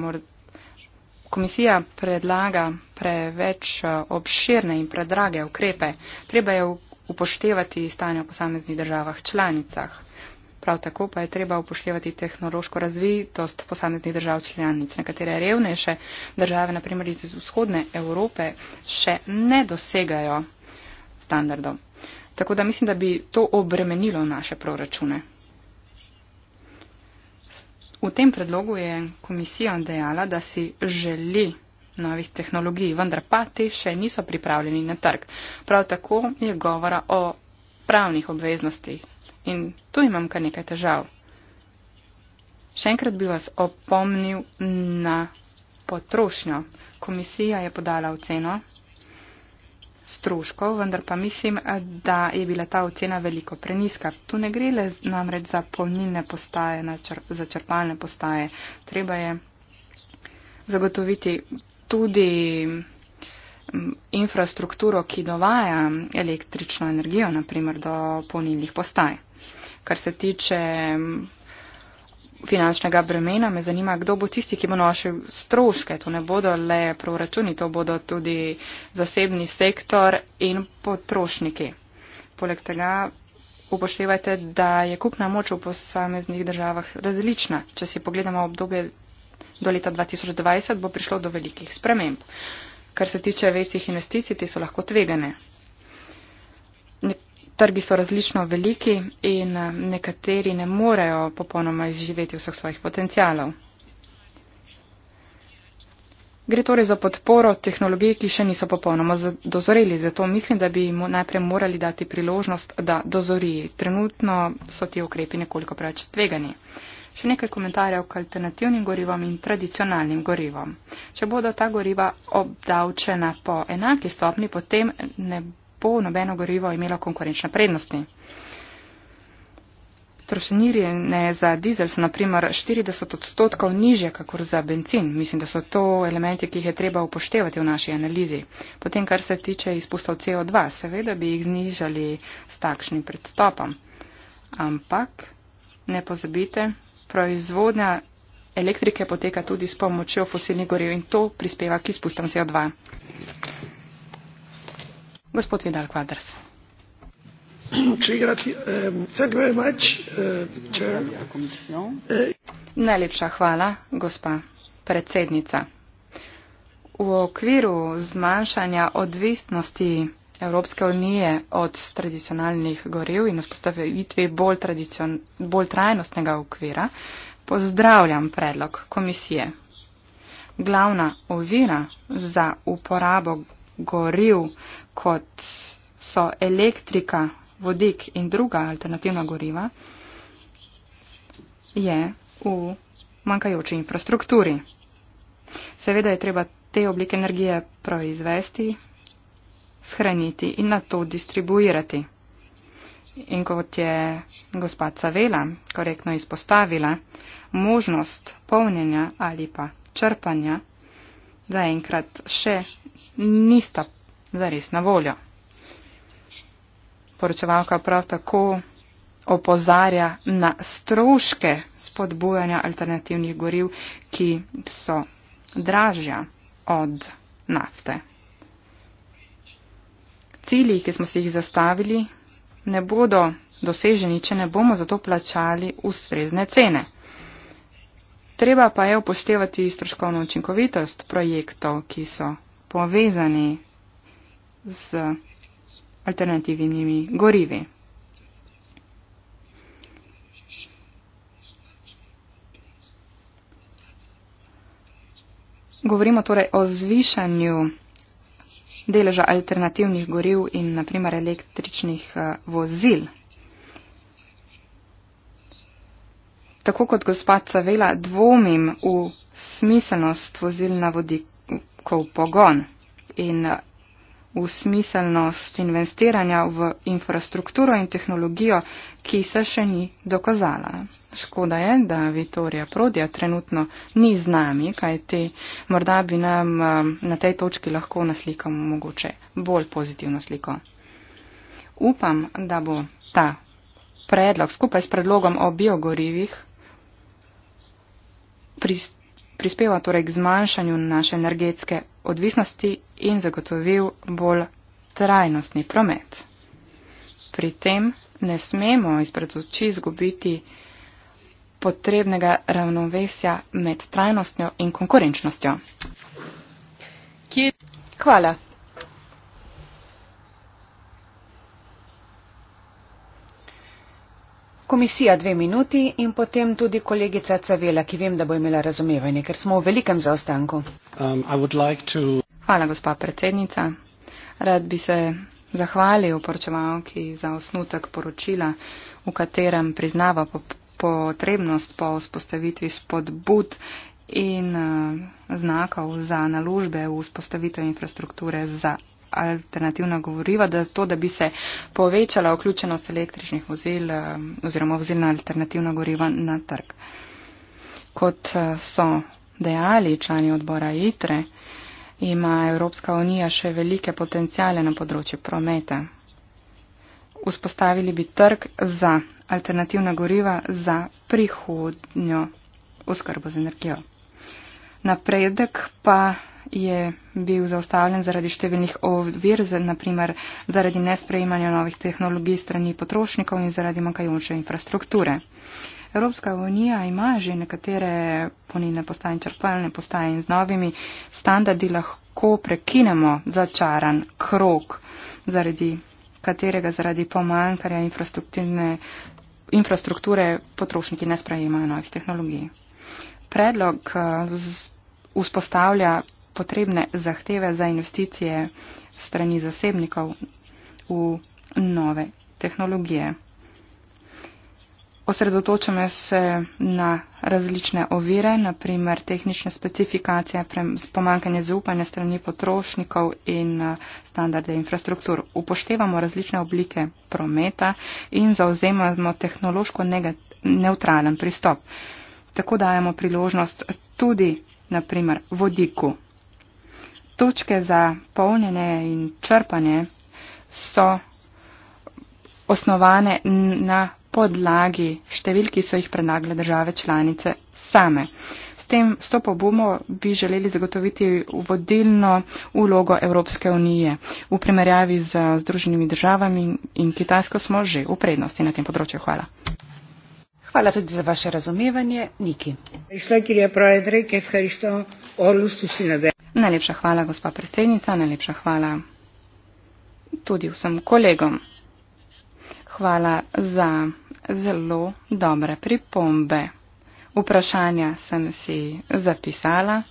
Komisija predlaga preveč eh, obširne in predrage ukrepe. Treba je upoštevati stanje v posameznih državah članicah. Prav tako pa je treba upoštevati tehnološko razvitost posameznih držav članic. Nekatere revnejše države, naprimer iz vzhodne Evrope, še ne dosegajo standardov. Tako da mislim, da bi to obremenilo naše proračune. V tem predlogu je komisija dejala, da si želi novih tehnologij, vendar pa te še niso pripravljeni na trg. Prav tako je govora o pravnih obveznostih in tu imam kar nekaj težav. Še enkrat bi vas opomnil na potrošnjo. Komisija je podala oceno stroškov, vendar pa mislim, da je bila ta ocena veliko preniska. Tu ne gre le namreč za polnilne postaje, čr za črpalne postaje. Treba je zagotoviti tudi infrastrukturo, ki dovaja električno energijo, naprimer do polnilnih postaj kar se tiče mm, finančnega bremena, me zanima, kdo bo tisti, ki bo nošil stroške. To ne bodo le proračuni, to bodo tudi zasebni sektor in potrošniki. Poleg tega upoštevajte, da je kupna moč v posameznih državah različna. Če si pogledamo obdobje do leta 2020, bo prišlo do velikih sprememb. Kar se tiče večjih investicij, ti so lahko tvegane trgi so različno veliki in eh, nekateri ne morejo popolnoma izživeti vseh svojih potencijalov. Gre torej za podporo tehnologij, ki še niso popolnoma dozoreli, zato mislim, da bi jim najprej morali dati priložnost, da dozori. Trenutno so ti ukrepi nekoliko preveč tvegani. Še nekaj komentarjev k alternativnim gorivom in tradicionalnim gorivom. Če bodo ta goriva obdavčena po enaki stopni, potem ne bo bo nobeno gorivo imelo konkurenčne prednosti. Trošenirjene za dizel so naprimer 40 odstotkov nižje, kakor za benzin. Mislim, da so to elementi, ki jih je treba upoštevati v naši analizi. Potem, kar se tiče izpustov CO2, seveda bi jih znižali s takšnim predstopom. Ampak ne pozabite, proizvodnja elektrike poteka tudi s pomočjo fosilnih goriv in to prispeva k izpustom CO2 gospod vidal quadras. *clears throat* Eh, najlepša hvala gospa predsednica. v okviru zmanjšanja odvisnosti Evropske unije od tradicionalnih goriv in vzpostavitvi bolj, tradicion, bolj trajnostnega okvira pozdravljam predlog komisije. Glavna ovira za uporabo goriv kot so elektrika, vodik in druga alternativna goriva, je v manjkajoči infrastrukturi. Seveda je treba te oblike energije proizvesti, shraniti in na to distribuirati. In kot je gospa Cavela korektno izpostavila, možnost polnjenja ali pa črpanja zaenkrat še nista zares na voljo. Poročevalka prav tako opozarja na stroške spodbujanja alternativnih goriv, ki so dražja od nafte. Cilji, ki smo si jih zastavili, ne bodo doseženi, če ne bomo zato plačali ustrezne cene. Treba pa je upoštevati stroškovno učinkovitost projektov, ki so povezani z alternativnimi gorivi. Govorimo torej o zvišanju deleža alternativnih goriv in naprimer električnih eh, vozil. Tako kot gospod Cavela dvomim v smiselnost vozil na vodikov pogon in eh, v smiselnost investiranja v infrastrukturo in tehnologijo, ki se še ni dokazala. Škoda je, da Vitorija Prodija trenutno ni z nami, kaj te morda bi nam eh, na tej točki lahko naslikal mogoče bolj pozitivno sliko. Upam, da bo ta predlog skupaj s predlogom o biogorivih pristopil prispeva torej k zmanjšanju naše energetske odvisnosti in zagotovil bolj trajnostni promet. Pri tem ne smemo izpred oči izgubiti potrebnega ravnovesja med trajnostjo in konkurenčnostjo. Kje? Hvala. komisija dve minuti in potem tudi kolegica Cavela, ki vem, da bo imela razumevanje, ker smo v velikem zaostanku. Um, like to... Hvala, gospa predsednica. Rad bi se zahvalil poročevalki za osnutek poročila, v katerem priznava potrebnost po vzpostavitvi spodbud in uh, znakov za naložbe v vzpostavitev infrastrukture za alternativna govoriva, da to, da bi se povečala vključenost električnih vozil eh, oziroma vozil na alternativna goriva na trg. Kot eh, so dejali člani odbora ITRE, ima Evropska unija še velike potencijale na področju prometa. Vzpostavili bi trg za alternativna goriva za prihodnjo oskrbo z energijo napredek pa je bil zaustavljen zaradi številnih ovir, naprimer zaradi nesprejemanja novih tehnologij strani potrošnikov in zaradi manjkajoče infrastrukture. Evropska unija ima že nekatere ponine postaje in črpalne postaje in z novimi standardi lahko prekinemo začaran krok, zaradi katerega zaradi pomankanja infrastrukture potrošniki ne sprejemajo novih tehnologij predlog eh, vzpostavlja potrebne zahteve za investicije strani zasebnikov v nove tehnologije. Osredotočame se na različne ovire, naprimer tehnične specifikacije, pomankanje zaupanja strani potrošnikov in eh, standarde infrastruktur. Upoštevamo različne oblike prometa in zauzemamo tehnološko neutralen pristop tako dajemo priložnost tudi, naprimer, vodiku. Točke za polnjenje in črpanje so osnovane na podlagi številk, ki so jih predlagale države članice same. S tem stopo bomo bi želeli zagotoviti vodilno ulogo Evropske unije. V primerjavi z Združenimi državami in Kitajsko smo že v prednosti na tem področju. Hvala. Hvala tudi za vaše razumevanje, Niki. Najlepša hvala, gospa predsednica, najlepša hvala tudi vsem kolegom. Hvala za zelo dobre pripombe. Vprašanja sem si zapisala.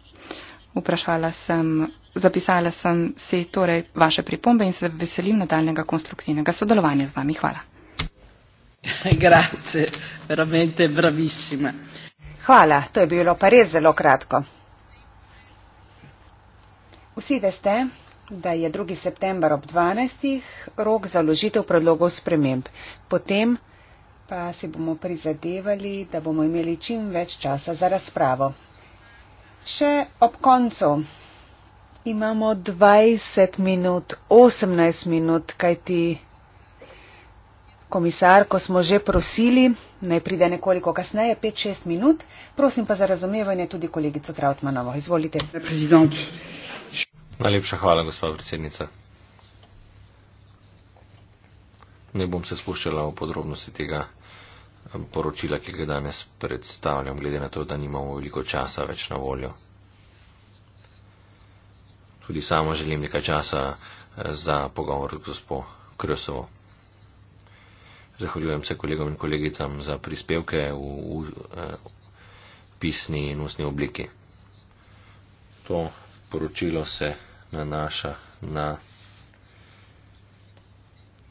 Vprašala sem, zapisala sem si torej vaše pripombe in se veselim nadaljnega konstruktivnega sodelovanja z vami. Hvala. *laughs* Grazie, veramente bravissima. Hvala, to je bilo pa res zelo kratko. Vsi veste, da je 2. september ob 12. rok za vložitev predlogov sprememb. Potem pa si bomo prizadevali, da bomo imeli čim več časa za razpravo. Še ob koncu imamo 20 minut, 18 minut, kaj ti komisarko smo že prosili, naj pride nekoliko kasneje, 5-6 minut. Prosim pa za razumevanje tudi kolegico Trautmanovo. Izvolite. Najlepša hvala, gospa predsednica. Ne bom se spuščala v podrobnosti tega eh, poročila, ki ga danes predstavljam, glede na to, da nimamo veliko časa več na voljo. Tudi samo želim nekaj časa eh, za pogovor z gospo Krsovo. Zahvaljujem se kolegom in kolegicam za prispevke v, v, v eh, pisni in usni obliki. To poročilo se nanaša na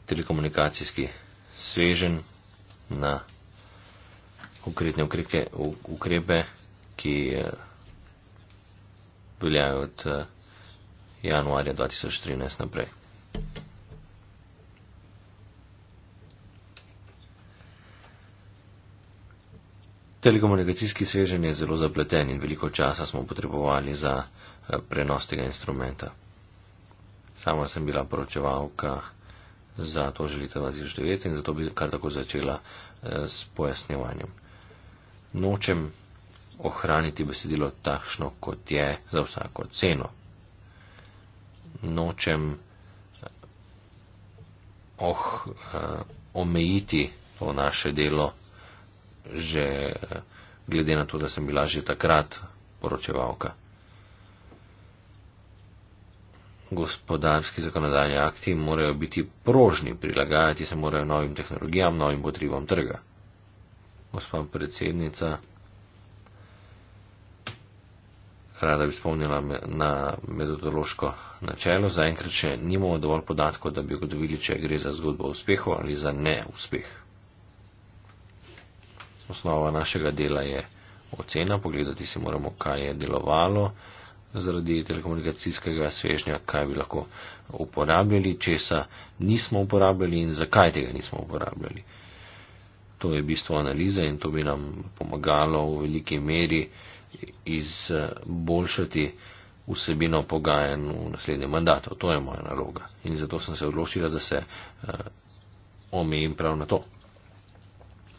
telekomunikacijski svežen, na ukrepne ukrike, ukrepe, ki eh, veljajo od eh, januarja 2013 naprej. telekomunikacijski svežen je zelo zapleten in veliko časa smo potrebovali za eh, prenos tega instrumenta. Sama sem bila poročevalka za to že leta 2009 in zato bi kar tako začela eh, s pojasnjevanjem. Nočem ohraniti besedilo takšno, kot je za vsako ceno. Nočem eh, oh, omejiti to naše delo že glede na to, da sem bila že takrat poročevalka. Gospodarski zakonodajni akti morajo biti prožni, prilagajati se morajo novim tehnologijam, novim potrebam trga. Gospod predsednica, rada bi spomnila na metodološko načelo. Zaenkrat še nimamo dovolj podatkov, da bi ugotovili, če gre za zgodbo o uspehu ali za neuspeh osnova našega dela je ocena, pogledati si moramo, kaj je delovalo zaradi telekomunikacijskega svežnja, kaj bi lahko uporabljali, česa nismo uporabljali in zakaj tega nismo uporabljali. To je bistvo analize in to bi nam pomagalo v veliki meri izboljšati vsebino pogajanj v naslednjem mandatu. To je moja naloga in zato sem se odločila, da se eh, omejim prav na to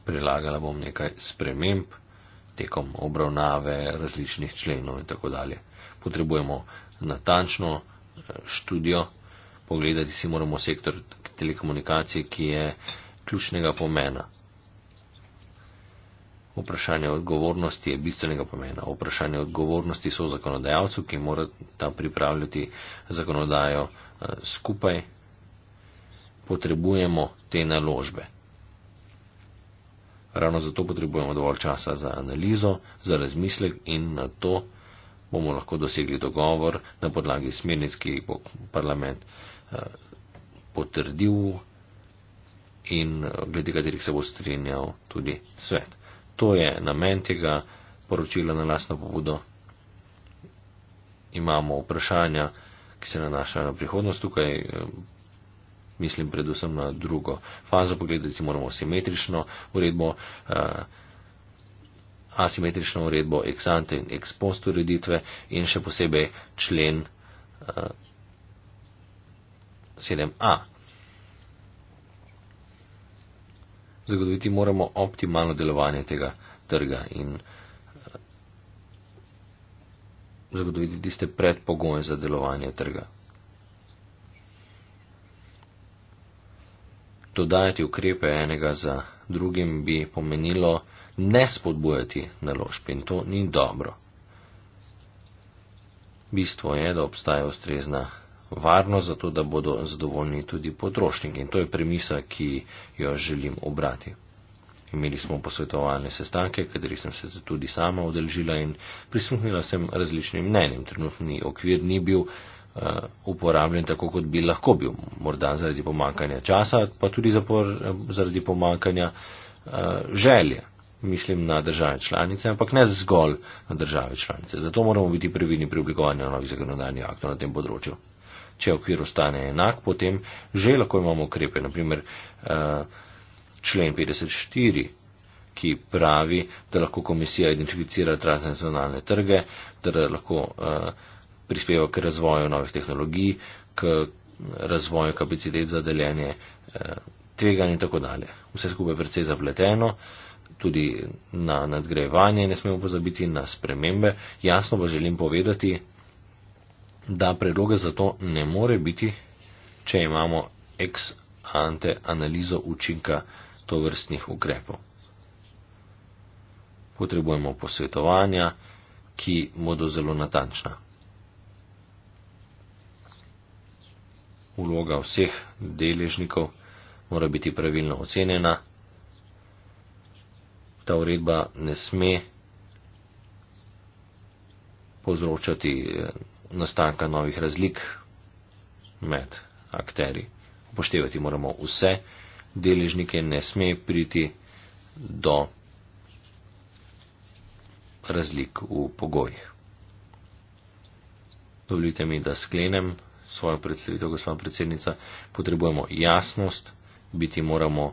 prilagala bom nekaj sprememb tekom obravnave različnih členov in tako dalje. Potrebujemo natančno eh, študijo, pogledati si moramo sektor telekomunikacije, ki je ključnega pomena. Vprašanje odgovornosti je bistvenega pomena. Vprašanje odgovornosti so zakonodajalcu, ki mora tam pripravljati zakonodajo eh, skupaj. Potrebujemo te naložbe. Ravno zato potrebujemo dovolj časa za analizo, za razmislek in na to bomo lahko dosegli dogovor na podlagi smernic, ki jih bo parlament eh, potrdil in eh, glede katerih se bo strinjal tudi svet. To je namen tega poročila na lasno pobudo. Imamo vprašanja, ki se nanašajo na prihodnost tukaj. Eh, mislim predvsem na drugo fazo, pogledati moramo simetrično uredbo, uh, asimetrično uredbo ex ante in ex post ureditve in še posebej člen uh, eh, 7a. Zagotoviti moramo optimalno delovanje tega trga in eh, zagotoviti tiste predpogoje za delovanje trga. dodajati ukrepe enega za drugim bi pomenilo ne spodbujati naložb in to ni dobro. Bistvo je, da obstaja ustrezna varnost, zato da bodo zadovoljni tudi potrošniki in to je premisa, ki jo želim obrati. Imeli smo posvetovalne sestanke, kateri sem se tudi sama odeležila in prisluhnila sem različnim mnenjem. Trenutni okvir ni bil Eh, uporabljen tako, kot bi lahko bil. Morda zaradi pomankanja časa, pa tudi zapor, eh, zaradi pomankanja eh, želje. Mislim na države članice, ampak ne zgolj na države članice. Zato moramo biti previdni pri oblikovanju novih zakonodajnih aktov na tem področju. Če okvir ostane enak, potem že lahko imamo ukrepe. Naprimer, člen 54, ki pravi, da lahko komisija identificira transnacionalne trge, da lahko uh, prispeva k razvoju novih tehnologij, k razvoju kapacitet za deljenje eh, tveganj in tako dalje. Vse skupaj je precej zapleteno, tudi na nadgrajevanje ne smemo pozabiti na spremembe. Jasno pa želim povedati, da predloga za to ne more biti, če imamo ex ante analizo učinka tovrstnih ukrepov. Potrebujemo posvetovanja, ki bodo zelo natančna. vloga vseh deležnikov mora biti pravilno ocenjena. Ta uredba ne sme povzročati eh, nastanka novih razlik med akteri. Upoštevati moramo vse deležnike, ne sme priti do razlik v pogojih. Dovolite mi, da sklenem svojo predstavitev, gospod predsednica, potrebujemo jasnost, biti moramo eh,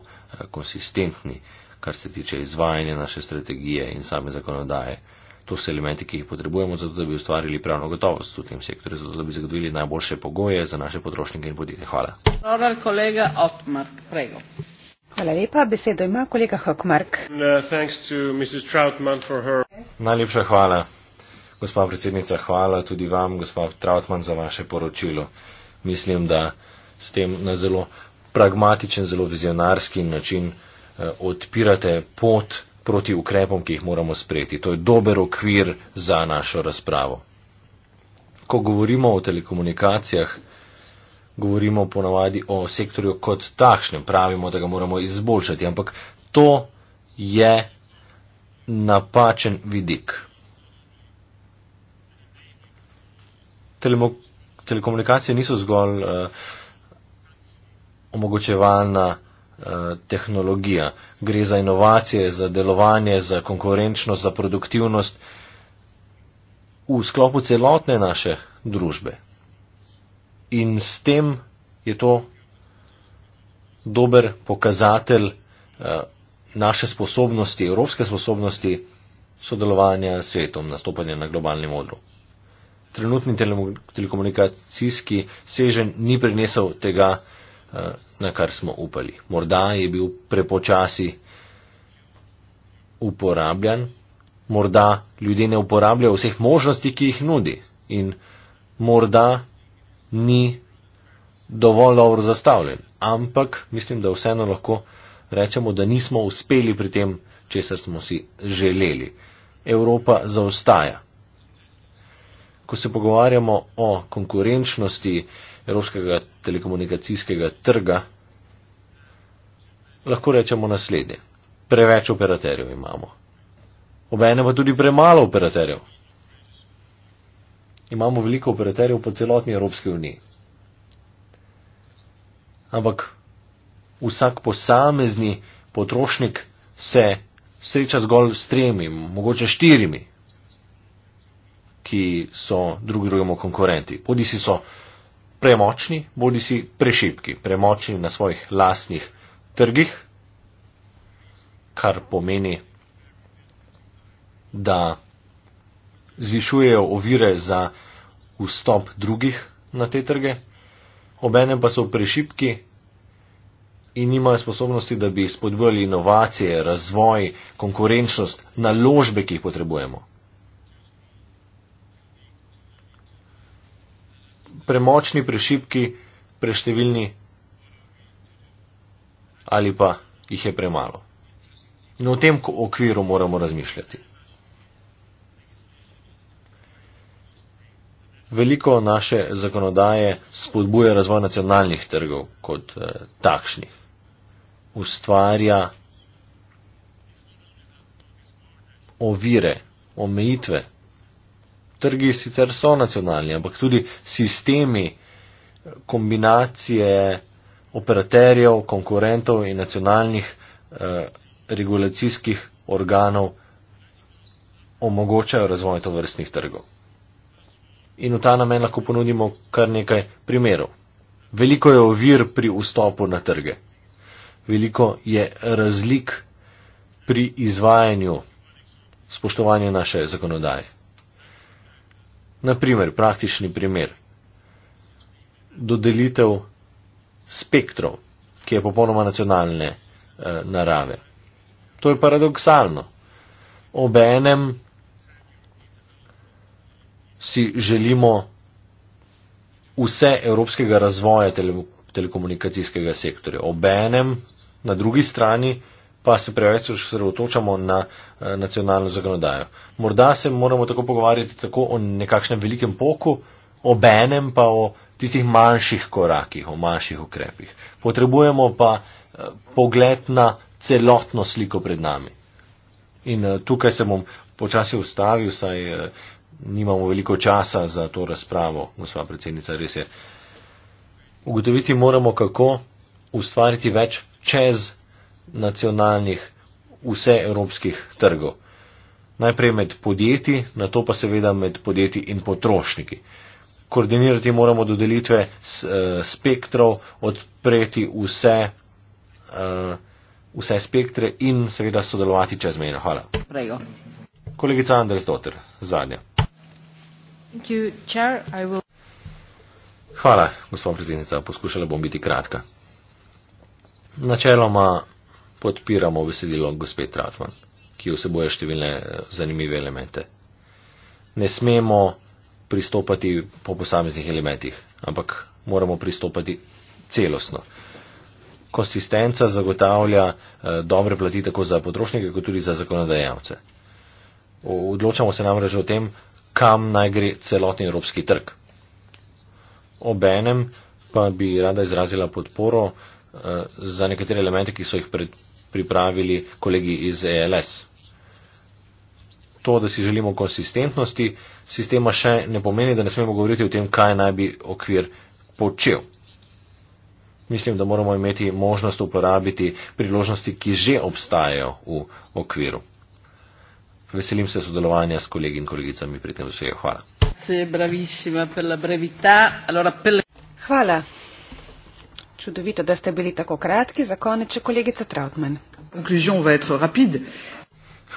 konsistentni, kar se tiče izvajanja naše strategije in same zakonodaje. To so elementi, ki jih potrebujemo, zato da bi ustvarili pravno gotovost v tem sektorju, zato da bi zagotovili najboljše pogoje za naše potrošnike in podjetje. Hvala. Hvala lepa. Besedo ima kolega Hockmark. Uh, Najlepša hvala Gospa predsednica, hvala tudi vam, gospa Trautmann, za vaše poročilo. Mislim, da s tem na zelo pragmatičen, zelo vizionarski način eh, odpirate pot proti ukrepom, ki jih moramo sprejeti. To je dober okvir za našo razpravo. Ko govorimo o telekomunikacijah, govorimo ponavadi o sektorju kot takšnem, pravimo, da ga moramo izboljšati, ampak to je napačen vidik. telekomunikacije niso zgolj uh, omogočevalna uh, tehnologija. Gre za inovacije, za delovanje, za konkurenčnost, za produktivnost v sklopu celotne naše družbe. In s tem je to dober pokazatelj uh, naše sposobnosti, evropske sposobnosti sodelovanja s svetom, nastopanja na globalnem odru trenutni telekomunikacijski sežen ni prinesel tega, eh, na kar smo upali. Morda je bil prepočasi uporabljan, morda ljudje ne uporabljajo vseh možnosti, ki jih nudi in morda ni dovolj dobro zastavljen. Ampak mislim, da vseeno lahko rečemo, da nismo uspeli pri tem, česar smo si želeli. Evropa zaostaja ko se pogovarjamo o konkurenčnosti evropskega telekomunikacijskega trga, lahko rečemo naslednje. Preveč operaterjev imamo. Obene pa tudi premalo operaterjev. Imamo veliko operaterjev po celotni Evropski uniji. Ampak vsak posamezni potrošnik se sreča zgolj s tremi, mogoče štirimi ki so drug drugemu konkurenti. Bodi si so premočni, bodi si prešipki, premočni na svojih lasnih trgih, kar pomeni, da zvišujejo ovire za vstop drugih na te trge, obenem pa so prešipki in nimajo sposobnosti, da bi spodbojali inovacije, razvoj, konkurenčnost, naložbe, ki jih potrebujemo. premočni, prešipki, preštevilni ali pa jih je premalo. In no, v tem okviru moramo razmišljati. Veliko naše zakonodaje spodbuja razvoj nacionalnih trgov kot eh, takšnih. Ustvarja ovire, omejitve trgi sicer so nacionalni, ampak tudi sistemi kombinacije operaterjev, konkurentov in nacionalnih eh, regulacijskih organov omogočajo razvoj to vrstnih trgov. In v ta namen lahko ponudimo kar nekaj primerov. Veliko je ovir pri vstopu na trge. Veliko je razlik pri izvajanju, spoštovanju naše zakonodaje. Naprimer, praktični primer. Dodelitev spektrov, ki je popolnoma nacionalne eh, narave. To je paradoksalno. Obenem si želimo vse evropskega razvoja tele, telekomunikacijskega sektorja. Obenem na drugi strani pa se preveč osredotočamo na eh, nacionalno zakonodajo. Morda se moramo tako pogovarjati tako o nekakšnem velikem poku, obenem pa o tistih manjših korakih, o manjših ukrepih. Potrebujemo pa eh, pogled na celotno sliko pred nami. In eh, tukaj se bom počasi ustavil, saj nimamo veliko časa za to razpravo, gospa predsednica, res je. Ugotoviti moramo, kako ustvariti več čez nacionalnih vse evropskih trgov. Najprej med podjetji, na to pa seveda med podjetji in potrošniki. Koordinirati moramo dodelitve eh, spektrov, odpreti vse, eh, vse spektre in seveda sodelovati čezmejno. Hvala. Prejo. Kolegica Anders Dotter, zadnja. You, chair, will... Hvala, gospod predsednica. Poskušala bom biti kratka. Načeloma podpiramo besedilo gospe Tratman, ki vseboje številne eh, zanimive elemente. Ne smemo pristopati po posameznih elementih, ampak moramo pristopati celostno. Konsistenca zagotavlja eh, dobre plati tako za potrošnike, kot tudi za zakonodajalce. Odločamo se namreč o tem, kam naj gre celotni evropski trg. Obenem pa bi rada izrazila podporo eh, za nekatere elemente, ki so jih pred pripravili kolegi iz ELS. To, da si želimo konsistentnosti sistema, še ne pomeni, da ne smemo govoriti o tem, kaj naj bi okvir počel. Mislim, da moramo imeti možnost uporabiti priložnosti, ki že obstajajo v okviru. Veselim se sodelovanja s kolegi in kolegicami pri tem vsej. Hvala. Hvala čudovito, da ste bili tako kratki. Za konec, če kolegica Trautmann.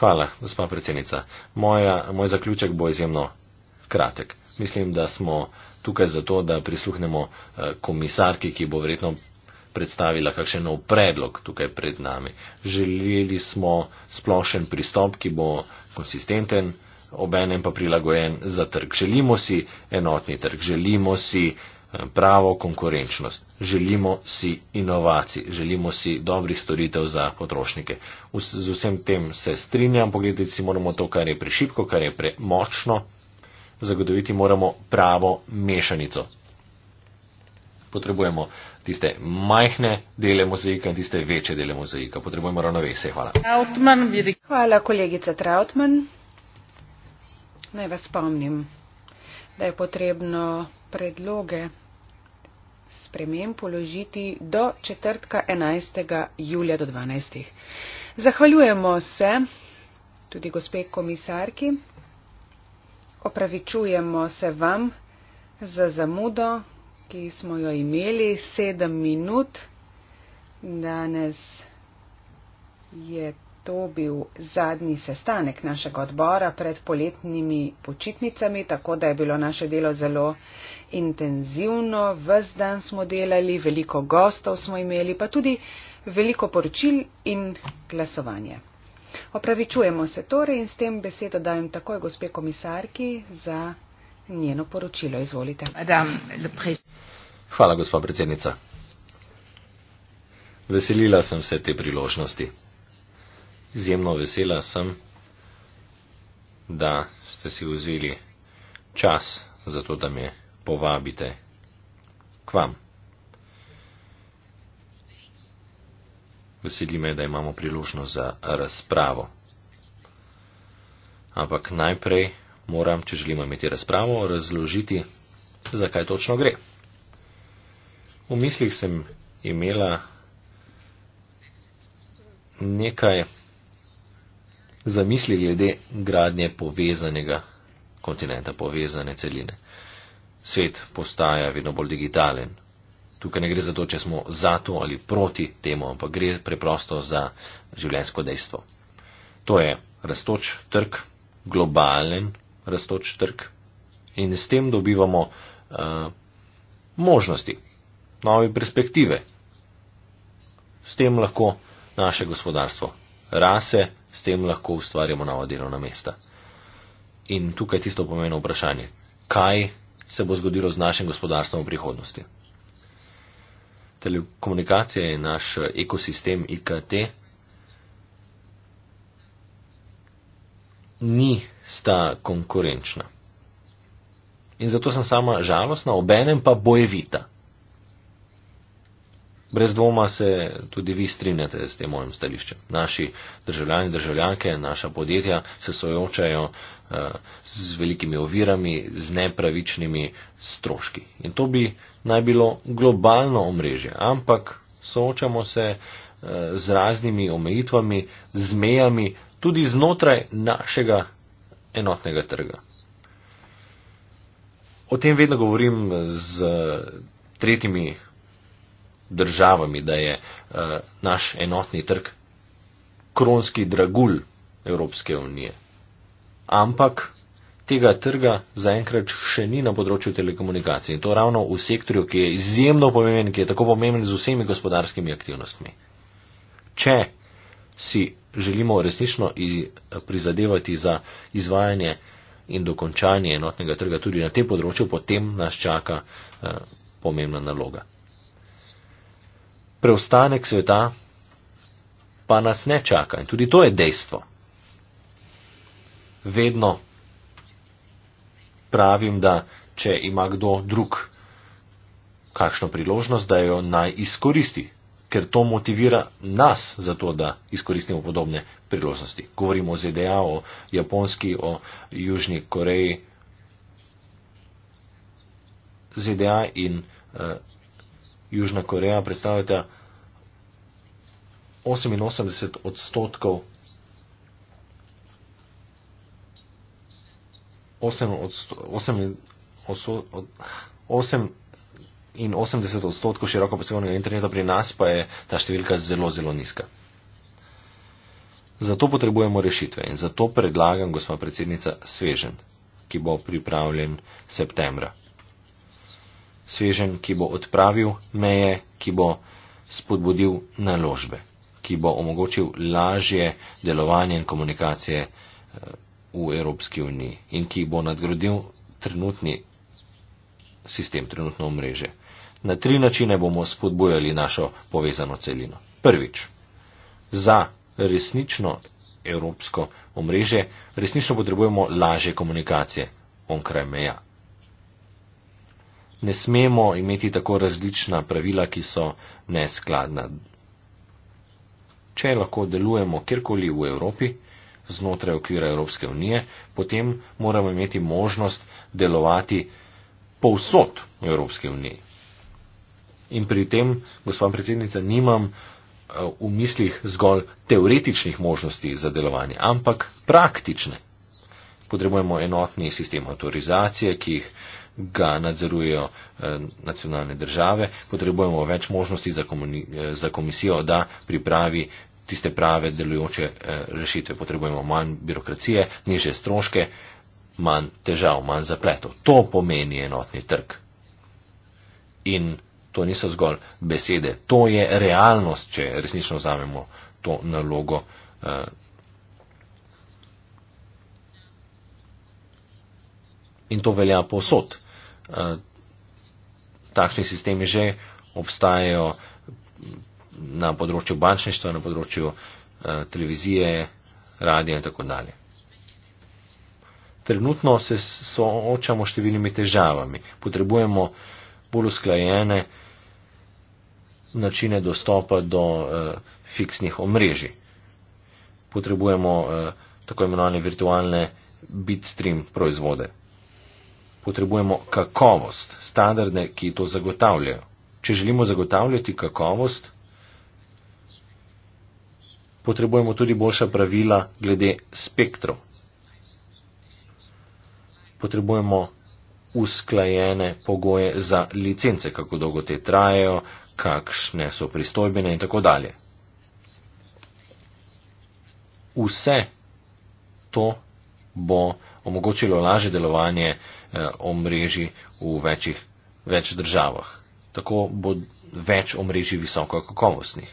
Hvala, gospa predsednica. Moja, moj zaključek bo izjemno kratek. Mislim, da smo tukaj zato, da prisluhnemo eh, komisarki, ki bo verjetno predstavila kakšen nov predlog tukaj pred nami. Želeli smo splošen pristop, ki bo konsistenten, obenem pa prilagojen za trg. Želimo si enotni trg, želimo si. Eh, pravo konkurenčnost. Želimo si inovacij, želimo si dobrih storitev za potrošnike. Z vsem tem se strinjam, pogledati si moramo to, kar je prešipko, kar je premočno. Zagotoviti moramo pravo mešanico. Potrebujemo tiste majhne dele mozaika in tiste večje dele mozaika. Potrebujemo ravnovesje. Hvala. Hvala, kolegica Trautmann. Naj vas spomnim, da je potrebno predloge sprememb položiti do četrtka 11. julija do 12. Zahvaljujemo se tudi gospe komisarki. Opravičujemo se vam za zamudo, ki smo jo imeli sedem minut. Danes je To bil zadnji sestanek našega odbora pred poletnimi počitnicami, tako da je bilo naše delo zelo intenzivno. Ves dan smo delali, veliko gostov smo imeli, pa tudi veliko poročil in glasovanje. Opravičujemo se torej in s tem besedo dajem takoj gospe komisarki za njeno poročilo. Izvolite. Hvala, gospa predsednica. Veselila sem se te priložnosti. Izjemno vesela sem, da ste si vzeli čas za to, da me povabite k vam. Veseli me, da imamo priložnost za razpravo. Ampak najprej moram, če želimo imeti razpravo, razložiti, zakaj točno gre. V mislih sem imela nekaj zamisli glede gradnje povezanega kontinenta, povezane celine. Svet postaja vedno bolj digitalen. Tukaj ne gre za to, če smo za to ali proti temu, ampak gre preprosto za življensko dejstvo. To je rastoč trg, globalen rastoč trg in s tem dobivamo uh, možnosti, nove perspektive. S tem lahko naše gospodarstvo rase, s tem lahko ustvarjamo nova delovna mesta. In tukaj je tisto pomeno vprašanje, kaj se bo zgodilo z našim gospodarstvom v prihodnosti. Telekomunikacija je naš eh, ekosistem IKT. Ni sta konkurenčna. In zato sem sama žalostna, obenem pa bojevita. Brez dvoma se tudi vi strinjate s tem mojim stališčem. Naši državljani, državljanke, naša podjetja se soočajo uh, z velikimi ovirami, z nepravičnimi stroški. In to bi naj bilo globalno omrežje, ampak soočamo se uh, z raznimi omejitvami, z mejami, tudi znotraj našega enotnega trga. O tem vedno govorim z tretjimi državami, da je uh, naš enotni trg kronski dragulj Evropske unije. Ampak tega trga zaenkrat še ni na področju telekomunikacij in to ravno v sektorju, ki je izjemno pomemben, ki je tako pomemben z vsemi gospodarskimi aktivnostmi. Če si želimo resnično eh, prizadevati za izvajanje in dokončanje enotnega trga tudi na tem področju, potem nas čaka uh, pomembna naloga preostanek sveta pa nas ne čaka. In tudi to je dejstvo. Vedno pravim, da če ima kdo drug kakšno priložnost, da jo naj izkoristi, ker to motivira nas za to, da izkoristimo podobne priložnosti. Govorimo o ZDA, o Japonski, o Južni Koreji. ZDA in eh, Južna Koreja predstavljata 88 odstotkov, 8 odsto, 8, 8 in 80 odstotkov široko posebnega interneta, pri nas pa je ta številka zelo, zelo nizka. Zato potrebujemo rešitve in zato predlagam, gospod predsednica, svežen, ki bo pripravljen septembra svežen, ki bo odpravil meje, ki bo spodbudil naložbe, ki bo omogočil lažje delovanje in komunikacije eh, v Evropski uniji in ki bo nadgradil trenutni sistem, trenutno mreže. Na tri načine bomo spodbujali našo povezano celino. Prvič, za resnično evropsko omrežje resnično potrebujemo lažje komunikacije onkraj meja ne smemo imeti tako različna pravila, ki so neskladna. Če lahko delujemo kjerkoli v Evropi, znotraj okvira Evropske unije, potem moramo imeti možnost delovati povsod v Evropske unije. In pri tem, gospod predsednica, nimam eh, v mislih zgolj teoretičnih možnosti za delovanje, ampak praktične. Potrebujemo enotni sistem avtorizacije, ki jih ga nadzorujejo eh, nacionalne države. Potrebujemo več možnosti eh, za komisijo, da pripravi tiste prave delujoče eh, rešitve. Potrebujemo manj birokracije, niže stroške, manj težav, manj zapletov. To pomeni enotni trg. In to niso zgolj besede, to je realnost, če resnično vzamemo to nalogo in to velja posod. Eh, takšni sistemi že obstajajo na področju bančništva, na področju eh, televizije, radija in tako dalje. Trenutno se soočamo številnimi težavami. Potrebujemo bolj usklajene načine dostopa do eh, fiksnih omrežij. Potrebujemo eh, tako imenovane virtualne bitstream proizvode potrebujemo kakovost, standardne, ki to zagotavljajo. Če želimo zagotavljati kakovost, potrebujemo tudi boljša pravila glede spektrov. Potrebujemo usklajene pogoje za licence, kako dolgo te trajajo, kakšne so pristojbene in tako dalje. Vse to bo omogočilo lažje delovanje uh, Eh, omrežij v večjih, več državah. Tako bo več omrežij visoko kakovostnih.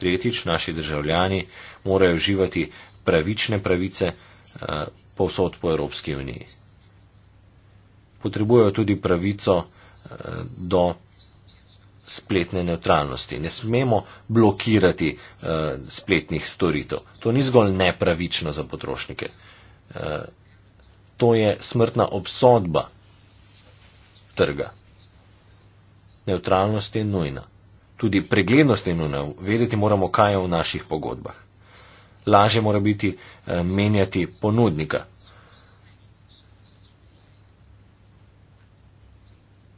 Tretjič, naši državljani morajo uživati pravične pravice eh, povsod po Evropski uniji. Potrebujejo tudi pravico eh, do spletne neutralnosti. Ne smemo blokirati spletnih storitev. To ni zgolj nepravično za potrošnike to je smrtna obsodba trga. Neutralnost je nujna. Tudi preglednost je nujna. Vedeti moramo, kaj je v naših pogodbah. Laže mora biti eh, menjati ponudnika.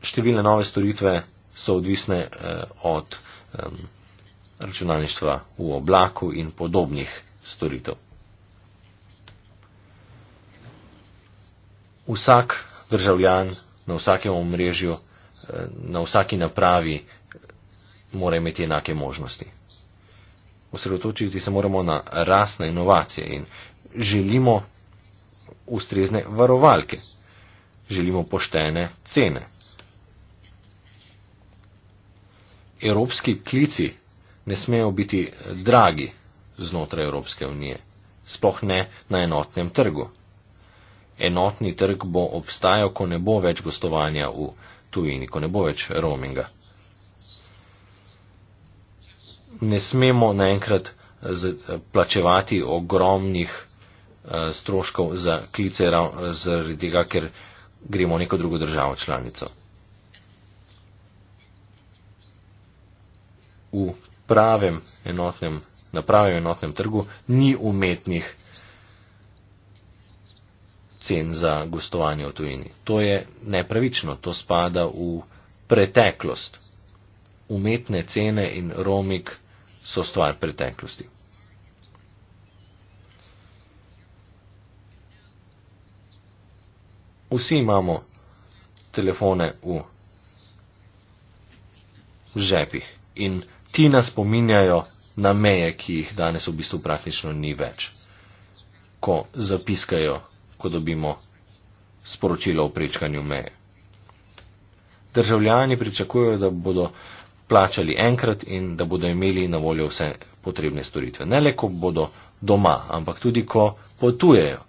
Številne nove storitve so odvisne eh, od računalništva v oblaku in podobnih storitev. vsak državljan na vsakem omrežju, na vsaki napravi mora imeti enake možnosti. Osredotočiti se moramo na rasne inovacije in želimo ustrezne varovalke, želimo poštene cene. Evropski klici ne smejo biti dragi znotraj Evropske unije, sploh ne na enotnem trgu enotni trg bo obstajal, ko ne bo več gostovanja v tujini, ko ne bo več roaminga. Ne smemo naenkrat plačevati ogromnih eh, stroškov za klice zaradi tega, ker gremo v neko drugo državo članico. V pravem enotnem, na pravem enotnem trgu ni umetnih cen za gostovanje v tujini. To je nepravično, to spada v preteklost. Umetne cene in romik so stvar preteklosti. Vsi imamo telefone v žepih in ti nas pominjajo na meje, ki jih danes v bistvu praktično ni več, ko zapiskajo ko dobimo sporočilo o prečkanju meje. Državljani pričakujejo, da bodo plačali enkrat in da bodo imeli na voljo vse potrebne storitve. Ne le, ko bodo doma, ampak tudi, ko potujejo.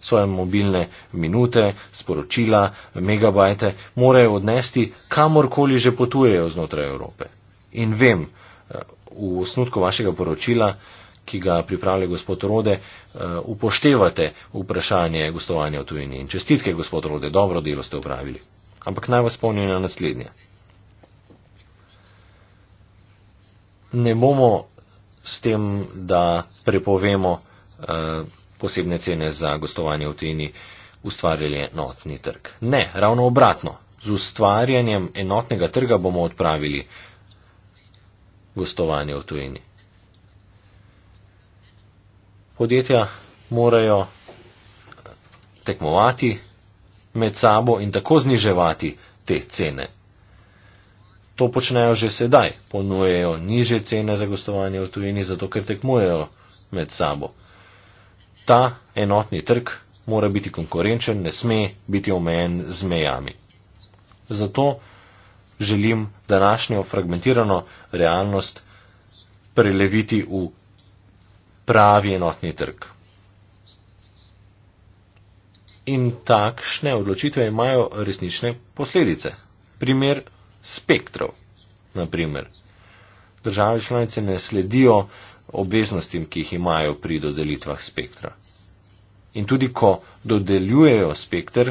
Svoje mobilne minute, sporočila, megabajte morajo odnesti kamorkoli že potujejo znotraj Evrope. In vem, eh, v osnutku vašega poročila ki ga pripravlja gospod Rode, eh, upoštevate vprašanje gostovanja v tujini. In čestitke, gospod Rode, dobro delo ste upravili. Ampak naj vas spomnim na naslednje. Ne bomo s tem, da prepovemo eh, posebne cene za gostovanje v tujini, ustvarjali enotni trg. Ne, ravno obratno. Z ustvarjanjem enotnega trga bomo odpravili gostovanje v tujini podjetja morajo tekmovati med sabo in tako zniževati te cene. To počnejo že sedaj, ponujejo niže cene za gostovanje v tujini, zato ker tekmujejo med sabo. Ta enotni trg mora biti konkurenčen, ne sme biti omejen z mejami. Zato želim današnjo fragmentirano realnost preleviti v pravi enotni trg. In takšne odločitve imajo resnične posledice. Primer spektrov. Naprimer, države članice ne sledijo obveznostim, ki jih imajo pri dodelitvah spektra. In tudi, ko dodeljujejo spektr,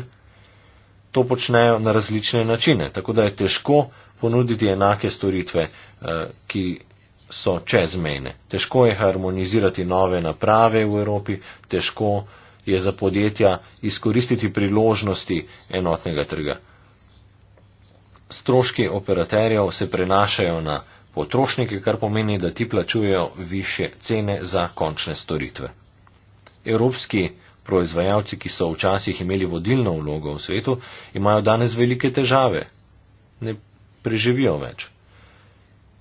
to počnejo na različne načine. Tako da je težko ponuditi enake storitve, eh, ki so čezmejne. Težko je harmonizirati nove naprave v Evropi, težko je za podjetja izkoristiti priložnosti enotnega trga. Stroški operaterjev se prenašajo na potrošnike, kar pomeni, da ti plačujejo više cene za končne storitve. Evropski proizvajalci, ki so včasih imeli vodilno vlogo v svetu, imajo danes velike težave. Ne preživijo več.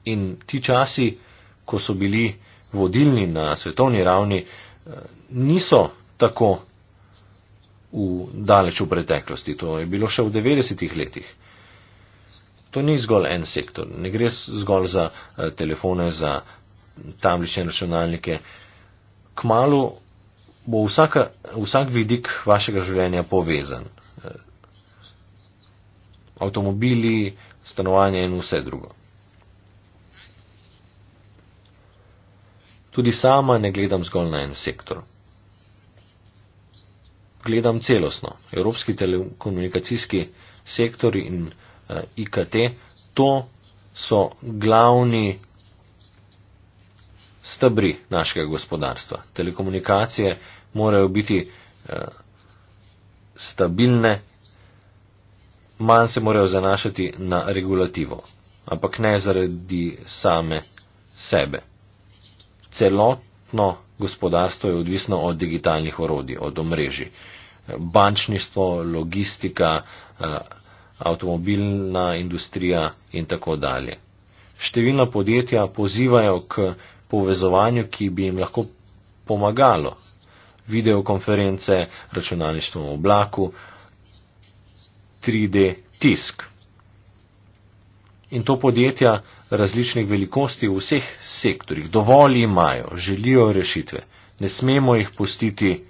In ti časi, ko so bili vodilni na svetovni ravni, eh, niso tako v daleč v preteklosti. To je bilo še v 90-ih letih. To ni zgolj en sektor. Ne gre zgolj za eh, telefone, za tablične računalnike. Kmalo bo vsaka, vsak vidik vašega življenja povezan. Eh, avtomobili, stanovanje in vse drugo. Tudi sama ne gledam zgolj na en sektor. Gledam celosno. Evropski telekomunikacijski sektor in uh, eh, IKT, to so glavni stebri našega gospodarstva. Telekomunikacije morajo biti uh, stabilne, manj se morajo zanašati na regulativo, ampak ne zaradi same sebe celotno gospodarstvo je odvisno od digitalnih orodij, od omrežij. Bančništvo, logistika, eh, avtomobilna industrija in tako dalje. Številna podjetja pozivajo k povezovanju, ki bi jim lahko pomagalo. Videokonference, računalništvo v oblaku, 3D tisk in to podjetja različnih velikosti v vseh sektorjih. Dovolj imajo, želijo rešitve. Ne smemo jih pustiti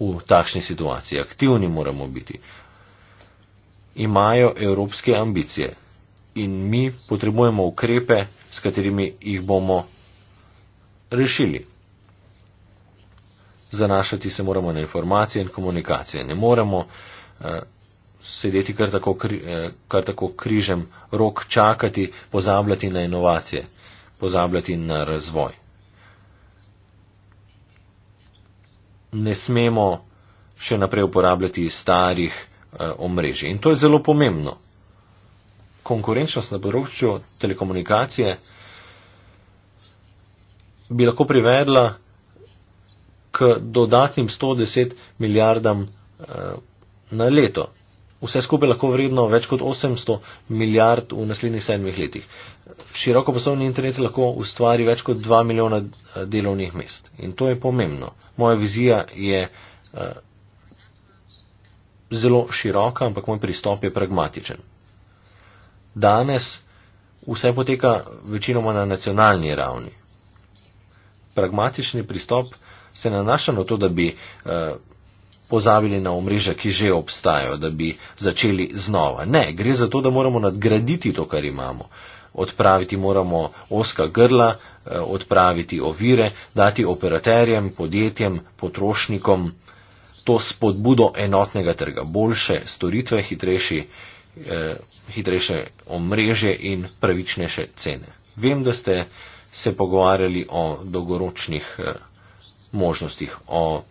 v takšni situaciji. Aktivni moramo biti. Imajo evropske ambicije in mi potrebujemo ukrepe, s katerimi jih bomo rešili. Zanašati se moramo na informacije in komunikacije. Ne moremo uh, sedeti kar tako, kri, eh, kar tako križem rok, čakati, pozabljati na inovacije, pozabljati na razvoj. Ne smemo še naprej uporabljati starih eh, omrežij. In to je zelo pomembno. Konkurenčnost na področju telekomunikacije bi lahko privedla k dodatnim 110 milijardam eh, na leto vse skupaj lahko vredno več kot 800 milijard v naslednjih sedmih letih. Široko poslovni internet lahko ustvari več kot 2 milijona eh, delovnih mest. In to je pomembno. Moja vizija je uh, zelo široka, ampak moj pristop je pragmatičen. Danes vse poteka večinoma na nacionalni ravni. Pragmatični pristop se nanaša na to, da bi uh, pozabili na omrežja, ki že obstajajo, da bi začeli znova. Ne, gre za to, da moramo nadgraditi to, kar imamo. Odpraviti moramo oska grla, eh, odpraviti ovire, dati operaterjem, podjetjem, potrošnikom to spodbudo enotnega trga, boljše storitve, hitrejši, eh, hitrejše omrežje in pravičnejše cene. Vem, da ste se pogovarjali o dolgoročnih eh, možnostih, o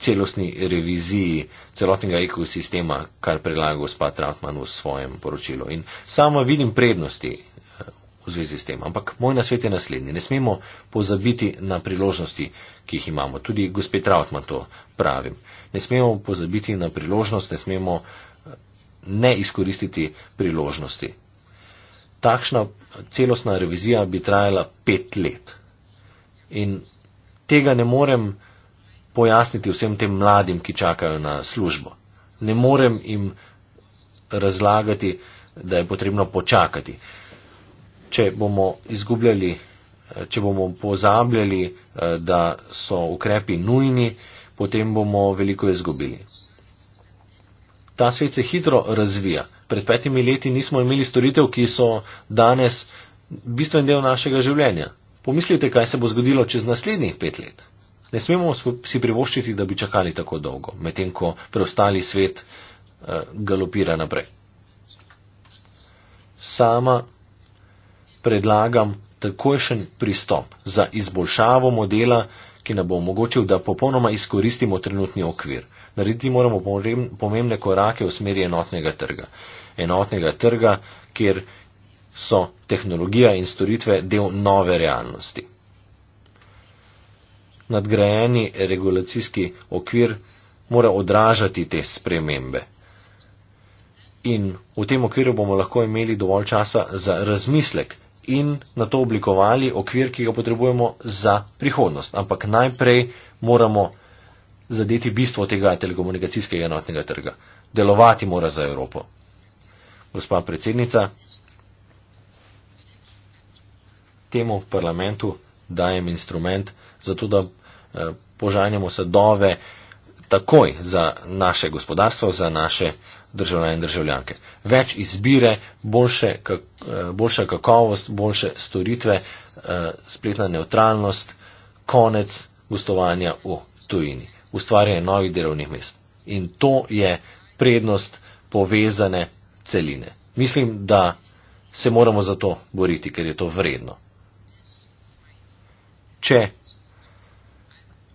celostni reviziji celotnega ekosistema, kar predlaga gospod Trautmann v svojem poročilu. In sama vidim prednosti eh, v zvezi s tem. Ampak moj nasvet je naslednji. Ne smemo pozabiti na priložnosti, ki jih imamo. Tudi gospod Trautmann to pravim. Ne smemo pozabiti na priložnost, ne smemo eh, ne izkoristiti priložnosti. Takšna celostna revizija bi trajala pet let. In tega ne morem pojasniti vsem tem mladim, ki čakajo na službo. Ne morem jim razlagati, da je potrebno počakati. Če bomo izgubljali, če bomo pozabljali, eh, da so ukrepi nujni, potem bomo veliko izgubili. Ta svet se hitro razvija. Pred petimi leti nismo imeli storitev, ki so danes bistven del našega življenja. Pomislite, kaj se bo zgodilo čez naslednjih pet let. Ne smemo si privoščiti, da bi čakali tako dolgo, medtem ko preostali svet eh, galopira naprej. Sama predlagam takojšen pristop za izboljšavo modela, ki nam bo omogočil, da popolnoma izkoristimo trenutni okvir. Narediti moramo pomembne korake v smeri enotnega trga. Enotnega trga, kjer so tehnologija in storitve del nove realnosti nadgrajeni regulacijski okvir mora odražati te spremembe. In v tem okviru bomo lahko imeli dovolj časa za razmislek in na to oblikovali okvir, ki ga potrebujemo za prihodnost. Ampak najprej moramo zadeti bistvo tega telekomunikacijskega enotnega trga. Delovati mora za Evropo. Gospa predsednica, temu parlamentu dajem instrument za to, da požanjamo sadove takoj za naše gospodarstvo, za naše državljane in državljanke. Več izbire, boljše, kak, eh, boljša kakovost, boljše storitve, eh, spletna neutralnost, konec gostovanja v tujini, ustvarjanje novih delovnih mest. In to je prednost povezane celine. Mislim, da se moramo za to boriti, ker je to vredno. Če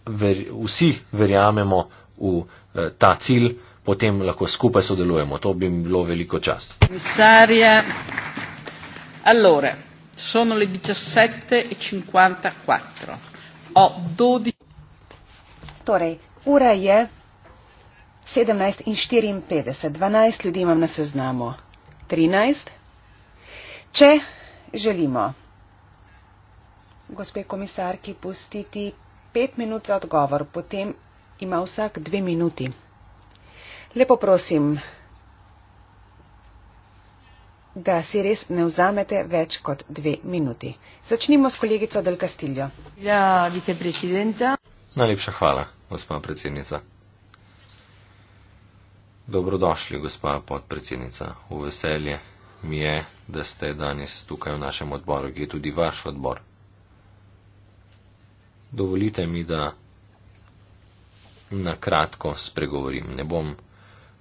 ver, vsi verjamemo v eh, ta cilj, potem lahko skupaj sodelujemo. To bi mi bilo veliko čast. Komisarje, allora, sono le 17.54. O 12. Torej, ura je 17.54. 12 ljudi imam na seznamu. 13. Če želimo gospe komisarki pustiti pet minut za odgovor, potem ima vsak dve minuti. Lepo prosim, da si res ne vzamete več kot dve minuti. Začnimo s kolegico Del Castillo. Ja, Najlepša hvala, gospa predsednica. Dobrodošli, gospa podpredsednica. V veselje mi je, da ste danes tukaj v našem odboru, gre tudi vaš odbor, dovolite mi, da na kratko spregovorim. Ne bom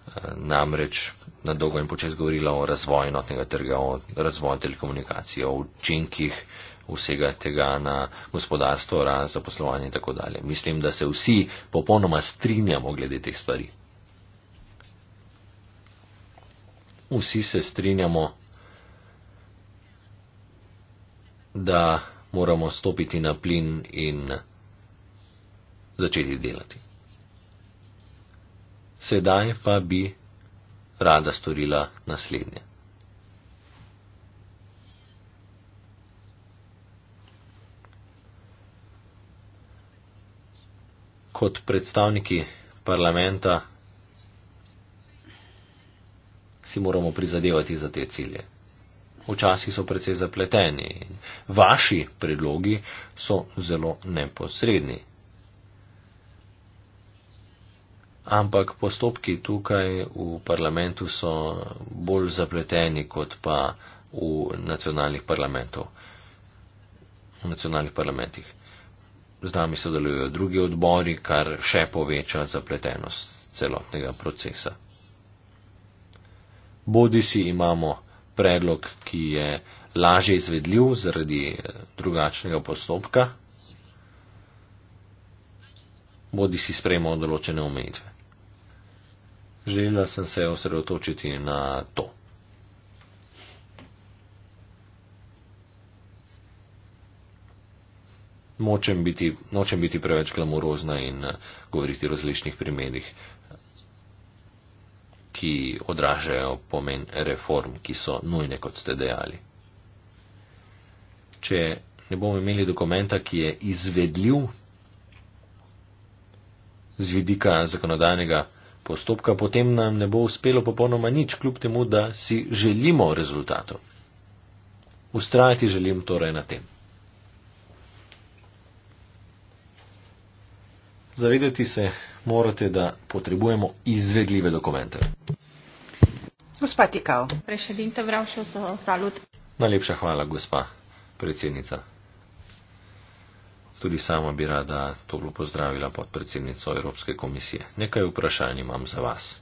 eh, namreč na dolgo in počes govorila o razvoju notnega trga, o razvoju telekomunikacij, o učinkih vsega tega na gospodarstvo, raz zaposlovanje in tako dalje. Mislim, da se vsi popolnoma strinjamo glede teh stvari. Vsi se strinjamo, da moramo stopiti na plin in začeti delati. Sedaj pa bi rada storila naslednje. Kot predstavniki parlamenta si moramo prizadevati za te cilje včasih so precej zapleteni. Vaši predlogi so zelo neposredni. Ampak postopki tukaj v parlamentu so bolj zapleteni kot pa v nacionalnih, v nacionalnih parlamentih. Z nami sodelujo drugi odbori, kar še poveča zapletenost celotnega procesa. Bodi si imamo predlog, ki je lažje izvedljiv zaradi eh, drugačnega postopka, bodi si sprejmo določene omejitve. Želela sem se osredotočiti na to. Nočem biti, biti preveč glamurozna in eh, govoriti o različnih primerih ki odražajo pomen reform, ki so nujne, kot ste dejali. Če ne bomo imeli dokumenta, ki je izvedljiv z vidika zakonodajnega postopka, potem nam ne bo uspelo popolnoma nič, kljub temu, da si želimo rezultatov. Ustrajati želim torej na tem. Zavedati se, morate, da potrebujemo izvedljive dokumente. Gospa Tikal, prešedinte vravšal so salut. Najlepša hvala, gospa predsednica. Tudi sama bi rada to bilo pozdravila podpredsednico Evropske komisije. Nekaj vprašanj imam za vas.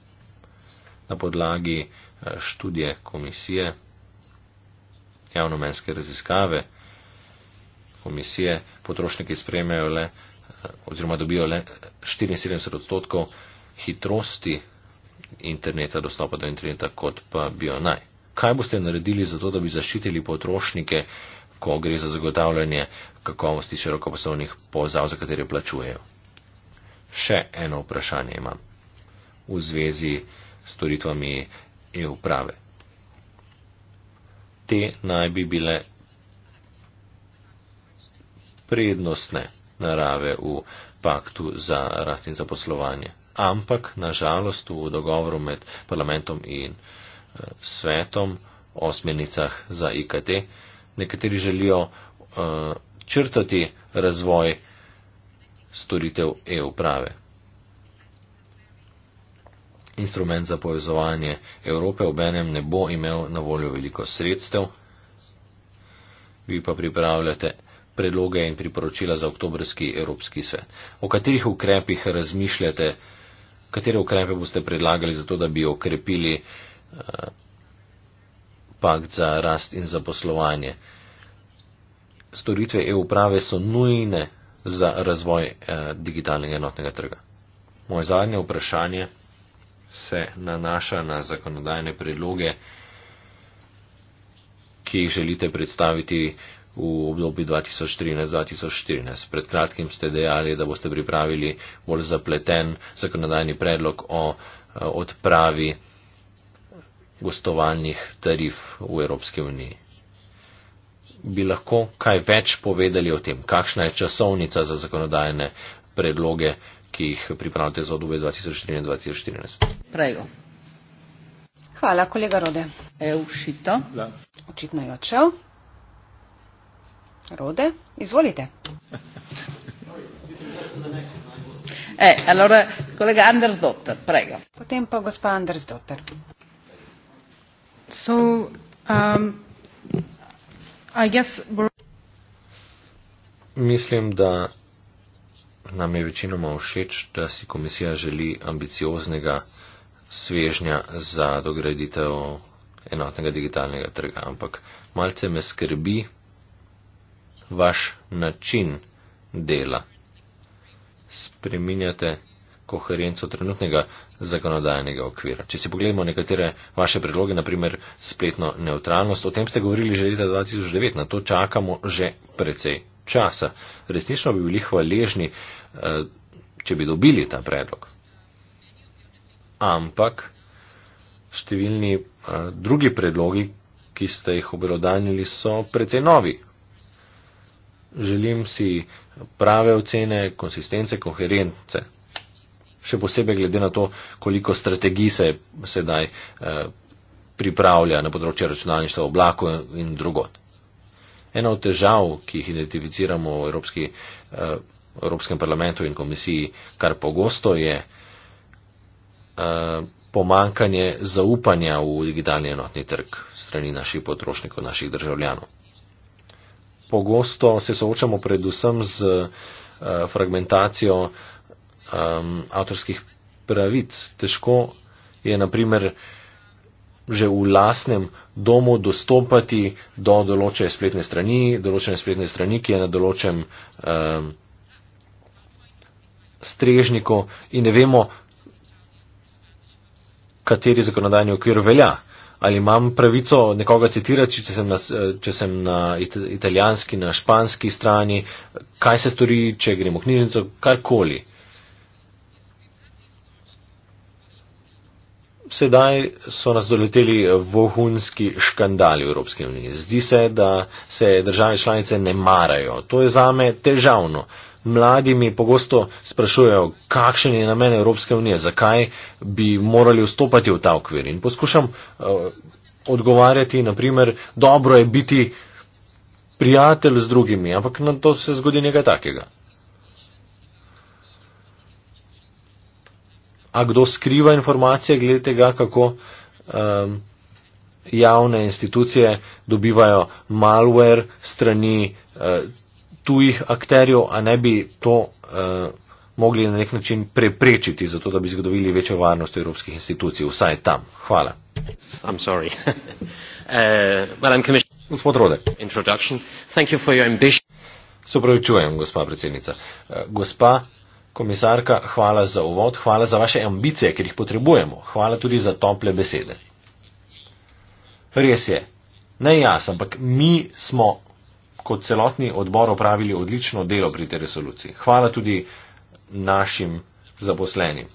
Na podlagi eh, študije komisije, javnomenske raziskave, komisije potrošniki spremljajo le oziroma dobijo le 74 odstotkov hitrosti interneta, dostopa do interneta, kot pa bi jo naj. Kaj boste naredili za to, da bi zaščitili potrošnike, ko gre za zagotavljanje kakovosti širokopasovnih povzav, za katere plačujejo? Še eno vprašanje imam v zvezi s storitvami e-uprave. Te naj bi bile prednostne narave v paktu za rast in zaposlovanje. Ampak, nažalost, v dogovoru med parlamentom in eh, svetom o smernicah za IKT, nekateri želijo uh, črtati razvoj storitev e-uprave. Instrument za povezovanje Evrope obenem ne bo imel na voljo veliko sredstev, vi pa pripravljate predloge in priporočila za oktobrski Evropski svet. O katerih ukrepih razmišljate, katere ukrepe boste predlagali za to, da bi okrepili eh, pakt za rast in za poslovanje? Storitve EU prave so nujne za razvoj eh, digitalnega enotnega trga. Moje zadnje vprašanje se nanaša na zakonodajne predloge, ki jih želite predstaviti v obdobju 2013-2014. Pred kratkim ste dejali, da boste pripravili bolj zapleten zakonodajni predlog o eh, odpravi gostovalnih tarif v Evropski uniji. Bi lahko kaj več povedali o tem, kakšna je časovnica za zakonodajne predloge, ki jih pripravljate za odobje 2014-2014? Prego. Hvala, kolega Rode. Evo, šito. Da. Očitno je odšel. Rode, izvolite. E, allora, kolega Anders Dotter, prego. Potem pa gospa Anders Dotter. So, um, I guess Mislim, da nam je večinoma všeč, da si komisija želi ambicioznega svežnja za dograditev enotnega digitalnega trga, ampak malce me skrbi, vaš način dela. Spreminjate koherenco trenutnega zakonodajnega okvira. Če si pogledamo nekatere vaše predloge, naprimer spletno neutralnost, o tem ste govorili že leta 2009, na to čakamo že precej časa. Resnično bi bili hvaležni, eh, če bi dobili ta predlog. Ampak številni eh, drugi predlogi, ki ste jih obelodanili, so precej novi želim si prave ocene, konsistence, koherence. Še posebej glede na to, koliko strategij se sedaj eh, pripravlja na področju računalništva v oblaku in drugod. Ena od težav, ki jih identificiramo v Evropski, eh, Evropskem parlamentu in komisiji kar pogosto, je eh, pomankanje zaupanja v digitalni enotni trg strani naših potrošnikov, naših državljanov pogosto se soočamo predvsem z uh, fragmentacijo um, avtorskih pravic. Težko je, naprimer, že v lasnem domu dostopati do določene spletne strani, določene spletne strani, ki je na določenem um, strežniku in ne vemo, kateri zakonodajni okvir velja. Uh, ali imam pravico nekoga citirati, če sem na, če sem na it, italijanski, na španski strani, kaj se stori, če gremo v knjižnico, karkoli. Sedaj so nas doleteli vohunski škandali v Evropski uniji. Zdi se, da se države članice ne marajo. To je zame težavno. Uh, mladi mi pogosto sprašujejo, kakšen je namen Evropske unije, zakaj bi morali vstopati v ta okvir. In poskušam uh, odgovarjati, naprimer, dobro je biti prijatelj z drugimi, ampak na to se zgodi nekaj takega. A kdo skriva informacije glede tega, kako um, javne institucije dobivajo malware strani uh, tujih akterjev, a ne bi to eh, mogli na nek način preprečiti, zato da bi zagotovili večjo varnost evropskih institucij, vsaj tam. Hvala. *laughs* Uh, Gospod Rode. Se upravičujem, gospa predsednica. Eh, gospa komisarka, hvala za uvod, hvala za vaše ambicije, ker jih potrebujemo. Hvala tudi za tople besede. Res je, ne jaz, ampak mi smo kot celotni odbor opravili odlično delo pri tej resoluciji. Hvala tudi našim zaposlenim.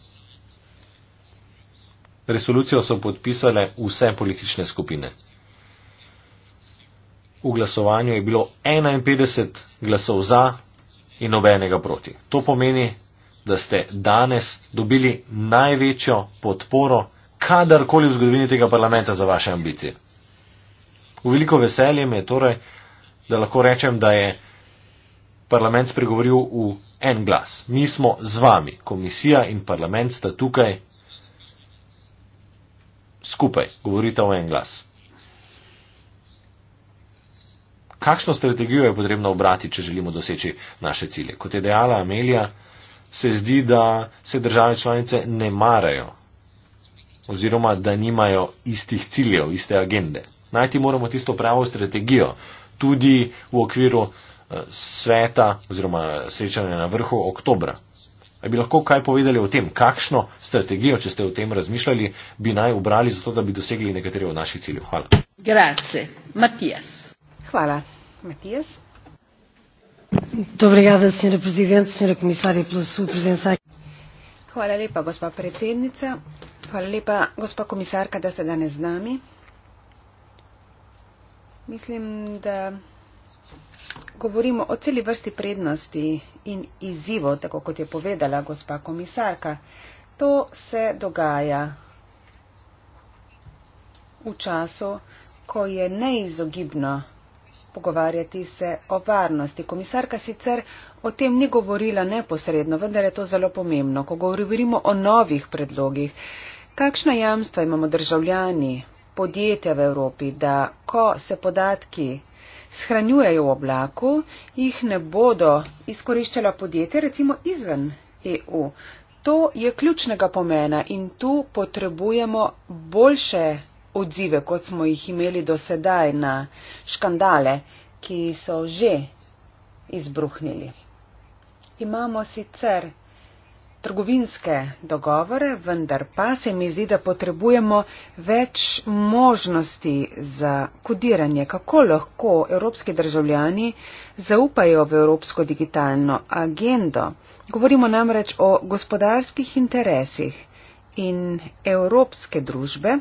Resolucijo so podpisale vse politične skupine. V glasovanju je bilo 51 glasov za in nobenega proti. To pomeni, da ste danes dobili največjo podporo kadarkoli v zgodovini tega parlamenta za vaše ambicije. V veliko veselje mi je torej, da lahko rečem, da je parlament spregovoril v en glas. Mi smo z vami, komisija in parlament sta tukaj skupaj, govorite v en glas. Kakšno strategijo je potrebno obrati, če želimo doseči naše cilje? Kot je dejala Amelija, se zdi, da se države članice ne marajo oziroma da nimajo istih ciljev, iste agende. Najti moramo tisto pravo strategijo, tudi v okviru eh, sveta oziroma srečanja na vrhu oktobra. Ali bi lahko kaj povedali o tem, kakšno strategijo, če ste o tem razmišljali, bi naj obrali zato, da bi dosegli nekatere od naših ciljev? Hvala. Grazie. Matijas. Hvala. Matijas. Dobrega, senjor prezident, senjor komisar je plus prezidenca. Hvala lepa, gospa predsednica. Hvala lepa, gospa komisarka, da ste danes z nami. Mislim, da govorimo o celi vrsti prednosti in izzivo, tako kot je povedala gospa komisarka. To se dogaja v času, ko je neizogibno pogovarjati se o varnosti. Komisarka sicer o tem ni govorila neposredno, vendar je to zelo pomembno. Ko govorimo o novih predlogih, kakšna jamstva imamo državljani, podjetja v Evropi, da ko se podatki shranjujejo v oblaku, jih ne bodo izkoriščala podjetja recimo izven EU. To je ključnega pomena in tu potrebujemo boljše odzive, kot smo jih imeli do sedaj na škandale, ki so že izbruhnili. Imamo sicer trgovinske dogovore, vendar pa se mi zdi, da potrebujemo več možnosti za kodiranje, kako lahko evropski državljani zaupajo v evropsko digitalno agendo. Govorimo namreč o gospodarskih interesih in evropske družbe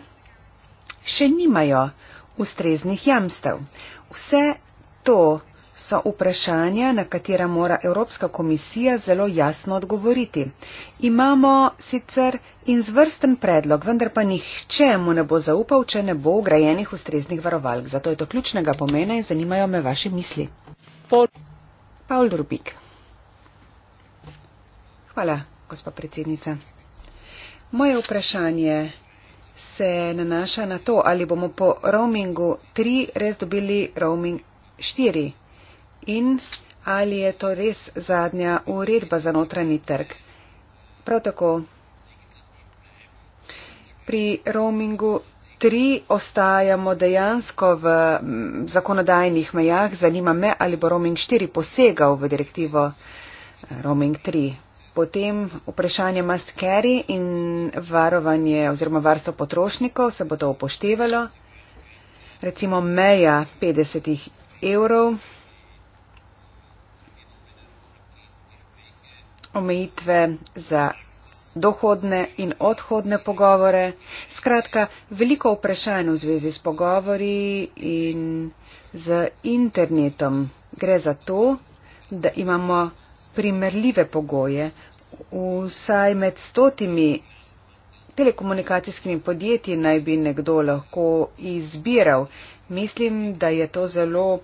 še nimajo ustreznih jamstev. Vse to so vprašanja, na katera mora Evropska komisija zelo jasno odgovoriti. Imamo sicer in zvrsten predlog, vendar pa nihče mu ne bo zaupal, če ne bo ugrajenih ustreznih varovalk. Zato je to ključnega pomena in zanimajo me vaše misli. Paul Drubik. Hvala, gospa predsednica. Moje vprašanje se nanaša na to, ali bomo po roamingu 3 res dobili roaming 4 in ali je to res zadnja uredba za notranji trg. Prav tako pri roamingu 3 ostajamo dejansko v zakonodajnih mejah. Zanima me, ali bo roaming 4 posegal v direktivo eh, roaming 3. Potem vprašanje must carry in varovanje oziroma varstvo potrošnikov se bo to upoštevalo. Recimo meja 50 evrov omejitve za dohodne in odhodne pogovore. Skratka, veliko vprašanj v zvezi s pogovori in z internetom. Gre za to, da imamo primerljive pogoje vsaj med stotimi. Telekomunikacijskimi podjetji naj bi nekdo lahko izbiral. Mislim, da je to zelo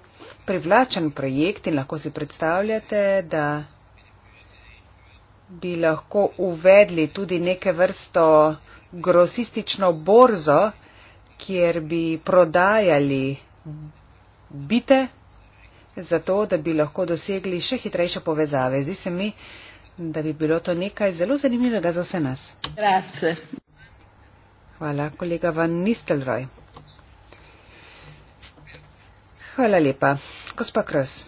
privlačen projekt in lahko si predstavljate, da bi lahko uvedli tudi neke vrsto grosistično borzo, kjer bi prodajali bite, zato da bi lahko dosegli še hitrejše povezave. Zdi se mi, da bi bilo to nekaj zelo zanimivega za vse nas. Grazie. Hvala, kolega Van Nistelroj. Hvala lepa. Gospa Kros.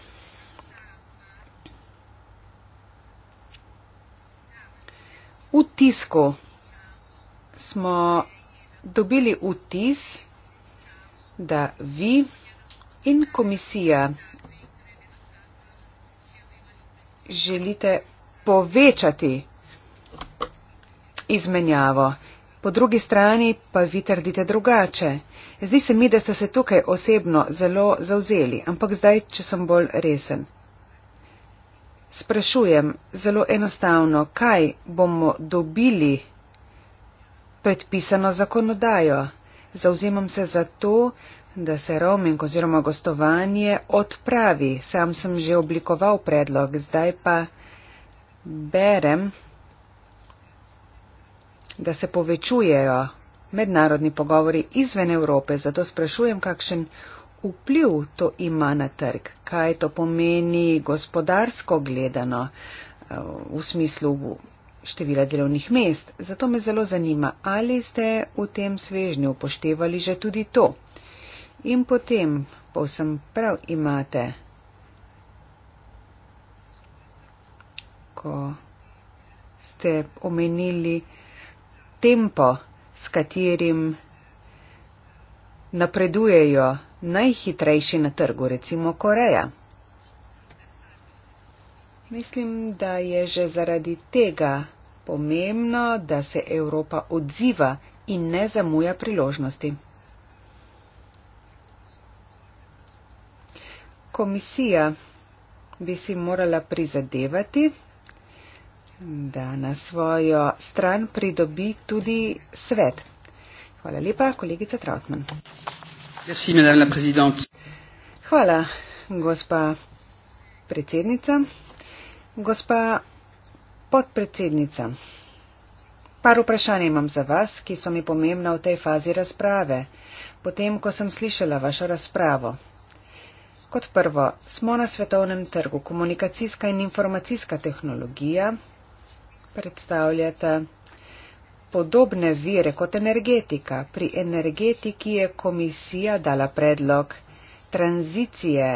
v tisku smo dobili vtis, da vi in komisija želite povečati izmenjavo. Po drugi strani pa vi trdite drugače. Zdi se mi, da ste se tukaj osebno zelo zauzeli, ampak zdaj, če sem bolj resen sprašujem zelo enostavno, kaj bomo dobili predpisano zakonodajo. Zauzemam se za to, da se roaming oziroma gostovanje odpravi. Sam sem že oblikoval predlog, zdaj pa berem, da se povečujejo mednarodni pogovori izven Evrope. Zato sprašujem, kakšen vpliv to ima na trg, kaj to pomeni gospodarsko gledano eh, v smislu števila delovnih mest. Zato me zelo zanima, ali ste v tem svežnju upoštevali že tudi to. In potem, povsem prav imate, ko ste omenili tempo, s katerim napredujejo najhitrejši na trgu, recimo Koreja. Mislim, da je že zaradi tega pomembno, da se Evropa odziva in ne zamuja priložnosti. Komisija bi si morala prizadevati, da na svojo stran pridobi tudi svet. Hvala lepa, kolegica Trautmann. Merci, Hvala, gospa predsednica. Gospa podpredsednica, par vprašanj imam za vas, ki so mi pomembna v tej fazi razprave, potem, ko sem slišala vašo razpravo. Kot prvo, smo na svetovnem trgu komunikacijska in informacijska tehnologija predstavljata podobne vire kot energetika. Pri energetiki je komisija dala predlog tranzicije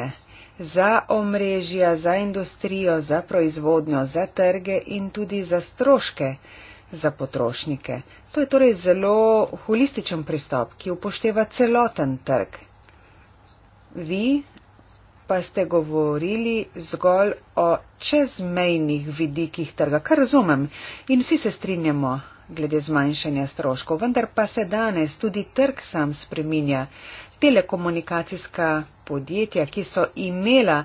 za omrežja, za industrijo, za proizvodnjo, za trge in tudi za stroške za potrošnike. To je torej zelo holističen pristop, ki upošteva celoten trg. Vi pa ste govorili zgolj o čezmejnih vidikih trga, kar razumem in vsi se strinjamo glede zmanjšanja stroškov, vendar pa se danes tudi trg sam spreminja. Telekomunikacijska podjetja, ki so imela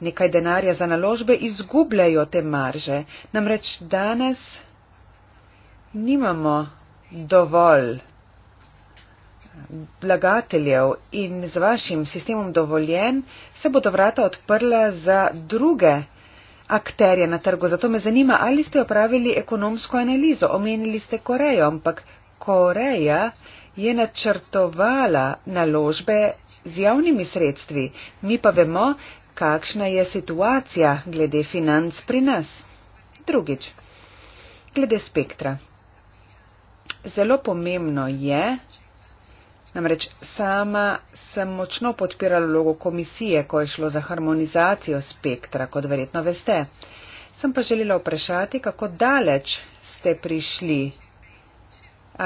nekaj denarja za naložbe, izgubljajo te marže. Namreč danes nimamo dovolj eh, vlagateljev in z vašim sistemom dovoljen se bodo vrata odprla za druge akterje na trgu. Zato me zanima, ali ste opravili ekonomsko analizo. Omenili ste Korejo, ampak Koreja je načrtovala naložbe z javnimi sredstvi. Mi pa vemo, kakšna je situacija glede financ pri nas. Drugič, glede spektra. Zelo pomembno je, Namreč sama sem močno podpirala logo komisije, ko je šlo za harmonizacijo spektra, kot verjetno veste. Sem pa želela vprašati, kako daleč ste prišli.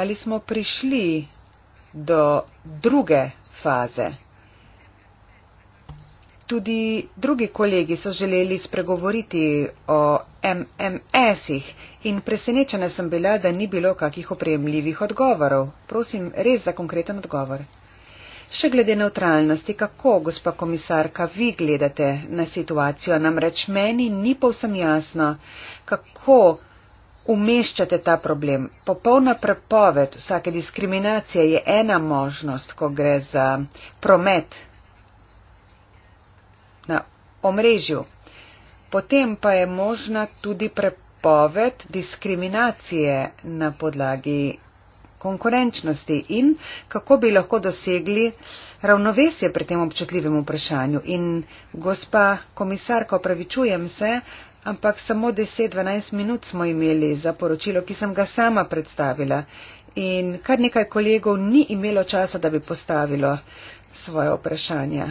Ali smo prišli do druge faze? tudi drugi kolegi so želeli spregovoriti o MMS-ih in presenečena sem bila, da ni bilo kakih opremljivih odgovorov. Prosim, res za konkreten odgovor. Še glede neutralnosti, kako, gospa komisarka, vi gledate na situacijo, namreč meni ni povsem jasno, kako umeščate ta problem. Popolna prepoved vsake diskriminacije je ena možnost, ko gre za promet omrežju. Potem pa je možna tudi prepoved diskriminacije na podlagi konkurenčnosti in kako bi lahko dosegli ravnovesje pri tem občutljivem vprašanju. In gospa komisarka, opravičujem se, ampak samo 10-12 minut smo imeli za poročilo, ki sem ga sama predstavila in kar nekaj kolegov ni imelo časa, da bi postavilo svoje vprašanje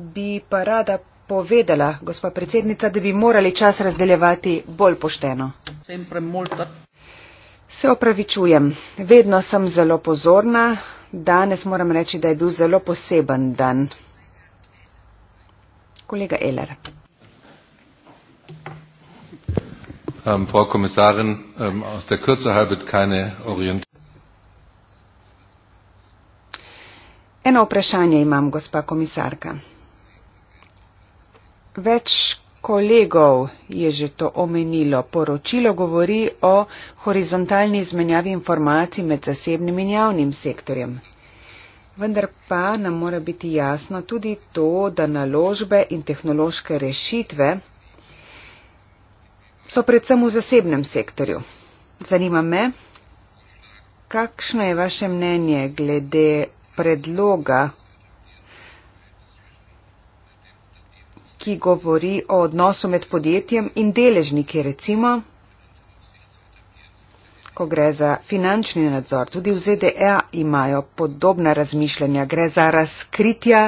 bi pa rada povedala, gospa predsednica, da bi morali čas razdeljevati bolj pošteno. Se opravičujem, vedno sem zelo pozorna. Danes moram reči, da je bil zelo poseben dan. Kolega Eler. Um, Frau Kommissarin, um, aus der Kürze halber keine Orientierung. Eno vprašanje imam, gospa komisarka. Več kolegov je že to omenilo. Poročilo govori o horizontalni izmenjavi informacij med zasebnim in javnim sektorjem. Vendar pa nam mora biti jasno tudi to, da naložbe in tehnološke rešitve so predvsem v zasebnem sektorju. Zanima me, kakšno je vaše mnenje glede predloga ki govori o odnosu med podjetjem in deležniki, recimo, ko gre za finančni nadzor. Tudi v ZDA imajo podobna razmišljanja. Gre za razkritja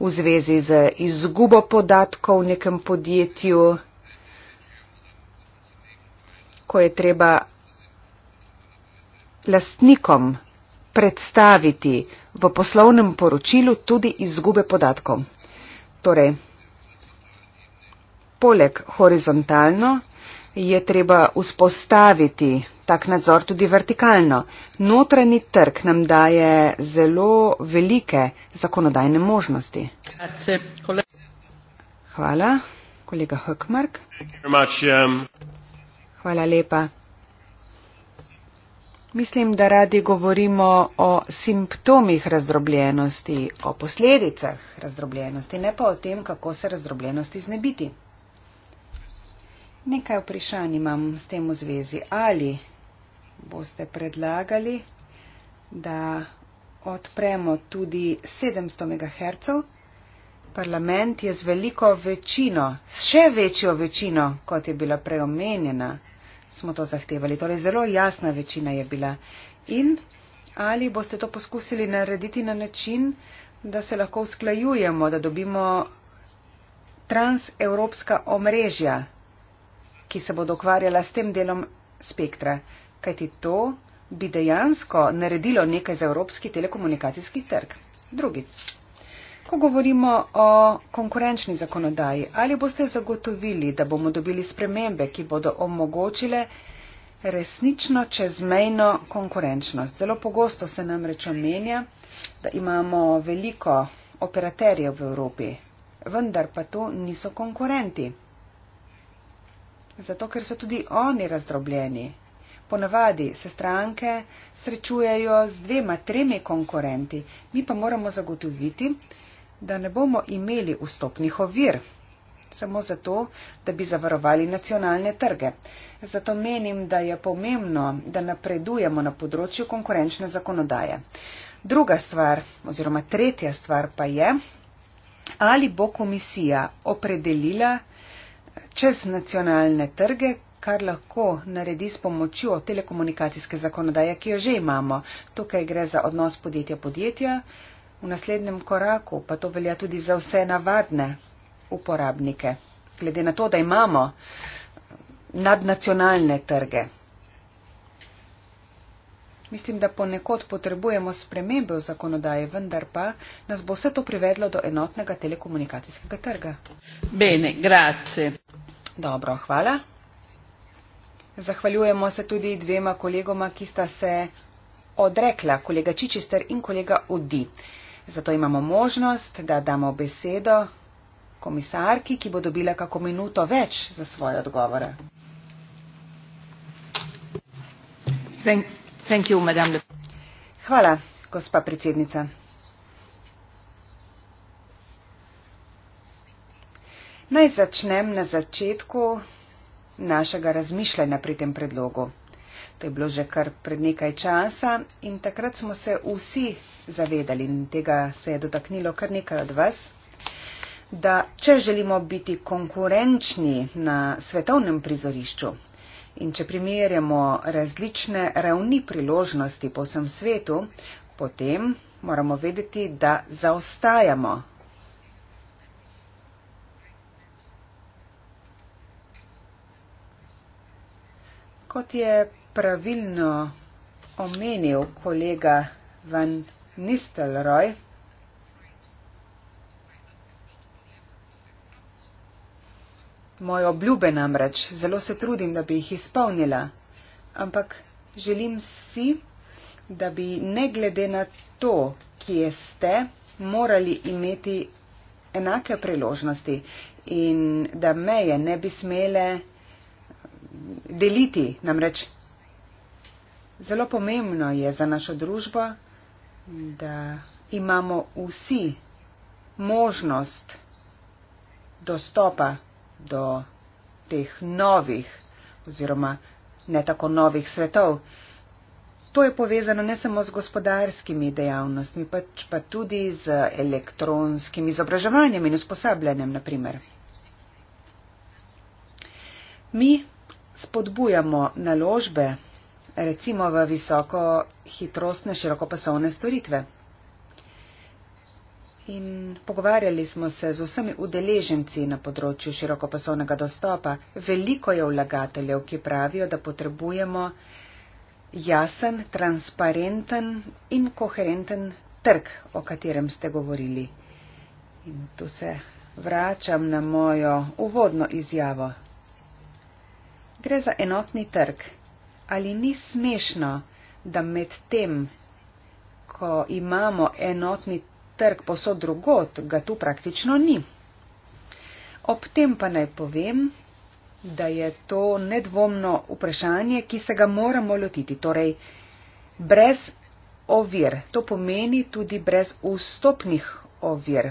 v zvezi z izgubo podatkov v nekem podjetju, ko je treba lastnikom predstaviti v poslovnem poročilu tudi izgube podatkov. Torej, poleg horizontalno, je treba vzpostaviti tak nadzor tudi vertikalno. Notranji trg nam daje zelo velike zakonodajne možnosti. Hvala, kolega Hökmark. Um, Hvala lepa. Mislim, da radi govorimo o simptomih razdrobljenosti, o posledicah razdrobljenosti, ne pa o tem, kako se razdrobljenosti znebiti. Nekaj vprašanj imam s tem v zvezi. Ali boste predlagali, da odpremo tudi 700 MHz? Parlament je z veliko večino, s še večjo večino, kot je bila preomenjena, smo to zahtevali. Torej zelo jasna večina je bila. In ali boste to poskusili narediti na način, da se lahko usklajujemo, da dobimo transevropska omrežja? ki se bodo ukvarjala s tem delom spektra, kajti to bi dejansko naredilo nekaj za evropski telekomunikacijski trg. Drugič, ko govorimo o konkurenčni zakonodaji, ali boste zagotovili, da bomo dobili spremembe, ki bodo omogočile resnično čezmejno konkurenčnost. Zelo pogosto se nam reče omenja, da imamo veliko operaterjev v Evropi, vendar pa to niso konkurenti zato ker so tudi oni razdrobljeni. Ponavadi se stranke srečujejo z dvema, tremi konkurenti, mi pa moramo zagotoviti, da ne bomo imeli vstopnih ovir, samo zato, da bi zavarovali nacionalne trge. Zato menim, da je pomembno, da napredujemo na področju konkurenčne zakonodaje. Druga stvar oziroma tretja stvar pa je, ali bo komisija opredelila čez nacionalne trge, kar lahko naredi s pomočjo telekomunikacijske zakonodaje, ki jo že imamo. Tukaj gre za odnos podjetja podjetja, v naslednjem koraku pa to velja tudi za vse navadne uporabnike, glede na to, da imamo nadnacionalne trge. Mislim, da ponekod potrebujemo spremembe v zakonodaji, vendar pa nas bo vse to privedlo do enotnega telekomunikacijskega trga. Bene, grazie. Dobro, hvala. Zahvaljujemo se tudi dvema kolegoma, ki sta se odrekla, kolega Čičister in kolega Udi. Zato imamo možnost, da damo besedo komisarki, ki bo dobila kako minuto več za svoje odgovore. Thank you. Naj začnem na začetku našega razmišljanja pri tem predlogu. To je bilo že kar pred nekaj časa in takrat smo se vsi zavedali in tega se je dotaknilo kar nekaj od vas, da če želimo biti konkurenčni na svetovnem prizorišču, In če primerjamo različne ravni priložnosti po vsem svetu, potem moramo vedeti, da zaostajamo. Kot je pravilno omenil kolega Van Nistelrooy, moje obljube namreč, zelo se trudim, da bi jih izpolnila, ampak želim si, da bi ne glede na to, kje ste, morali imeti enake priložnosti in da meje ne bi smele deliti. Namreč zelo pomembno je za našo družbo, da imamo vsi možnost dostopa do teh novih oziroma ne tako novih svetov. To je povezano ne samo z gospodarskimi dejavnostmi, pač pa tudi z elektronskim izobraževanjem in usposabljanjem, naprimer. Mi spodbujamo naložbe, recimo v visoko hitrostne širokopasovne storitve. In pogovarjali smo se z vsemi udeleženci na področju širokopasovnega dostopa. Veliko je vlagateljev, ki pravijo, da potrebujemo jasen, transparenten in koherenten trg, o katerem ste govorili. In tu se vračam na mojo uvodno izjavo. Gre za enotni trg. Ali ni smešno, da med tem, ko imamo enotni trg posod drugot, ga tu praktično ni. Ob tem pa naj povem, da je to nedvomno vprašanje, ki se ga moramo lotiti, torej brez ovir. To pomeni tudi brez vstopnih ovir.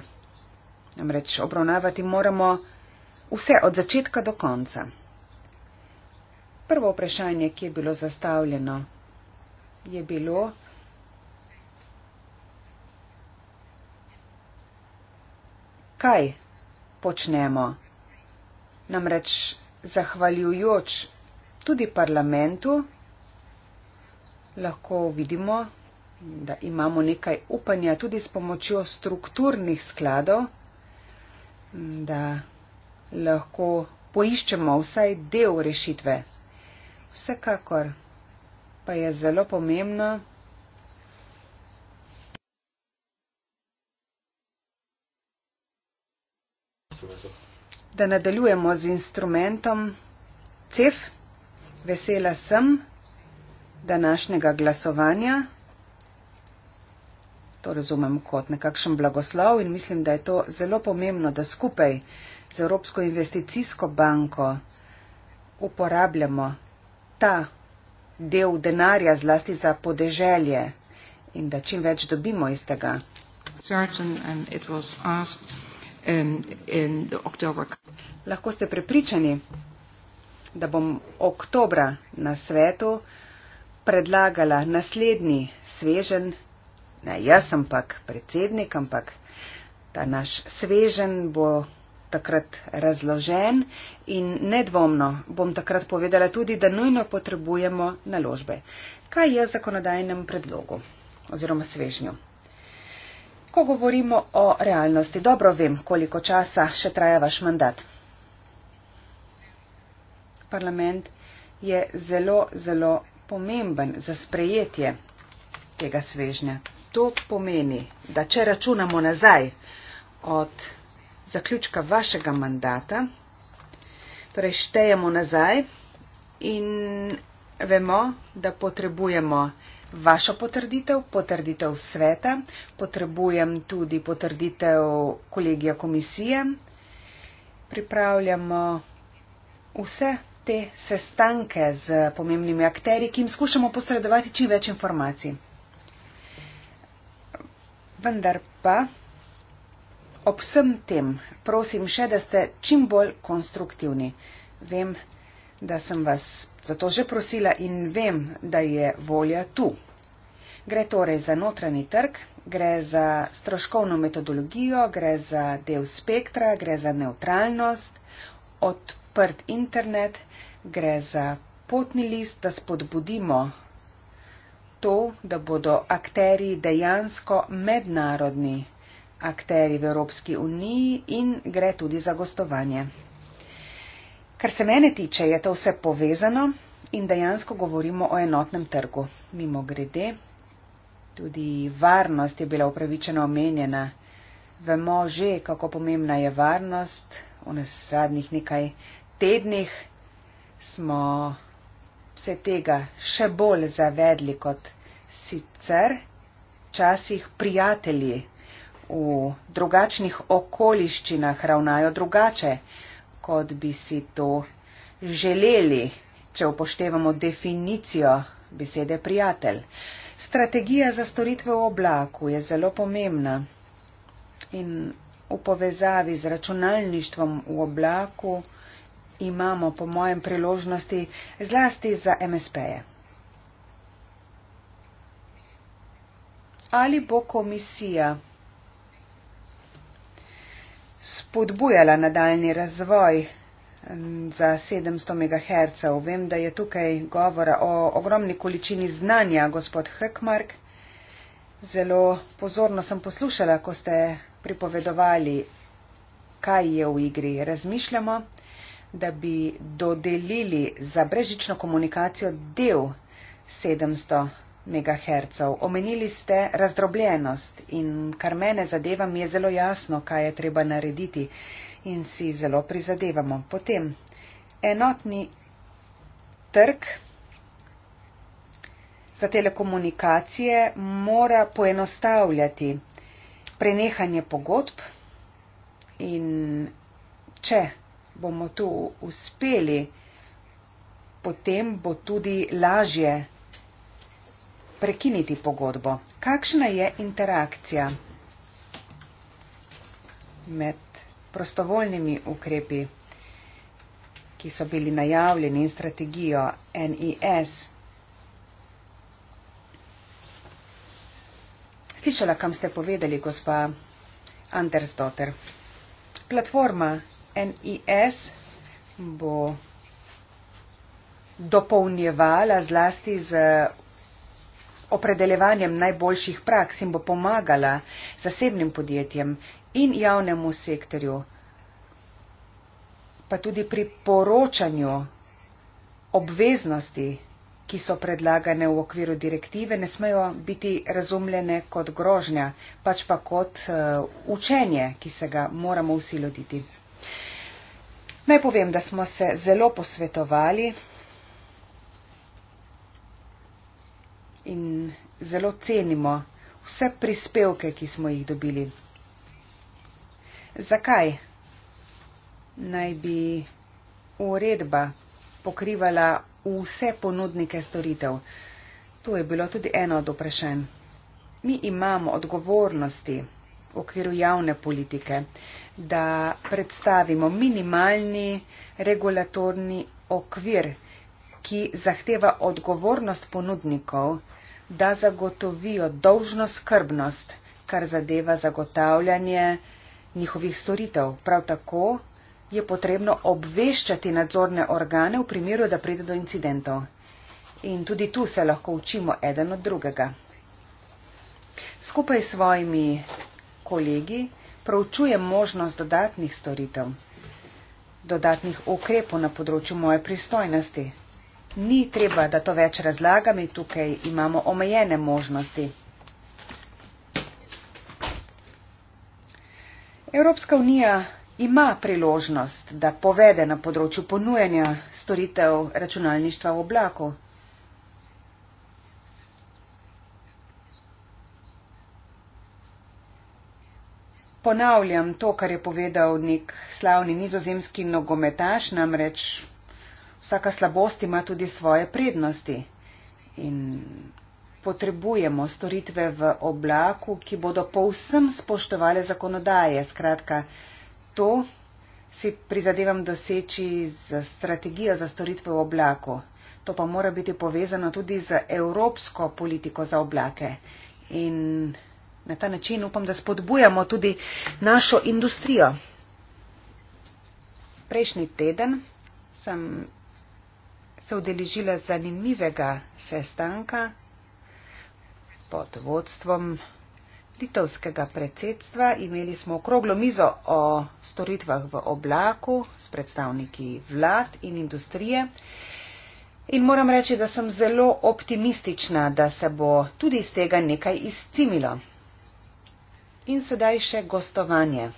Namreč obravnavati moramo vse od začetka do konca. Prvo vprašanje, ki je bilo zastavljeno, je bilo, kaj počnemo. Namreč zahvaljujoč tudi parlamentu lahko vidimo, da imamo nekaj upanja tudi s pomočjo strukturnih skladov, da lahko poiščemo vsaj del rešitve. Vsekakor pa je zelo pomembno, da nadaljujemo z instrumentom CEF. Vesela sem današnjega glasovanja. To razumem kot nekakšen blagoslov in mislim, da je to zelo pomembno, da skupaj z Evropsko investicijsko banko uporabljamo ta del denarja zlasti za podeželje in da čim več dobimo iz tega. Certain, Lahko ste prepričani, da bom oktobra na svetu predlagala naslednji svežen, ne jaz sem pak predsednik, ampak ta naš svežen bo takrat razložen in nedvomno bom takrat povedala tudi, da nujno potrebujemo naložbe. Kaj je v zakonodajnem predlogu oziroma svežnju? ko govorimo o realnosti. Dobro vem, koliko časa še traja vaš mandat. Parlament je zelo, zelo pomemben za sprejetje tega svežnja. To pomeni, da če računamo nazaj od zaključka vašega mandata, torej štejemo nazaj in vemo, da potrebujemo vašo potrditev, potrditev sveta, potrebujem tudi potrditev kolegija komisije. Pripravljamo vse te sestanke z pomembnimi akteri, ki jim skušamo posredovati čim več informacij. Vendar pa ob vsem tem prosim še, da ste čim bolj konstruktivni. Vem, da sem vas zato že prosila in vem, da je volja tu. Gre torej za notranji trg, gre za stroškovno metodologijo, gre za del spektra, gre za neutralnost, odprt internet, gre za potni list, da spodbudimo to, da bodo akteri dejansko mednarodni akteri v Evropski uniji in gre tudi za gostovanje. Kar se mene tiče, je to vse povezano in dejansko govorimo o enotnem trgu. Mimo grede, tudi varnost je bila upravičeno omenjena. Vemo že, kako pomembna je varnost. V nas zadnjih nekaj tednih smo se tega še bolj zavedli kot sicer včasih prijatelji v drugačnih okoliščinah ravnajo drugače kot bi si to želeli, če upoštevamo definicijo besede prijatelj. Strategija za storitve v oblaku je zelo pomembna in v povezavi z računalništvom v oblaku imamo po mojem priložnosti zlasti za MSP-je. Ali bo komisija spodbujala nadaljni razvoj za 700 MHz. Vem, da je tukaj govora o ogromni količini znanja, gospod Hekmark. Zelo pozorno sem poslušala, ko ste pripovedovali, kaj je v igri. Razmišljamo, da bi dodelili za brežično komunikacijo del 700 MHz. MHz. Omenili ste razdrobljenost in kar mene zadeva, mi je zelo jasno, kaj je treba narediti in si zelo prizadevamo. Potem enotni trg za telekomunikacije mora poenostavljati prenehanje pogodb in če bomo tu uspeli, potem bo tudi lažje prekiniti pogodbo. Kakšna je interakcija med prostovoljnimi ukrepi, ki so bili najavljeni in strategijo NIS? Slišala, kam ste povedali, gospa Andersdotter. Platforma NIS bo dopolnjevala zlasti z opredeljevanjem najboljših praks in bo pomagala zasebnim podjetjem in javnemu sektorju, pa tudi pri poročanju obveznosti, ki so predlagane v okviru direktive, ne smejo biti razumljene kot grožnja, pač pa kot uh, učenje, ki se ga moramo vsi loditi. Naj povem, da smo se zelo posvetovali in zelo cenimo vse prispevke, ki smo jih dobili. Zakaj naj bi uredba pokrivala vse ponudnike storitev? To je bilo tudi eno od vprašanj. Mi imamo odgovornosti v okviru javne politike, da predstavimo minimalni regulatorni okvir, ki zahteva odgovornost ponudnikov, da zagotovijo dolžno skrbnost, kar zadeva zagotavljanje njihovih storitev. Prav tako je potrebno obveščati nadzorne organe v primeru, da pride do incidentov. In tudi tu se lahko učimo eden od drugega. Skupaj s svojimi kolegi proučujem možnost dodatnih storitev, dodatnih ukrepov na področju moje pristojnosti, Ni treba, da to več razlagam in tukaj imamo omejene možnosti. Evropska unija ima priložnost, da povede na področju ponujanja storitev računalništva v oblaku. Ponavljam to, kar je povedal nek slavni nizozemski nogometaš, namreč vsaka slabost ima tudi svoje prednosti in potrebujemo storitve v oblaku, ki bodo povsem spoštovale zakonodaje. Skratka, to si prizadevam doseči z strategijo za storitve v oblaku. To pa mora biti povezano tudi z evropsko politiko za oblake. In na ta način upam, da spodbujamo tudi našo industrijo. Prejšnji teden sem se udeležila zanimivega sestanka pod vodstvom litovskega predsedstva. Imeli smo okroglo mizo o storitvah v oblaku s predstavniki vlad in industrije. In moram reči, da sem zelo optimistična, da se bo tudi iz tega nekaj izcimilo. In sedaj še gostovanje.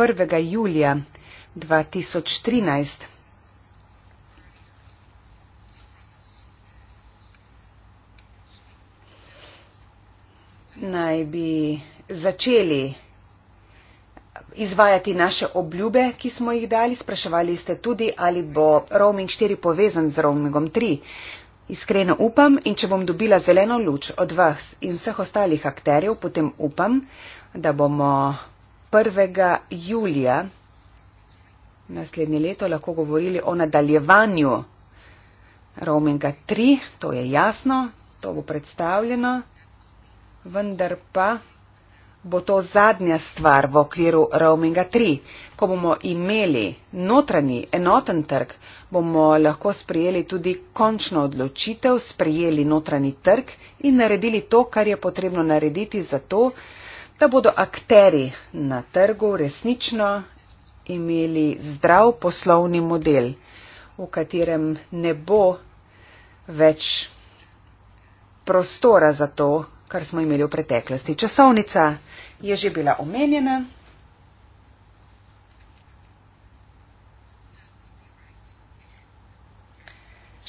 1. julija 2013. Naj bi začeli izvajati naše obljube, ki smo jih dali. Spraševali ste tudi, ali bo roaming 4 povezan z roamingom 3. Iskreno upam in če bom dobila zeleno luč od vas in vseh ostalih akterjev, potem upam, da bomo 1. julija naslednje leto lahko govorili o nadaljevanju roaminga 3, to je jasno, to bo predstavljeno, vendar pa bo to zadnja stvar v okviru roaminga 3. Ko bomo imeli notranji enoten trg, bomo lahko sprijeli tudi končno odločitev, sprijeli notranji trg in naredili to, kar je potrebno narediti za to, da da bodo akteri na trgu resnično imeli zdrav poslovni model, v katerem ne bo več prostora za to, kar smo imeli v preteklosti. Časovnica je že bila omenjena.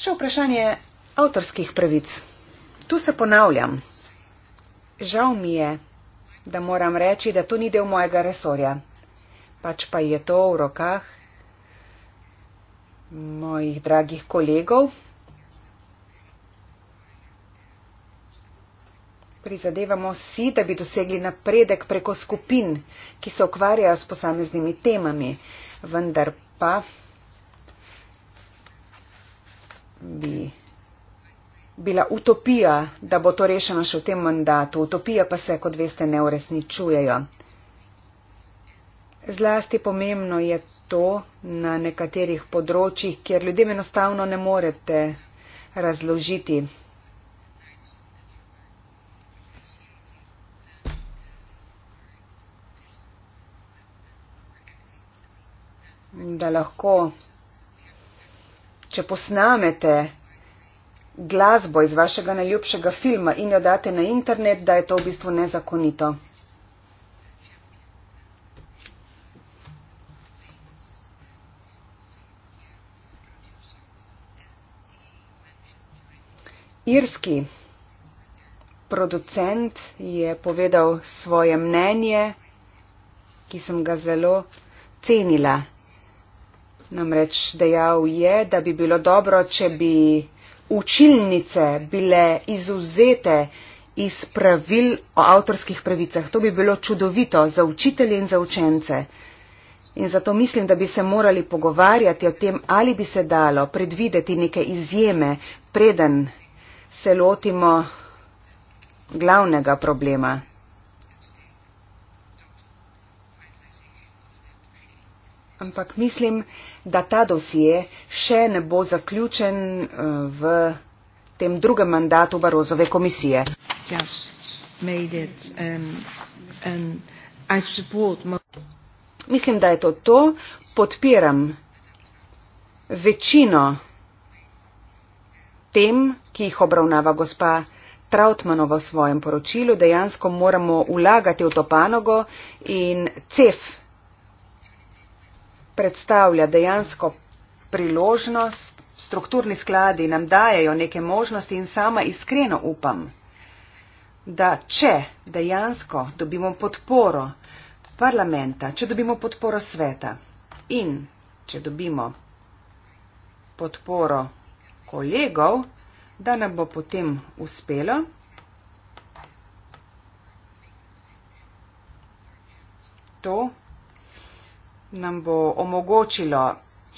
Še vprašanje avtorskih pravic. Tu se ponavljam. Žal mi je, da moram reči, da to ni del mojega resorja. Pač pa je to v rokah mojih dragih kolegov. Prizadevamo si, da bi dosegli napredek preko skupin, ki se ukvarjajo s posameznimi temami, vendar pa bi bila utopija, da bo to rešeno še v tem mandatu. Utopije pa se, kot veste, ne uresničujejo. Zlasti pomembno je to na nekaterih področjih, kjer ljudem enostavno ne morete razložiti. Da lahko, če posnamete glasbo iz vašega najljubšega filma in jo date na internet, da je to v bistvu nezakonito. Irski producent je povedal svoje mnenje, ki sem ga zelo cenila. Namreč dejal je, da bi bilo dobro, če bi učilnice bile izuzete iz pravil o avtorskih pravicah. To bi bilo čudovito za učitelje in za učence. In zato mislim, da bi se morali pogovarjati o tem, ali bi se dalo predvideti neke izjeme, preden se lotimo glavnega problema. ampak mislim, da ta dosije še ne bo zaključen eh, v tem drugem mandatu Barozove komisije. Um, mislim, da je to to. Podpiram večino tem, ki jih obravnava gospa Trautmanova v svojem poročilu. Dejansko moramo vlagati v to panogo in cef predstavlja dejansko priložnost, strukturni skladi nam dajajo neke možnosti in sama iskreno upam, da če dejansko dobimo podporo parlamenta, če dobimo podporo sveta in če dobimo podporo kolegov, da nam bo potem uspelo. To nam bo omogočilo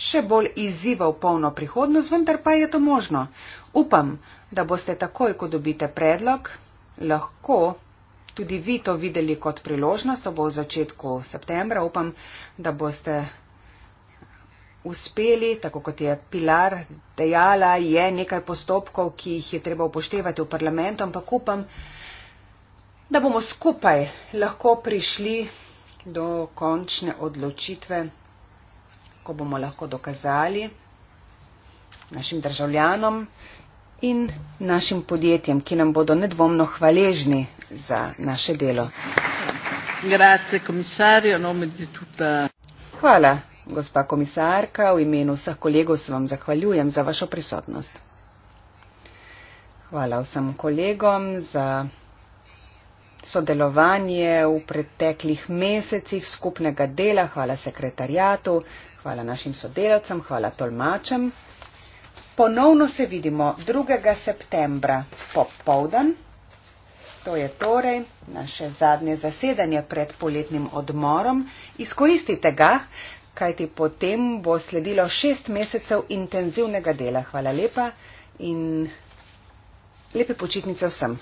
še bolj izzival polno prihodnost, vendar pa je to možno. Upam, da boste takoj, ko dobite predlog, lahko tudi vi to videli kot priložnost, to bo v začetku septembra. Upam, da boste uspeli, tako kot je Pilar dejala, je nekaj postopkov, ki jih je treba upoštevati v parlamentu, ampak upam, da bomo skupaj lahko prišli do končne odločitve, ko bomo lahko dokazali našim državljanom in našim podjetjem, ki nam bodo nedvomno hvaležni za naše delo. Grazie, Hvala, gospa komisarka, v imenu vseh kolegov se vam zahvaljujem za vašo prisotnost. Hvala vsem kolegom za sodelovanje v preteklih mesecih skupnega dela, hvala sekretarjatu, hvala našim sodelavcem, hvala tolmačem. Ponovno se vidimo 2. septembra popovdan. To je torej naše zadnje zasedanje pred poletnim odmorom. Izkoristite ga, kajti potem bo sledilo šest mesecev intenzivnega dela. Hvala lepa in lepe počitnice vsem.